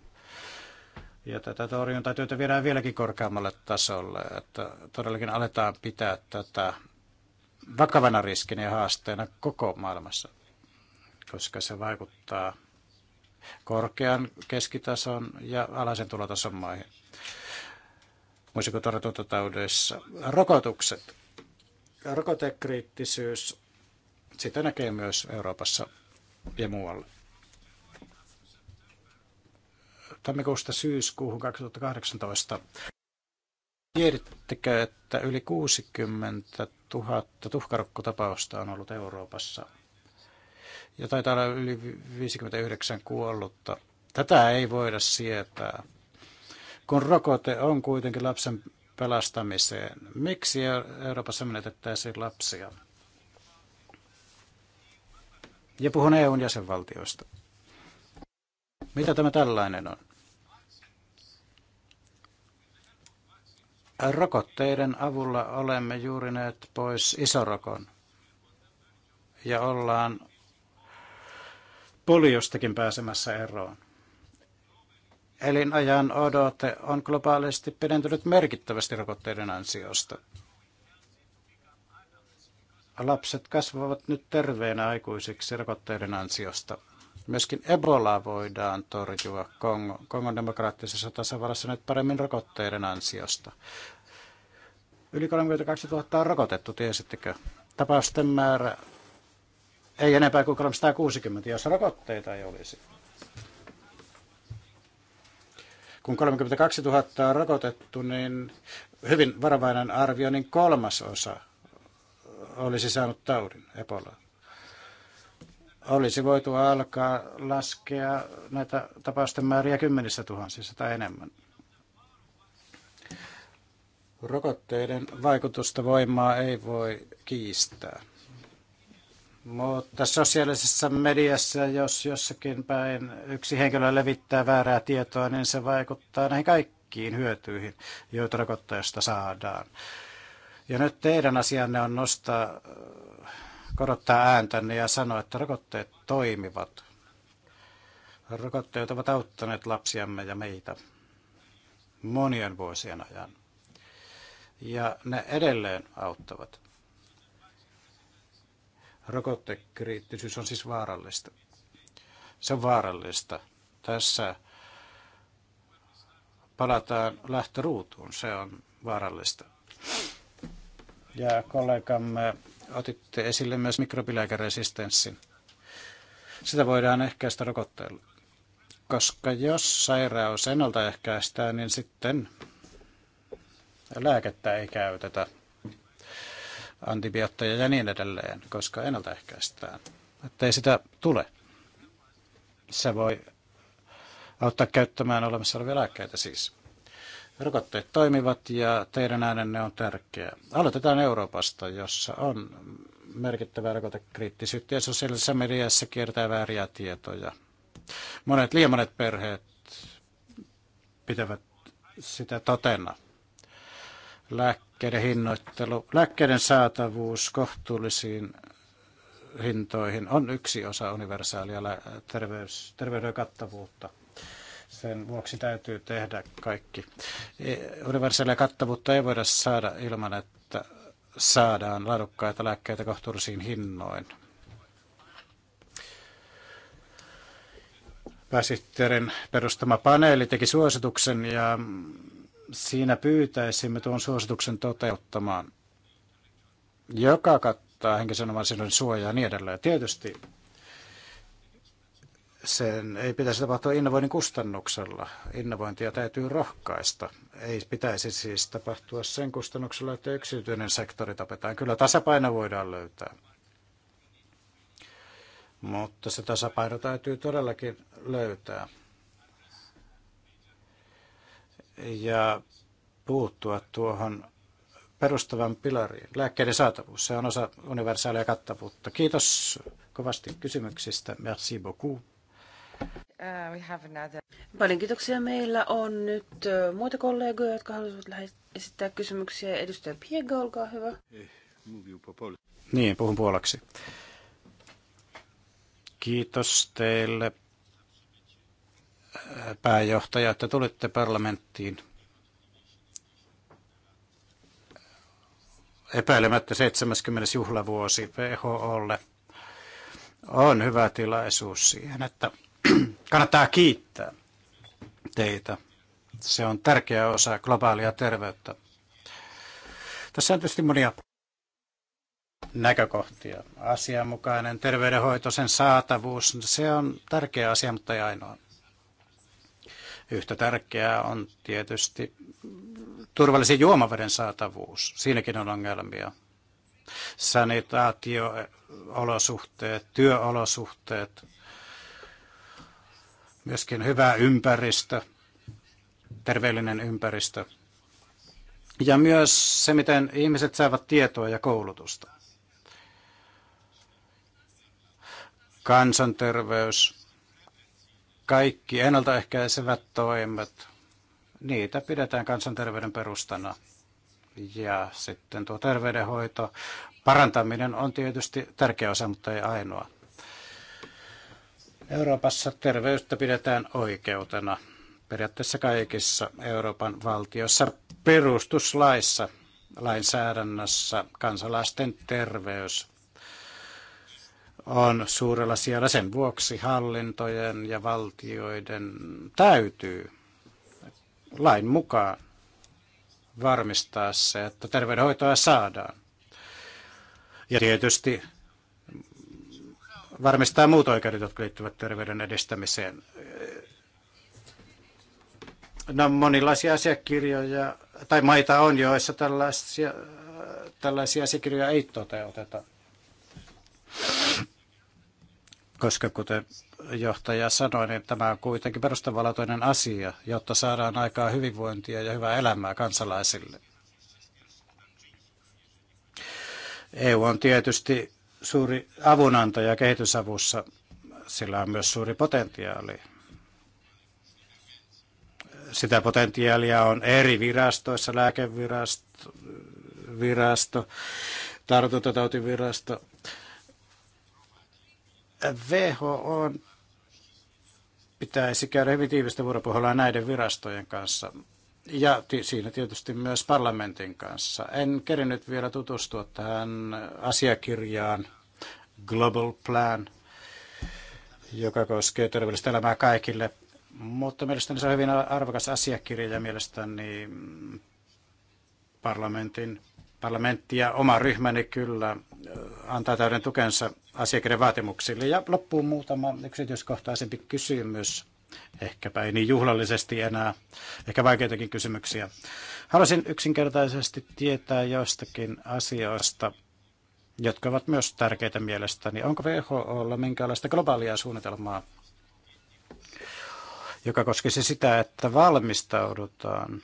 ja tätä torjuntatyötä viedään vieläkin korkeammalle tasolle, että todellakin aletaan pitää tätä vakavana riskinä ja haasteena koko maailmassa koska se vaikuttaa korkean keskitason ja alaisen tulotason maihin. Muisikotartuntataudeissa rokotukset. Rokotekriittisyys, sitä näkee myös Euroopassa ja muualla. Tammikuusta syyskuuhun 2018 Tiedittekö, että yli 60 000 tuhkarokkotapausta on ollut Euroopassa ja taitaa olla yli 59 kuollutta. Tätä ei voida sietää. Kun rokote on kuitenkin lapsen pelastamiseen, miksi Euroopassa menetettäisiin lapsia? Ja puhun EUn jäsenvaltioista. Mitä tämä tällainen on? Rokotteiden avulla olemme juurineet pois isorokon ja ollaan poliostakin pääsemässä eroon. Elinajan odote on globaalisti pidentynyt merkittävästi rokotteiden ansiosta. Lapset kasvavat nyt terveenä aikuisiksi rokotteiden ansiosta. Myöskin Ebola voidaan torjua Kongo, Kongon demokraattisessa tasavallassa nyt paremmin rokotteiden ansiosta. Yli 32 000 on rokotettu, tiesittekö? Tapausten määrä ei enempää kuin 360, jos rokotteita ei olisi. Kun 32 000 on rokotettu, niin hyvin varovainen arvio, niin kolmasosa olisi saanut taudin Ebolaa. Olisi voitu alkaa laskea näitä tapausten määriä kymmenissä tuhansissa tai enemmän. Rokotteiden vaikutusta voimaa ei voi kiistää. Mutta sosiaalisessa mediassa, jos jossakin päin yksi henkilö levittää väärää tietoa, niin se vaikuttaa näihin kaikkiin hyötyihin, joita rokotteesta saadaan. Ja nyt teidän asianne on nostaa, korottaa ääntänne ja sanoa, että rokotteet toimivat. Rokotteet ovat auttaneet lapsiamme ja meitä monien vuosien ajan. Ja ne edelleen auttavat. Rokotekriittisyys on siis vaarallista. Se on vaarallista. Tässä palataan lähtöruutuun. Se on vaarallista. Ja kollegamme, otitte esille myös mikrobilääkäresistenssin. Sitä voidaan ehkäistä rokotteella. Koska jos sairaus ennaltaehkäistään, niin sitten lääkettä ei käytetä antibiootteja ja niin edelleen, koska ennaltaehkäistään. Että ei sitä tule. Se voi auttaa käyttämään olemassa olevia lääkkeitä siis. Rokotteet toimivat ja teidän äänenne on tärkeä. Aloitetaan Euroopasta, jossa on merkittävää rokotekriittisyyttä ja sosiaalisessa mediassa kiertää vääriä tietoja. Monet liian monet perheet pitävät sitä totena lääkkeiden hinnoittelu, lääkkeiden saatavuus kohtuullisiin hintoihin on yksi osa universaalia terveys, terveyden kattavuutta. Sen vuoksi täytyy tehdä kaikki. E, universaalia kattavuutta ei voida saada ilman, että saadaan laadukkaita lääkkeitä kohtuullisiin hinnoin. Pääsihteerin perustama paneeli teki suosituksen ja siinä pyytäisimme tuon suosituksen toteuttamaan, joka kattaa henkisen omaisuuden suojaa ja niin edelleen. Tietysti sen ei pitäisi tapahtua innovoinnin kustannuksella. Innovointia täytyy rohkaista. Ei pitäisi siis tapahtua sen kustannuksella, että yksityinen sektori tapetaan. Kyllä tasapaino voidaan löytää. Mutta se tasapaino täytyy todellakin löytää ja puuttua tuohon perustavan pilariin. Lääkkeiden saatavuus, se on osa universaalia kattavuutta. Kiitos kovasti kysymyksistä. Merci beaucoup. Uh, Paljon kiitoksia. Meillä on nyt uh, muita kollegoja, jotka haluaisivat esittää kysymyksiä. Edustaja Piega, olkaa hyvä. Niin, puhun puolaksi. Kiitos teille pääjohtaja, että tulitte parlamenttiin. Epäilemättä 70. juhlavuosi WHOlle on hyvä tilaisuus siihen, että kannattaa kiittää teitä. Se on tärkeä osa globaalia terveyttä. Tässä on tietysti monia näkökohtia. Asianmukainen terveydenhoito, sen saatavuus, se on tärkeä asia, mutta ei ainoa. Yhtä tärkeää on tietysti turvallisen juomaveden saatavuus. Siinäkin on ongelmia. Sanitaatio-olosuhteet, työolosuhteet, myöskin hyvä ympäristö, terveellinen ympäristö. Ja myös se, miten ihmiset saavat tietoa ja koulutusta. Kansanterveys, kaikki ennaltaehkäisevät toimet, niitä pidetään kansanterveyden perustana. Ja sitten tuo terveydenhoito, parantaminen on tietysti tärkeä osa, mutta ei ainoa. Euroopassa terveyttä pidetään oikeutena periaatteessa kaikissa Euroopan valtiossa perustuslaissa, lainsäädännössä kansalaisten terveys on suurella siellä. Sen vuoksi hallintojen ja valtioiden täytyy lain mukaan varmistaa se, että terveydenhoitoa saadaan. Ja tietysti varmistaa muut oikeudet, jotka liittyvät terveyden edistämiseen. No, monilaisia asiakirjoja, tai maita on, joissa tällaisia, tällaisia asiakirjoja ei toteuteta koska kuten johtaja sanoi, niin tämä on kuitenkin perustavanlaatuinen asia, jotta saadaan aikaa hyvinvointia ja hyvää elämää kansalaisille. EU on tietysti suuri avunantaja kehitysavussa, sillä on myös suuri potentiaali. Sitä potentiaalia on eri virastoissa, lääkevirasto, virasto, tartuntatautivirasto, WHO pitäisi käydä hyvin tiivistä vuoropuhelua näiden virastojen kanssa ja siinä tietysti myös parlamentin kanssa. En kerinyt vielä tutustua tähän asiakirjaan Global Plan, joka koskee terveellistä elämää kaikille, mutta mielestäni se on hyvin arvokas asiakirja ja mielestäni parlamentin, parlamentti ja oma ryhmäni kyllä antaa täyden tukensa asiakirjan vaatimuksille. Ja loppuun muutama yksityiskohtaisempi kysymys. Ehkäpä ei niin juhlallisesti enää, ehkä vaikeitakin kysymyksiä. Haluaisin yksinkertaisesti tietää jostakin asioista, jotka ovat myös tärkeitä mielestäni. Onko WHOlla minkäänlaista globaalia suunnitelmaa, joka koskisi sitä, että valmistaudutaan,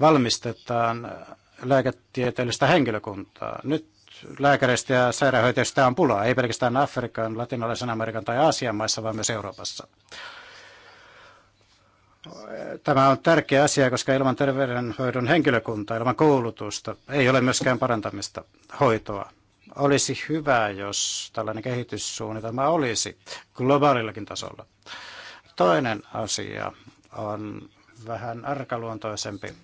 valmistetaan lääketieteellistä henkilökuntaa. Nyt lääkäreistä ja sairaanhoitajista on pulaa, ei pelkästään Afrikan, latinalaisen Amerikan tai Aasian maissa, vaan myös Euroopassa. Tämä on tärkeä asia, koska ilman terveydenhoidon henkilökuntaa, ilman koulutusta ei ole myöskään parantamista hoitoa. Olisi hyvä, jos tällainen kehityssuunnitelma olisi globaalillakin tasolla. Toinen asia on vähän arkaluontoisempi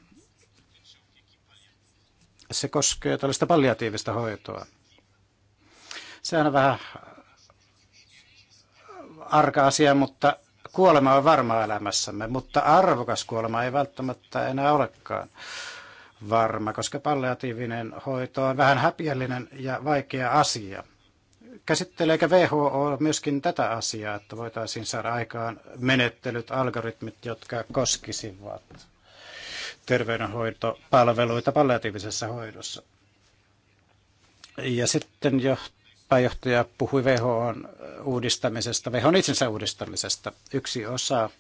se koskee tällaista palliatiivista hoitoa. Sehän on vähän arka asia, mutta kuolema on varma elämässämme, mutta arvokas kuolema ei välttämättä enää olekaan varma, koska palliatiivinen hoito on vähän häpiällinen ja vaikea asia. Käsitteleekö WHO myöskin tätä asiaa, että voitaisiin saada aikaan menettelyt, algoritmit, jotka koskisivat terveydenhoitopalveluita palliatiivisessa hoidossa. Ja sitten jo pääjohtaja puhui VHOn uudistamisesta, VHOn itsensä uudistamisesta. Yksi osa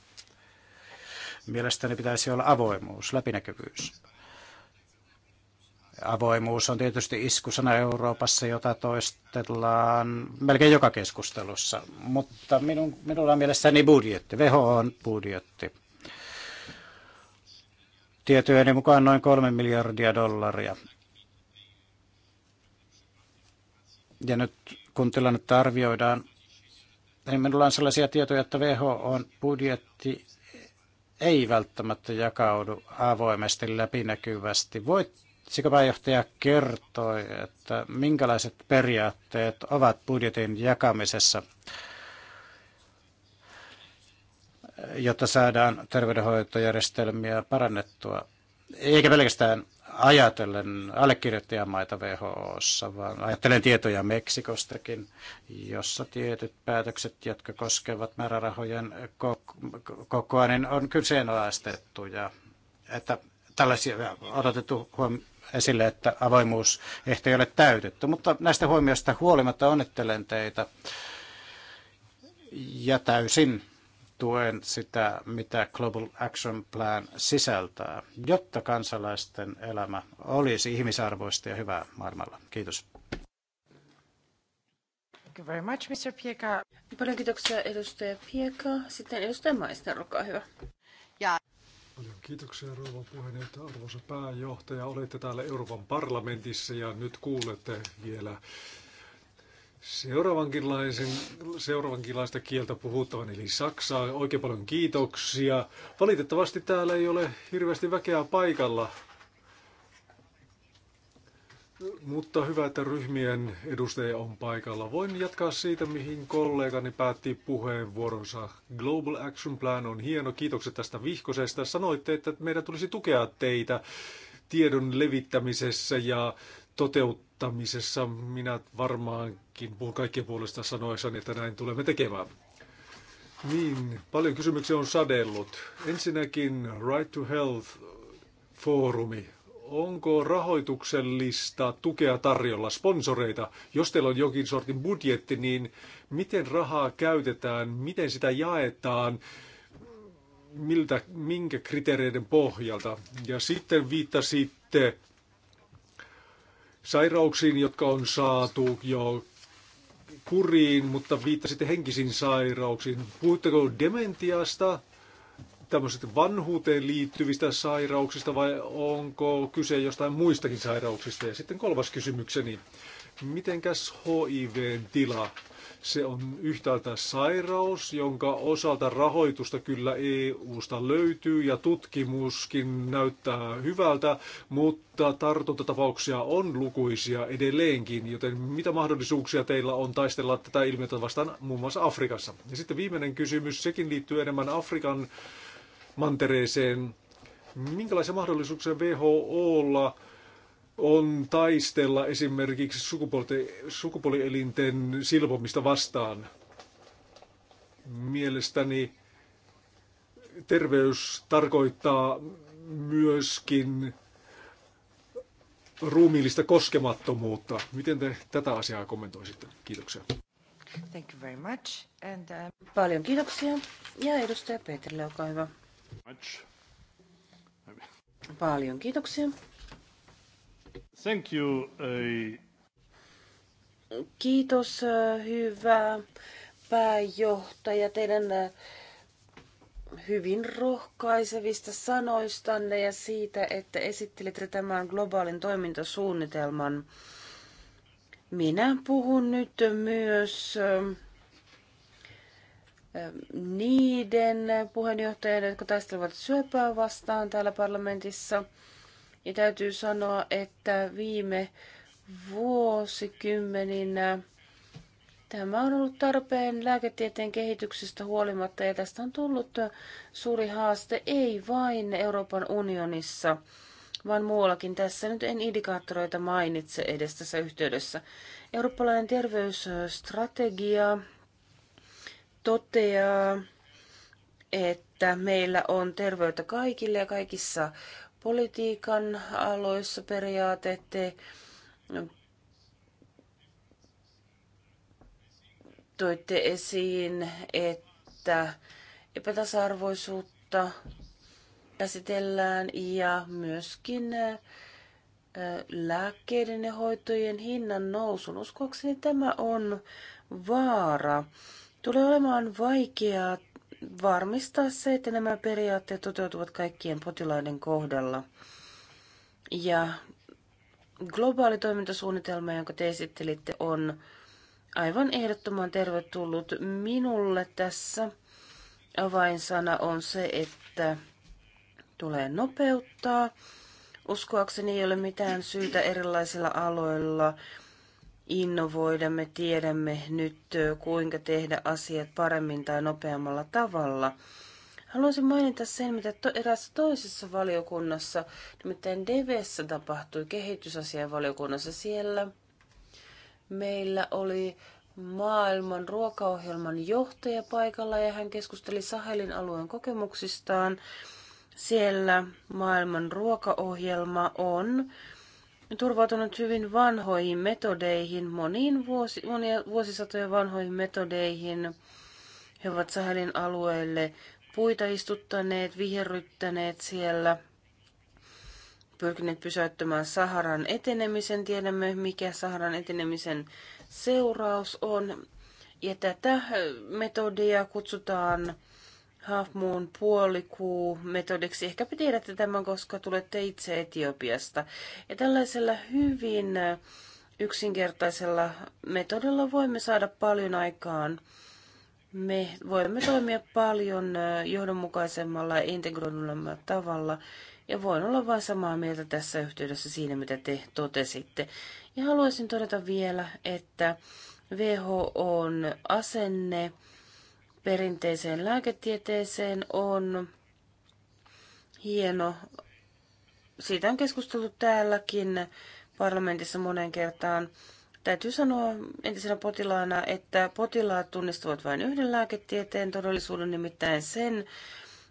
mielestäni pitäisi olla avoimuus, läpinäkyvyys. Avoimuus on tietysti iskusana Euroopassa, jota toistellaan melkein joka keskustelussa, mutta minun, minulla on mielessäni budjetti, VHO on budjetti tietojeni mukaan noin kolme miljardia dollaria. Ja nyt kun tilannetta arvioidaan, niin minulla on sellaisia tietoja, että WHOn budjetti ei välttämättä jakaudu avoimesti läpinäkyvästi. Voisiko pääjohtaja kertoi, että minkälaiset periaatteet ovat budjetin jakamisessa jotta saadaan terveydenhoitojärjestelmiä parannettua. Eikä pelkästään ajatellen allekirjoittajamaita WHOssa, vaan ajattelen tietoja Meksikostakin, jossa tietyt päätökset, jotka koskevat määrärahojen kokoa, niin on kyseenalaistettu. Ja että tällaisia on odotettu huom- esille, että avoimuus ehti ei ole täytetty. Mutta näistä huomioista huolimatta onnittelen teitä ja täysin tuen sitä, mitä Global Action Plan sisältää, jotta kansalaisten elämä olisi ihmisarvoista ja hyvää maailmalla. Kiitos. Thank you very much, Mr. Pieka. Paljon kiitoksia edustaja Pieka. Sitten edustaja Maister, olkaa hyvä. Ja. Paljon kiitoksia rouva puheenjohtaja, arvoisa pääjohtaja. Olette täällä Euroopan parlamentissa ja nyt kuulette vielä seuraavankinlaisen, seuraavankinlaista kieltä puhuttavan, eli Saksaa. Oikein paljon kiitoksia. Valitettavasti täällä ei ole hirveästi väkeä paikalla, mutta hyvä, että ryhmien edustaja on paikalla. Voin jatkaa siitä, mihin kollegani päätti puheenvuoronsa. Global Action Plan on hieno. Kiitokset tästä vihkosesta. Sanoitte, että meidän tulisi tukea teitä tiedon levittämisessä ja toteuttamisessa toteuttamisessa minä varmaankin puhun kaikkien puolesta sanoessani, että näin tulemme tekemään. Niin, paljon kysymyksiä on sadellut. Ensinnäkin Right to Health-foorumi. Onko rahoituksellista tukea tarjolla, sponsoreita? Jos teillä on jokin sortin budjetti, niin miten rahaa käytetään, miten sitä jaetaan, miltä, minkä kriteereiden pohjalta? Ja sitten viittasitte sairauksiin, jotka on saatu jo kuriin, mutta viittasitte henkisiin sairauksiin. Puhutteko dementiasta, tämmöiset vanhuuteen liittyvistä sairauksista vai onko kyse jostain muistakin sairauksista? Ja sitten kolmas kysymykseni. Mitenkäs HIVn tila? Se on yhtäältä sairaus, jonka osalta rahoitusta kyllä EU-sta löytyy ja tutkimuskin näyttää hyvältä, mutta tartuntatapauksia on lukuisia edelleenkin, joten mitä mahdollisuuksia teillä on taistella tätä ilmiötä vastaan muun muassa Afrikassa? Ja sitten viimeinen kysymys, sekin liittyy enemmän Afrikan mantereeseen. Minkälaisia mahdollisuuksia WHOlla on taistella esimerkiksi sukupuolielinten silpomista vastaan. Mielestäni terveys tarkoittaa myöskin ruumiillista koskemattomuutta. Miten te tätä asiaa kommentoisitte? Kiitoksia. Thank you very much. And, uh... Paljon kiitoksia. Ja edustaja Petrille, olkaa hyvä. Much. Paljon kiitoksia. Thank you. Uh, Kiitos, uh, hyvä pääjohtaja, teidän uh, hyvin rohkaisevista sanoistanne ja siitä, että esittelitte tämän globaalin toimintasuunnitelman. Minä puhun nyt myös niiden puheenjohtajien, jotka taistelevat syöpää vastaan täällä parlamentissa – ja täytyy sanoa, että viime vuosikymmeninä Tämä on ollut tarpeen lääketieteen kehityksestä huolimatta ja tästä on tullut suuri haaste ei vain Euroopan unionissa, vaan muuallakin. Tässä nyt en indikaattoreita mainitse edes tässä yhteydessä. Eurooppalainen terveysstrategia toteaa, että meillä on terveyttä kaikille ja kaikissa politiikan aloissa periaate, te toitte esiin, että epätasa-arvoisuutta käsitellään ja myöskin lääkkeiden ja hoitojen hinnan nousun. Uskoakseni tämä on vaara. Tulee olemaan vaikeaa varmistaa se, että nämä periaatteet toteutuvat kaikkien potilaiden kohdalla. Ja globaali toimintasuunnitelma, jonka te esittelitte, on aivan ehdottoman tervetullut minulle tässä. Avainsana on se, että tulee nopeuttaa. Uskoakseni ei ole mitään syytä erilaisilla aloilla innovoida. Me tiedämme nyt, kuinka tehdä asiat paremmin tai nopeammalla tavalla. Haluaisin mainita sen, mitä to, erässä toisessa valiokunnassa, nimittäin Devessä tapahtui valiokunnassa siellä. Meillä oli maailman ruokaohjelman johtaja paikalla ja hän keskusteli Sahelin alueen kokemuksistaan. Siellä maailman ruokaohjelma on turvautunut hyvin vanhoihin metodeihin, moniin vuosi, monia vuosisatoja vanhoihin metodeihin. He ovat Sahelin alueelle puita istuttaneet, viherryttäneet siellä, pyrkineet pysäyttämään Saharan etenemisen. Tiedämme, mikä Saharan etenemisen seuraus on. Ja tätä metodia kutsutaan Moon puolikuu metodiksi. Ehkä tiedätte tämän, koska tulette itse Etiopiasta. Ja tällaisella hyvin yksinkertaisella metodilla voimme saada paljon aikaan. Me voimme toimia paljon johdonmukaisemmalla ja integroidulla tavalla. Ja voin olla vain samaa mieltä tässä yhteydessä siinä, mitä te totesitte. Ja haluaisin todeta vielä, että WHO on asenne perinteiseen lääketieteeseen on hieno. Siitä on keskusteltu täälläkin parlamentissa monen kertaan. Täytyy sanoa entisenä potilaana, että potilaat tunnistavat vain yhden lääketieteen todellisuuden, nimittäin sen,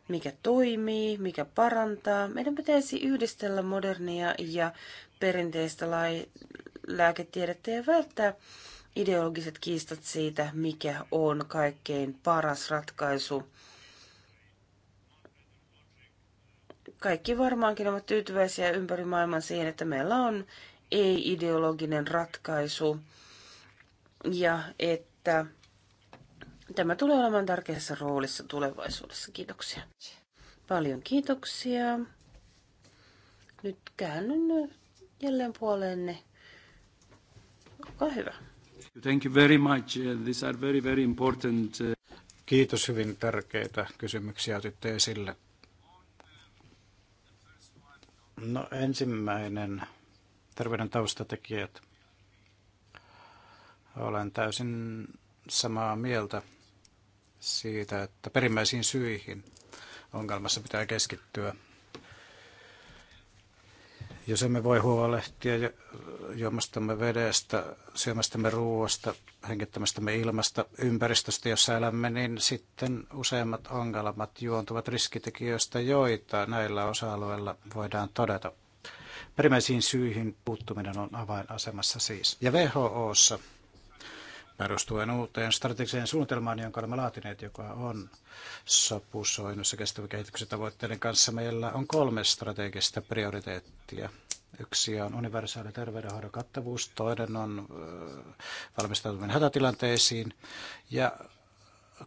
mikä toimii, mikä parantaa. Meidän pitäisi yhdistellä modernia ja perinteistä lai- lääketiedettä ja välttää ideologiset kiistat siitä, mikä on kaikkein paras ratkaisu. Kaikki varmaankin ovat tyytyväisiä ympäri maailman siihen, että meillä on ei-ideologinen ratkaisu ja että tämä tulee olemaan tärkeässä roolissa tulevaisuudessa. Kiitoksia. Paljon kiitoksia. Nyt käännyn jälleen puoleenne. Olkaa hyvä. Thank you very much. Uh, these are very, very important. Uh, Kiitos, hyvin tärkeitä kysymyksiä otitte esille. No ensimmäinen, terveyden taustatekijät. Olen täysin samaa mieltä siitä, että perimmäisiin syihin ongelmassa pitää keskittyä. Jos emme voi huolehtia juomastamme vedestä, syömästämme ruoasta, hengittämästämme ilmasta, ympäristöstä, jossa elämme, niin sitten useimmat ongelmat juontuvat riskitekijöistä, joita näillä osa-alueilla voidaan todeta. Perimmäisiin syihin puuttuminen on avainasemassa siis. Ja WHOssa perustuen uuteen strategiseen suunnitelmaan, jonka olemme laatineet, joka on sopusoinnussa kestävän kehityksen tavoitteiden kanssa. Meillä on kolme strategista prioriteettia. Yksi on universaali terveydenhoidon kattavuus, toinen on valmistautuminen hätätilanteisiin ja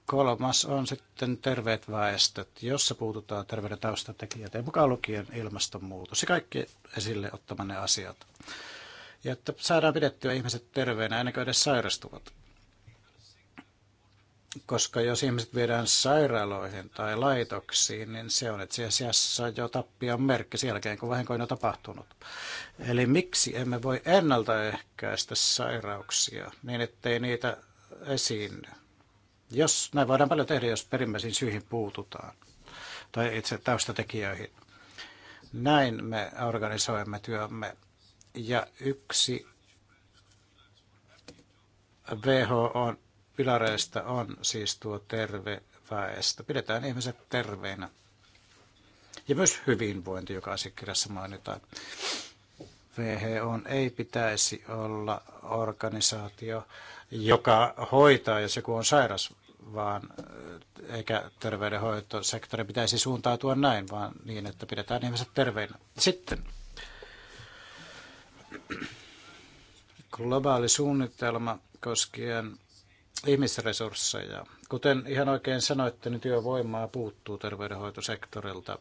kolmas on sitten terveet väestöt, jossa puututaan terveyden taustatekijät ja mukaan lukien ilmastonmuutos ja kaikki esille ottamanne asiat. Ja että saadaan pidettyä ihmiset terveenä ennen kuin edes sairastuvat koska jos ihmiset viedään sairaaloihin tai laitoksiin, niin se on itse asiassa jo tappion merkki sen jälkeen, kun vahinko on tapahtunut. Eli miksi emme voi ennaltaehkäistä sairauksia niin, ettei niitä esiinny? Jos näin voidaan paljon tehdä, jos perimmäisiin syihin puututaan tai itse taustatekijöihin. Näin me organisoimme työmme. Ja yksi WHO on pilareista on siis tuo terve väestö. Pidetään ihmiset terveinä. Ja myös hyvinvointi, joka asiakirjassa mainitaan. WHO ei pitäisi olla organisaatio, joka hoitaa, jos joku on sairas, vaan eikä terveydenhoitosektori pitäisi suuntautua näin, vaan niin, että pidetään ihmiset terveinä. Sitten globaali suunnitelma koskien ihmisresursseja. Kuten ihan oikein sanoitte, niin työvoimaa puuttuu terveydenhoitosektorilta.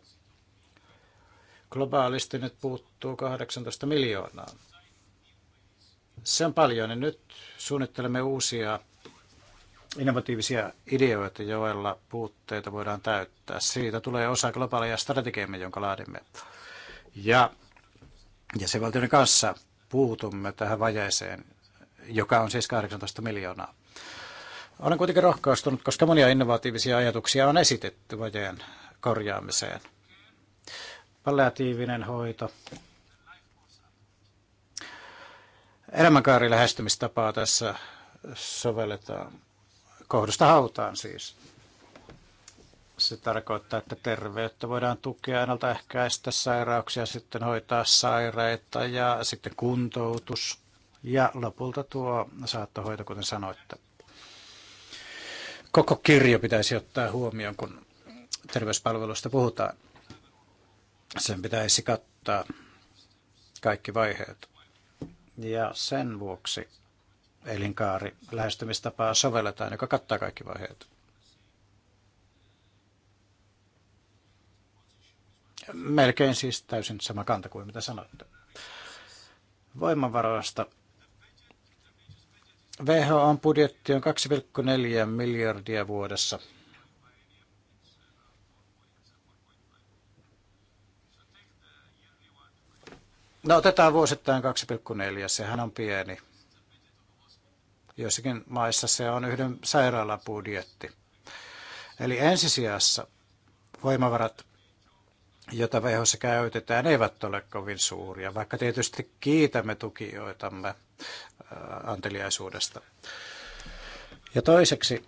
Globaalisti nyt puuttuu 18 miljoonaa. Se on paljon, niin nyt suunnittelemme uusia innovatiivisia ideoita, joilla puutteita voidaan täyttää. Siitä tulee osa globaalia strategiamme, jonka laadimme. Ja jäsenvaltioiden kanssa puutumme tähän vajeeseen, joka on siis 18 miljoonaa. Olen kuitenkin rohkaistunut, koska monia innovatiivisia ajatuksia on esitetty vajeen korjaamiseen. Palliatiivinen hoito. Elämänkaarilähestymistapaa tässä sovelletaan. Kohdusta hautaan siis. Se tarkoittaa, että terveyttä voidaan tukea ennaltaehkäistä sairauksia, sitten hoitaa sairaita ja sitten kuntoutus. Ja lopulta tuo saattohoito, kuten sanoitte koko kirjo pitäisi ottaa huomioon, kun terveyspalveluista puhutaan. Sen pitäisi kattaa kaikki vaiheet. Ja sen vuoksi elinkaari lähestymistapaa sovelletaan, joka kattaa kaikki vaiheet. Melkein siis täysin sama kanta kuin mitä sanoitte. Voimavaroista WHOn budjetti on 2,4 miljardia vuodessa. No otetaan vuosittain 2,4, sehän on pieni. Joissakin maissa se on yhden sairaalan budjetti. Eli ensisijassa voimavarat, joita WHOssa käytetään, eivät ole kovin suuria, vaikka tietysti kiitämme tukijoitamme – Äh, anteliaisuudesta. Ja toiseksi,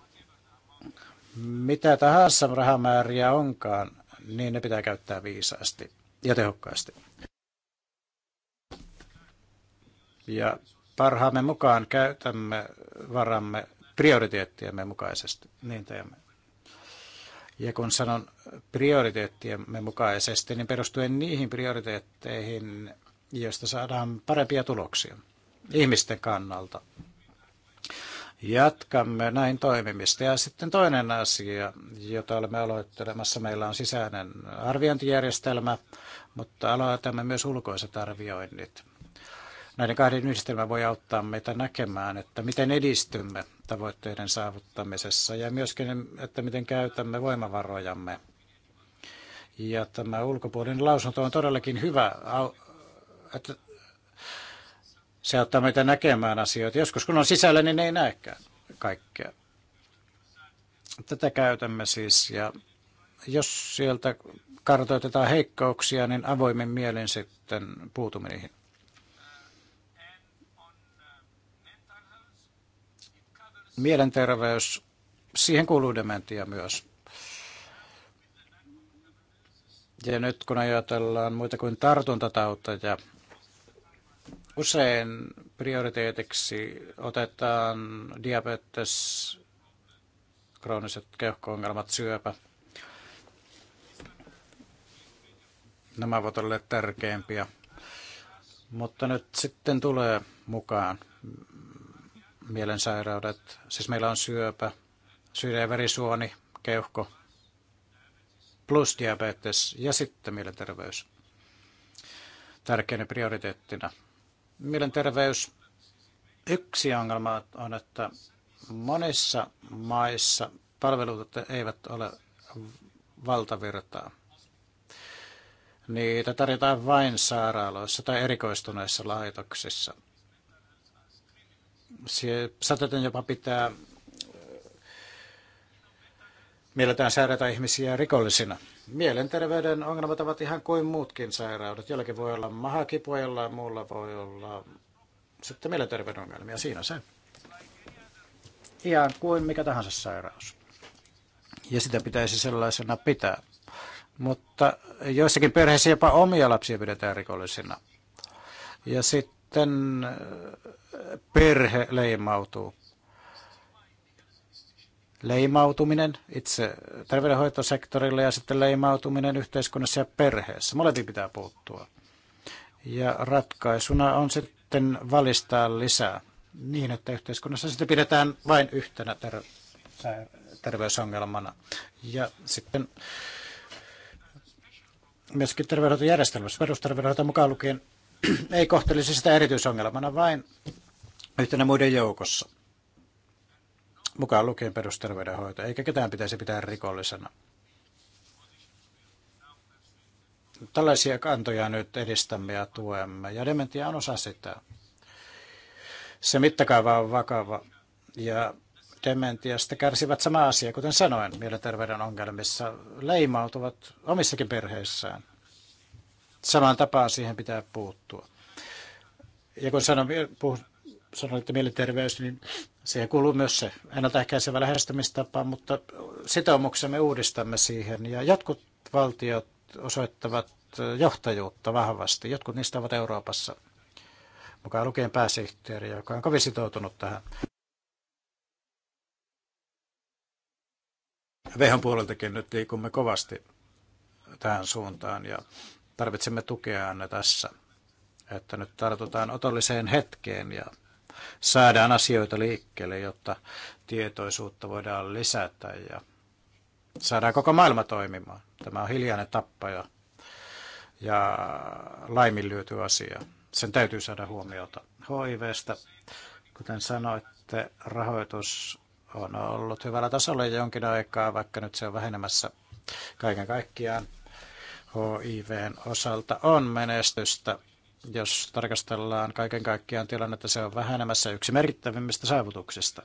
mitä tahansa rahamääriä onkaan, niin ne pitää käyttää viisaasti ja tehokkaasti. Ja parhaamme mukaan käytämme varamme prioriteettiemme mukaisesti. Niin teemme. Ja kun sanon prioriteettiemme mukaisesti, niin perustuen niihin prioriteetteihin, joista saadaan parempia tuloksia ihmisten kannalta. Jatkamme näin toimimista. Ja sitten toinen asia, jota olemme aloittelemassa, meillä on sisäinen arviointijärjestelmä, mutta aloitamme myös ulkoiset arvioinnit. Näiden kahden yhdistelmä voi auttaa meitä näkemään, että miten edistymme tavoitteiden saavuttamisessa ja myöskin, että miten käytämme voimavarojamme. Ja tämä ulkopuolinen lausunto on todellakin hyvä, että se auttaa meitä näkemään asioita. Joskus kun on sisällä, niin ei näekään kaikkea. Tätä käytämme siis ja jos sieltä kartoitetaan heikkouksia, niin avoimen mielin sitten puutumme niihin. Mielenterveys, siihen kuuluu dementia myös. Ja nyt kun ajatellaan muita kuin tartuntatauteja, Usein prioriteetiksi otetaan diabetes, krooniset keuhkoongelmat, syöpä. Nämä ovat olleet tärkeimpiä. Mutta nyt sitten tulee mukaan mielensairaudet. Siis meillä on syöpä, sydän- ja verisuoni, keuhko, plus diabetes ja sitten mielenterveys tärkeänä prioriteettina Mielenterveys. Yksi ongelma on, että monissa maissa palvelut eivät ole valtavirtaa. Niitä tarjotaan vain sairaaloissa tai erikoistuneissa laitoksissa. Se saatetaan jopa pitää mielletään sairaita ihmisiä rikollisina. Mielenterveyden ongelmat ovat ihan kuin muutkin sairaudet. Jollakin voi olla mahakipua, jollain muulla voi olla sitten mielenterveyden ongelmia. Siinä se. Ihan kuin mikä tahansa sairaus. Ja sitä pitäisi sellaisena pitää. Mutta joissakin perheissä jopa omia lapsia pidetään rikollisina. Ja sitten eh, perhe leimautuu leimautuminen itse terveydenhoitosektorilla ja sitten leimautuminen yhteiskunnassa ja perheessä. Molempiin pitää puuttua. Ja ratkaisuna on sitten valistaa lisää niin, että yhteiskunnassa sitten pidetään vain yhtenä ter- terveysongelmana. Ja sitten myöskin terveydenhoitojärjestelmässä, perusterveydenhoito mukaan lukien, ei kohtelisi sitä erityisongelmana, vain yhtenä muiden joukossa mukaan lukien perusterveydenhoito, eikä ketään pitäisi pitää rikollisena. Tällaisia kantoja nyt edistämme ja tuemme, ja dementia on osa sitä. Se mittakaava on vakava, ja dementiasta kärsivät sama asia, kuten sanoin, mielenterveyden ongelmissa leimautuvat omissakin perheissään. Samaan tapaan siihen pitää puuttua. Ja kun sanoin, puh- sanoin että mielenterveys, niin Siihen kuuluu myös se ennaltaehkäisevä lähestymistapa, mutta me uudistamme siihen. Ja jotkut valtiot osoittavat johtajuutta vahvasti. Jotkut niistä ovat Euroopassa, mukaan lukien pääsihteeri, joka on kovin sitoutunut tähän. Vehon puoleltakin nyt liikumme kovasti tähän suuntaan ja tarvitsemme tukea tässä, että nyt tartutaan otolliseen hetkeen ja saadaan asioita liikkeelle, jotta tietoisuutta voidaan lisätä ja saadaan koko maailma toimimaan. Tämä on hiljainen tappaja ja laiminlyöty asia. Sen täytyy saada huomiota HIVstä. Kuten sanoitte, rahoitus on ollut hyvällä tasolla jonkin aikaa, vaikka nyt se on vähenemässä kaiken kaikkiaan. HIVn osalta on menestystä jos tarkastellaan kaiken kaikkiaan tilannetta, se on vähenemässä yksi merkittävimmistä saavutuksista.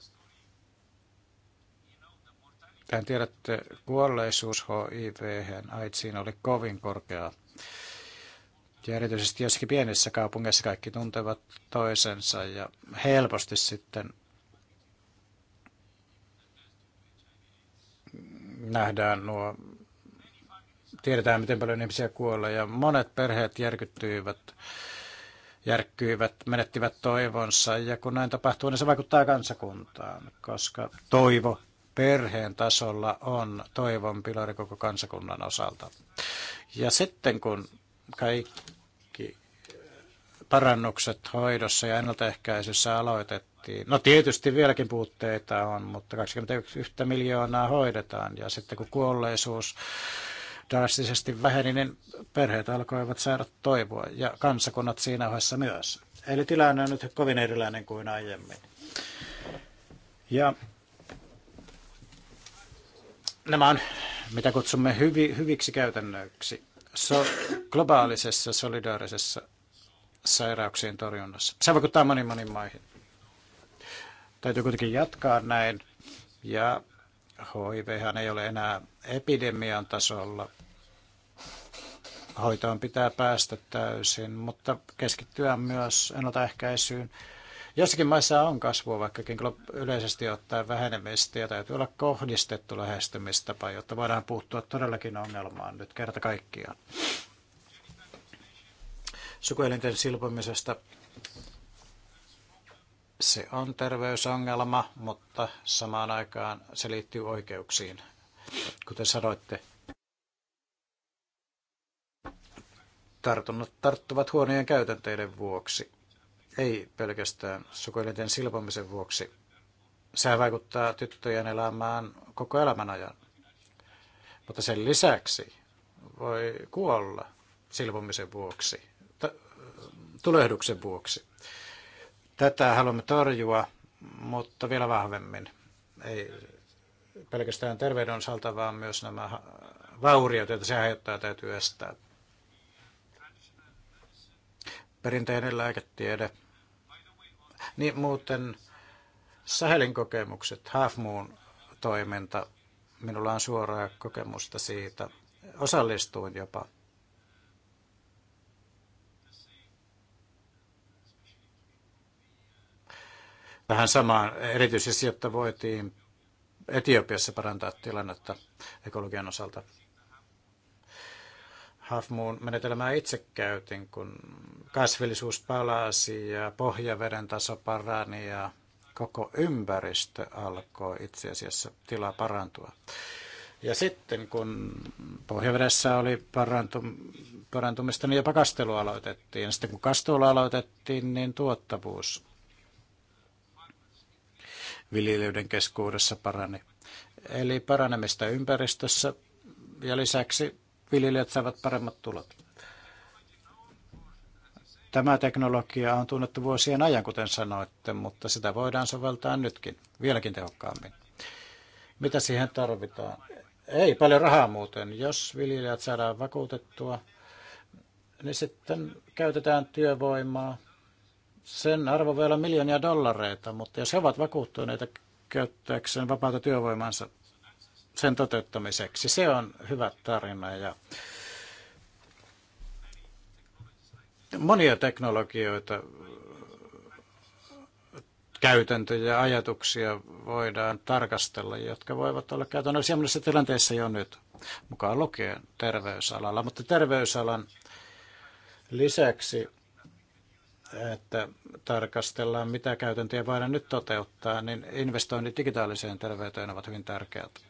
Tämän tiedätte, kuolleisuus hiv AIDSiin oli kovin korkea. Ja erityisesti jossakin pienissä kaupungeissa kaikki tuntevat toisensa ja helposti sitten nähdään nuo Tiedetään, miten paljon ihmisiä kuolee ja monet perheet järkyttyivät, järkkyivät, menettivät toivonsa ja kun näin tapahtuu, niin se vaikuttaa kansakuntaan, koska toivo perheen tasolla on toivon pilari koko kansakunnan osalta. Ja sitten kun kaikki parannukset hoidossa ja ennaltaehkäisyssä aloitettiin. No tietysti vieläkin puutteita on, mutta 21 miljoonaa hoidetaan ja sitten kun kuolleisuus drastisesti väheni, niin perheet alkoivat saada toivoa ja kansakunnat siinä ohessa myös. Eli tilanne on nyt kovin erilainen kuin aiemmin. Ja nämä on, mitä kutsumme hyvi, hyviksi käytännöiksi so, globaalisessa solidaarisessa sairauksien torjunnassa. Se vaikuttaa moniin moniin maihin. Täytyy kuitenkin jatkaa näin. Ja HIV ei ole enää epidemian tasolla, hoitoon pitää päästä täysin, mutta keskittyä myös ennaltaehkäisyyn. Jossakin maissa on kasvua, vaikkakin yleisesti ottaen vähenemistä, ja täytyy olla kohdistettu lähestymistapa, jotta voidaan puuttua todellakin ongelmaan nyt kerta kaikkiaan. Sukuelinten silpomisesta se on terveysongelma, mutta samaan aikaan se liittyy oikeuksiin, kuten sanoitte tartunnat tarttuvat huonojen käytänteiden vuoksi, ei pelkästään sukuelinten silpomisen vuoksi. Sehän vaikuttaa tyttöjen elämään koko elämän ajan. Mutta sen lisäksi voi kuolla silpomisen vuoksi, tulehduksen vuoksi. Tätä haluamme torjua, mutta vielä vahvemmin. Ei pelkästään terveyden osalta, vaan myös nämä vauriot, joita se aiheuttaa, täytyy estää perinteinen lääketiede. Niin muuten Sahelin kokemukset, Half Moon toiminta, minulla on suoraa kokemusta siitä. Osallistuin jopa vähän samaan, erityisesti jotta voitiin Etiopiassa parantaa tilannetta ekologian osalta. Hafmuun menetelmää itse käytin, kun kasvillisuus palasi ja pohjaveden taso parani ja koko ympäristö alkoi itse asiassa tilaa parantua. Ja sitten kun pohjavedessä oli parantum, parantumista, niin jopa kastelu aloitettiin. Ja sitten kun kastelu aloitettiin, niin tuottavuus viljelijöiden keskuudessa parani. Eli paranemista ympäristössä ja lisäksi viljelijät saavat paremmat tulot. Tämä teknologia on tunnettu vuosien ajan, kuten sanoitte, mutta sitä voidaan soveltaa nytkin, vieläkin tehokkaammin. Mitä siihen tarvitaan? Ei paljon rahaa muuten. Jos viljelijät saadaan vakuutettua, niin sitten käytetään työvoimaa. Sen arvo voi olla miljoonia dollareita, mutta jos he ovat vakuuttuneita käyttääkseen vapaata työvoimansa, sen toteuttamiseksi. Se on hyvä tarina ja monia teknologioita, käytäntöjä, ajatuksia voidaan tarkastella, jotka voivat olla käytännössä monessa tilanteessa jo nyt, mukaan lukien terveysalalla. Mutta terveysalan lisäksi, että tarkastellaan, mitä käytäntöjä voidaan nyt toteuttaa, niin investoinnit digitaaliseen terveyteen ovat hyvin tärkeät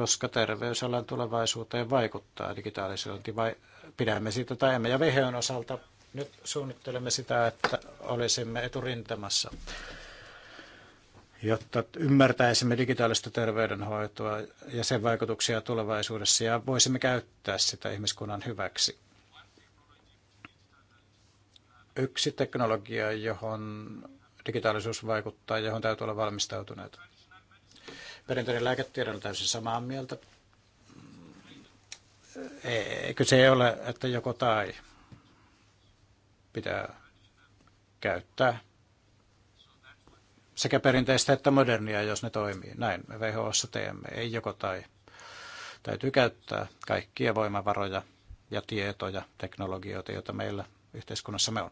koska terveysalan tulevaisuuteen vaikuttaa digitalisointi, vai pidämme siitä tai emme. Ja VHOn osalta nyt suunnittelemme sitä, että olisimme eturintamassa, jotta ymmärtäisimme digitaalista terveydenhoitoa ja sen vaikutuksia tulevaisuudessa ja voisimme käyttää sitä ihmiskunnan hyväksi. Yksi teknologia, johon digitaalisuus vaikuttaa, ja johon täytyy olla valmistautuneita Perinteinen lääketiede on täysin samaa mieltä. E, eikö se ole, että joko tai pitää käyttää sekä perinteistä että modernia, jos ne toimii. Näin me WHOssa teemme, ei joko tai. Täytyy käyttää kaikkia voimavaroja ja tietoja, teknologioita, joita meillä yhteiskunnassa me on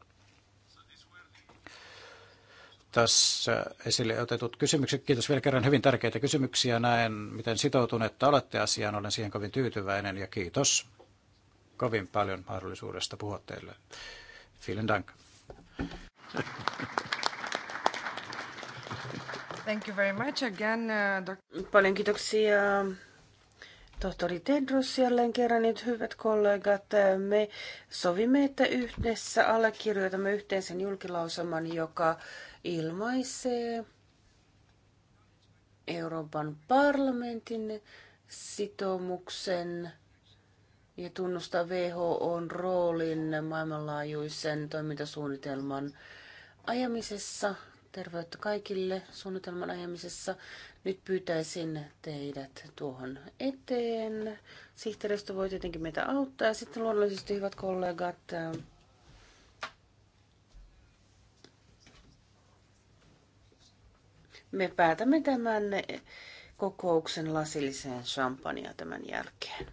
tässä esille otetut kysymykset. Kiitos vielä kerran hyvin tärkeitä kysymyksiä. Näen, miten sitoutunutta olette asiaan. Olen siihen kovin tyytyväinen ja kiitos kovin paljon mahdollisuudesta puhua teille. Vielen dank. Thank you very much again, uh, Paljon kiitoksia tohtori Tedros jälleen kerran, nyt hyvät kollegat, me sovimme, että yhdessä allekirjoitamme yhteisen julkilausaman, joka ilmaisee Euroopan parlamentin sitoumuksen ja tunnustaa WHOn roolin maailmanlaajuisen toimintasuunnitelman ajamisessa, terveyttä kaikille suunnitelman ajamisessa. Nyt pyytäisin teidät tuohon eteen. Sihteeristö voi tietenkin meitä auttaa. Ja sitten luonnollisesti, hyvät kollegat, me päätämme tämän kokouksen lasilliseen champagnea tämän jälkeen.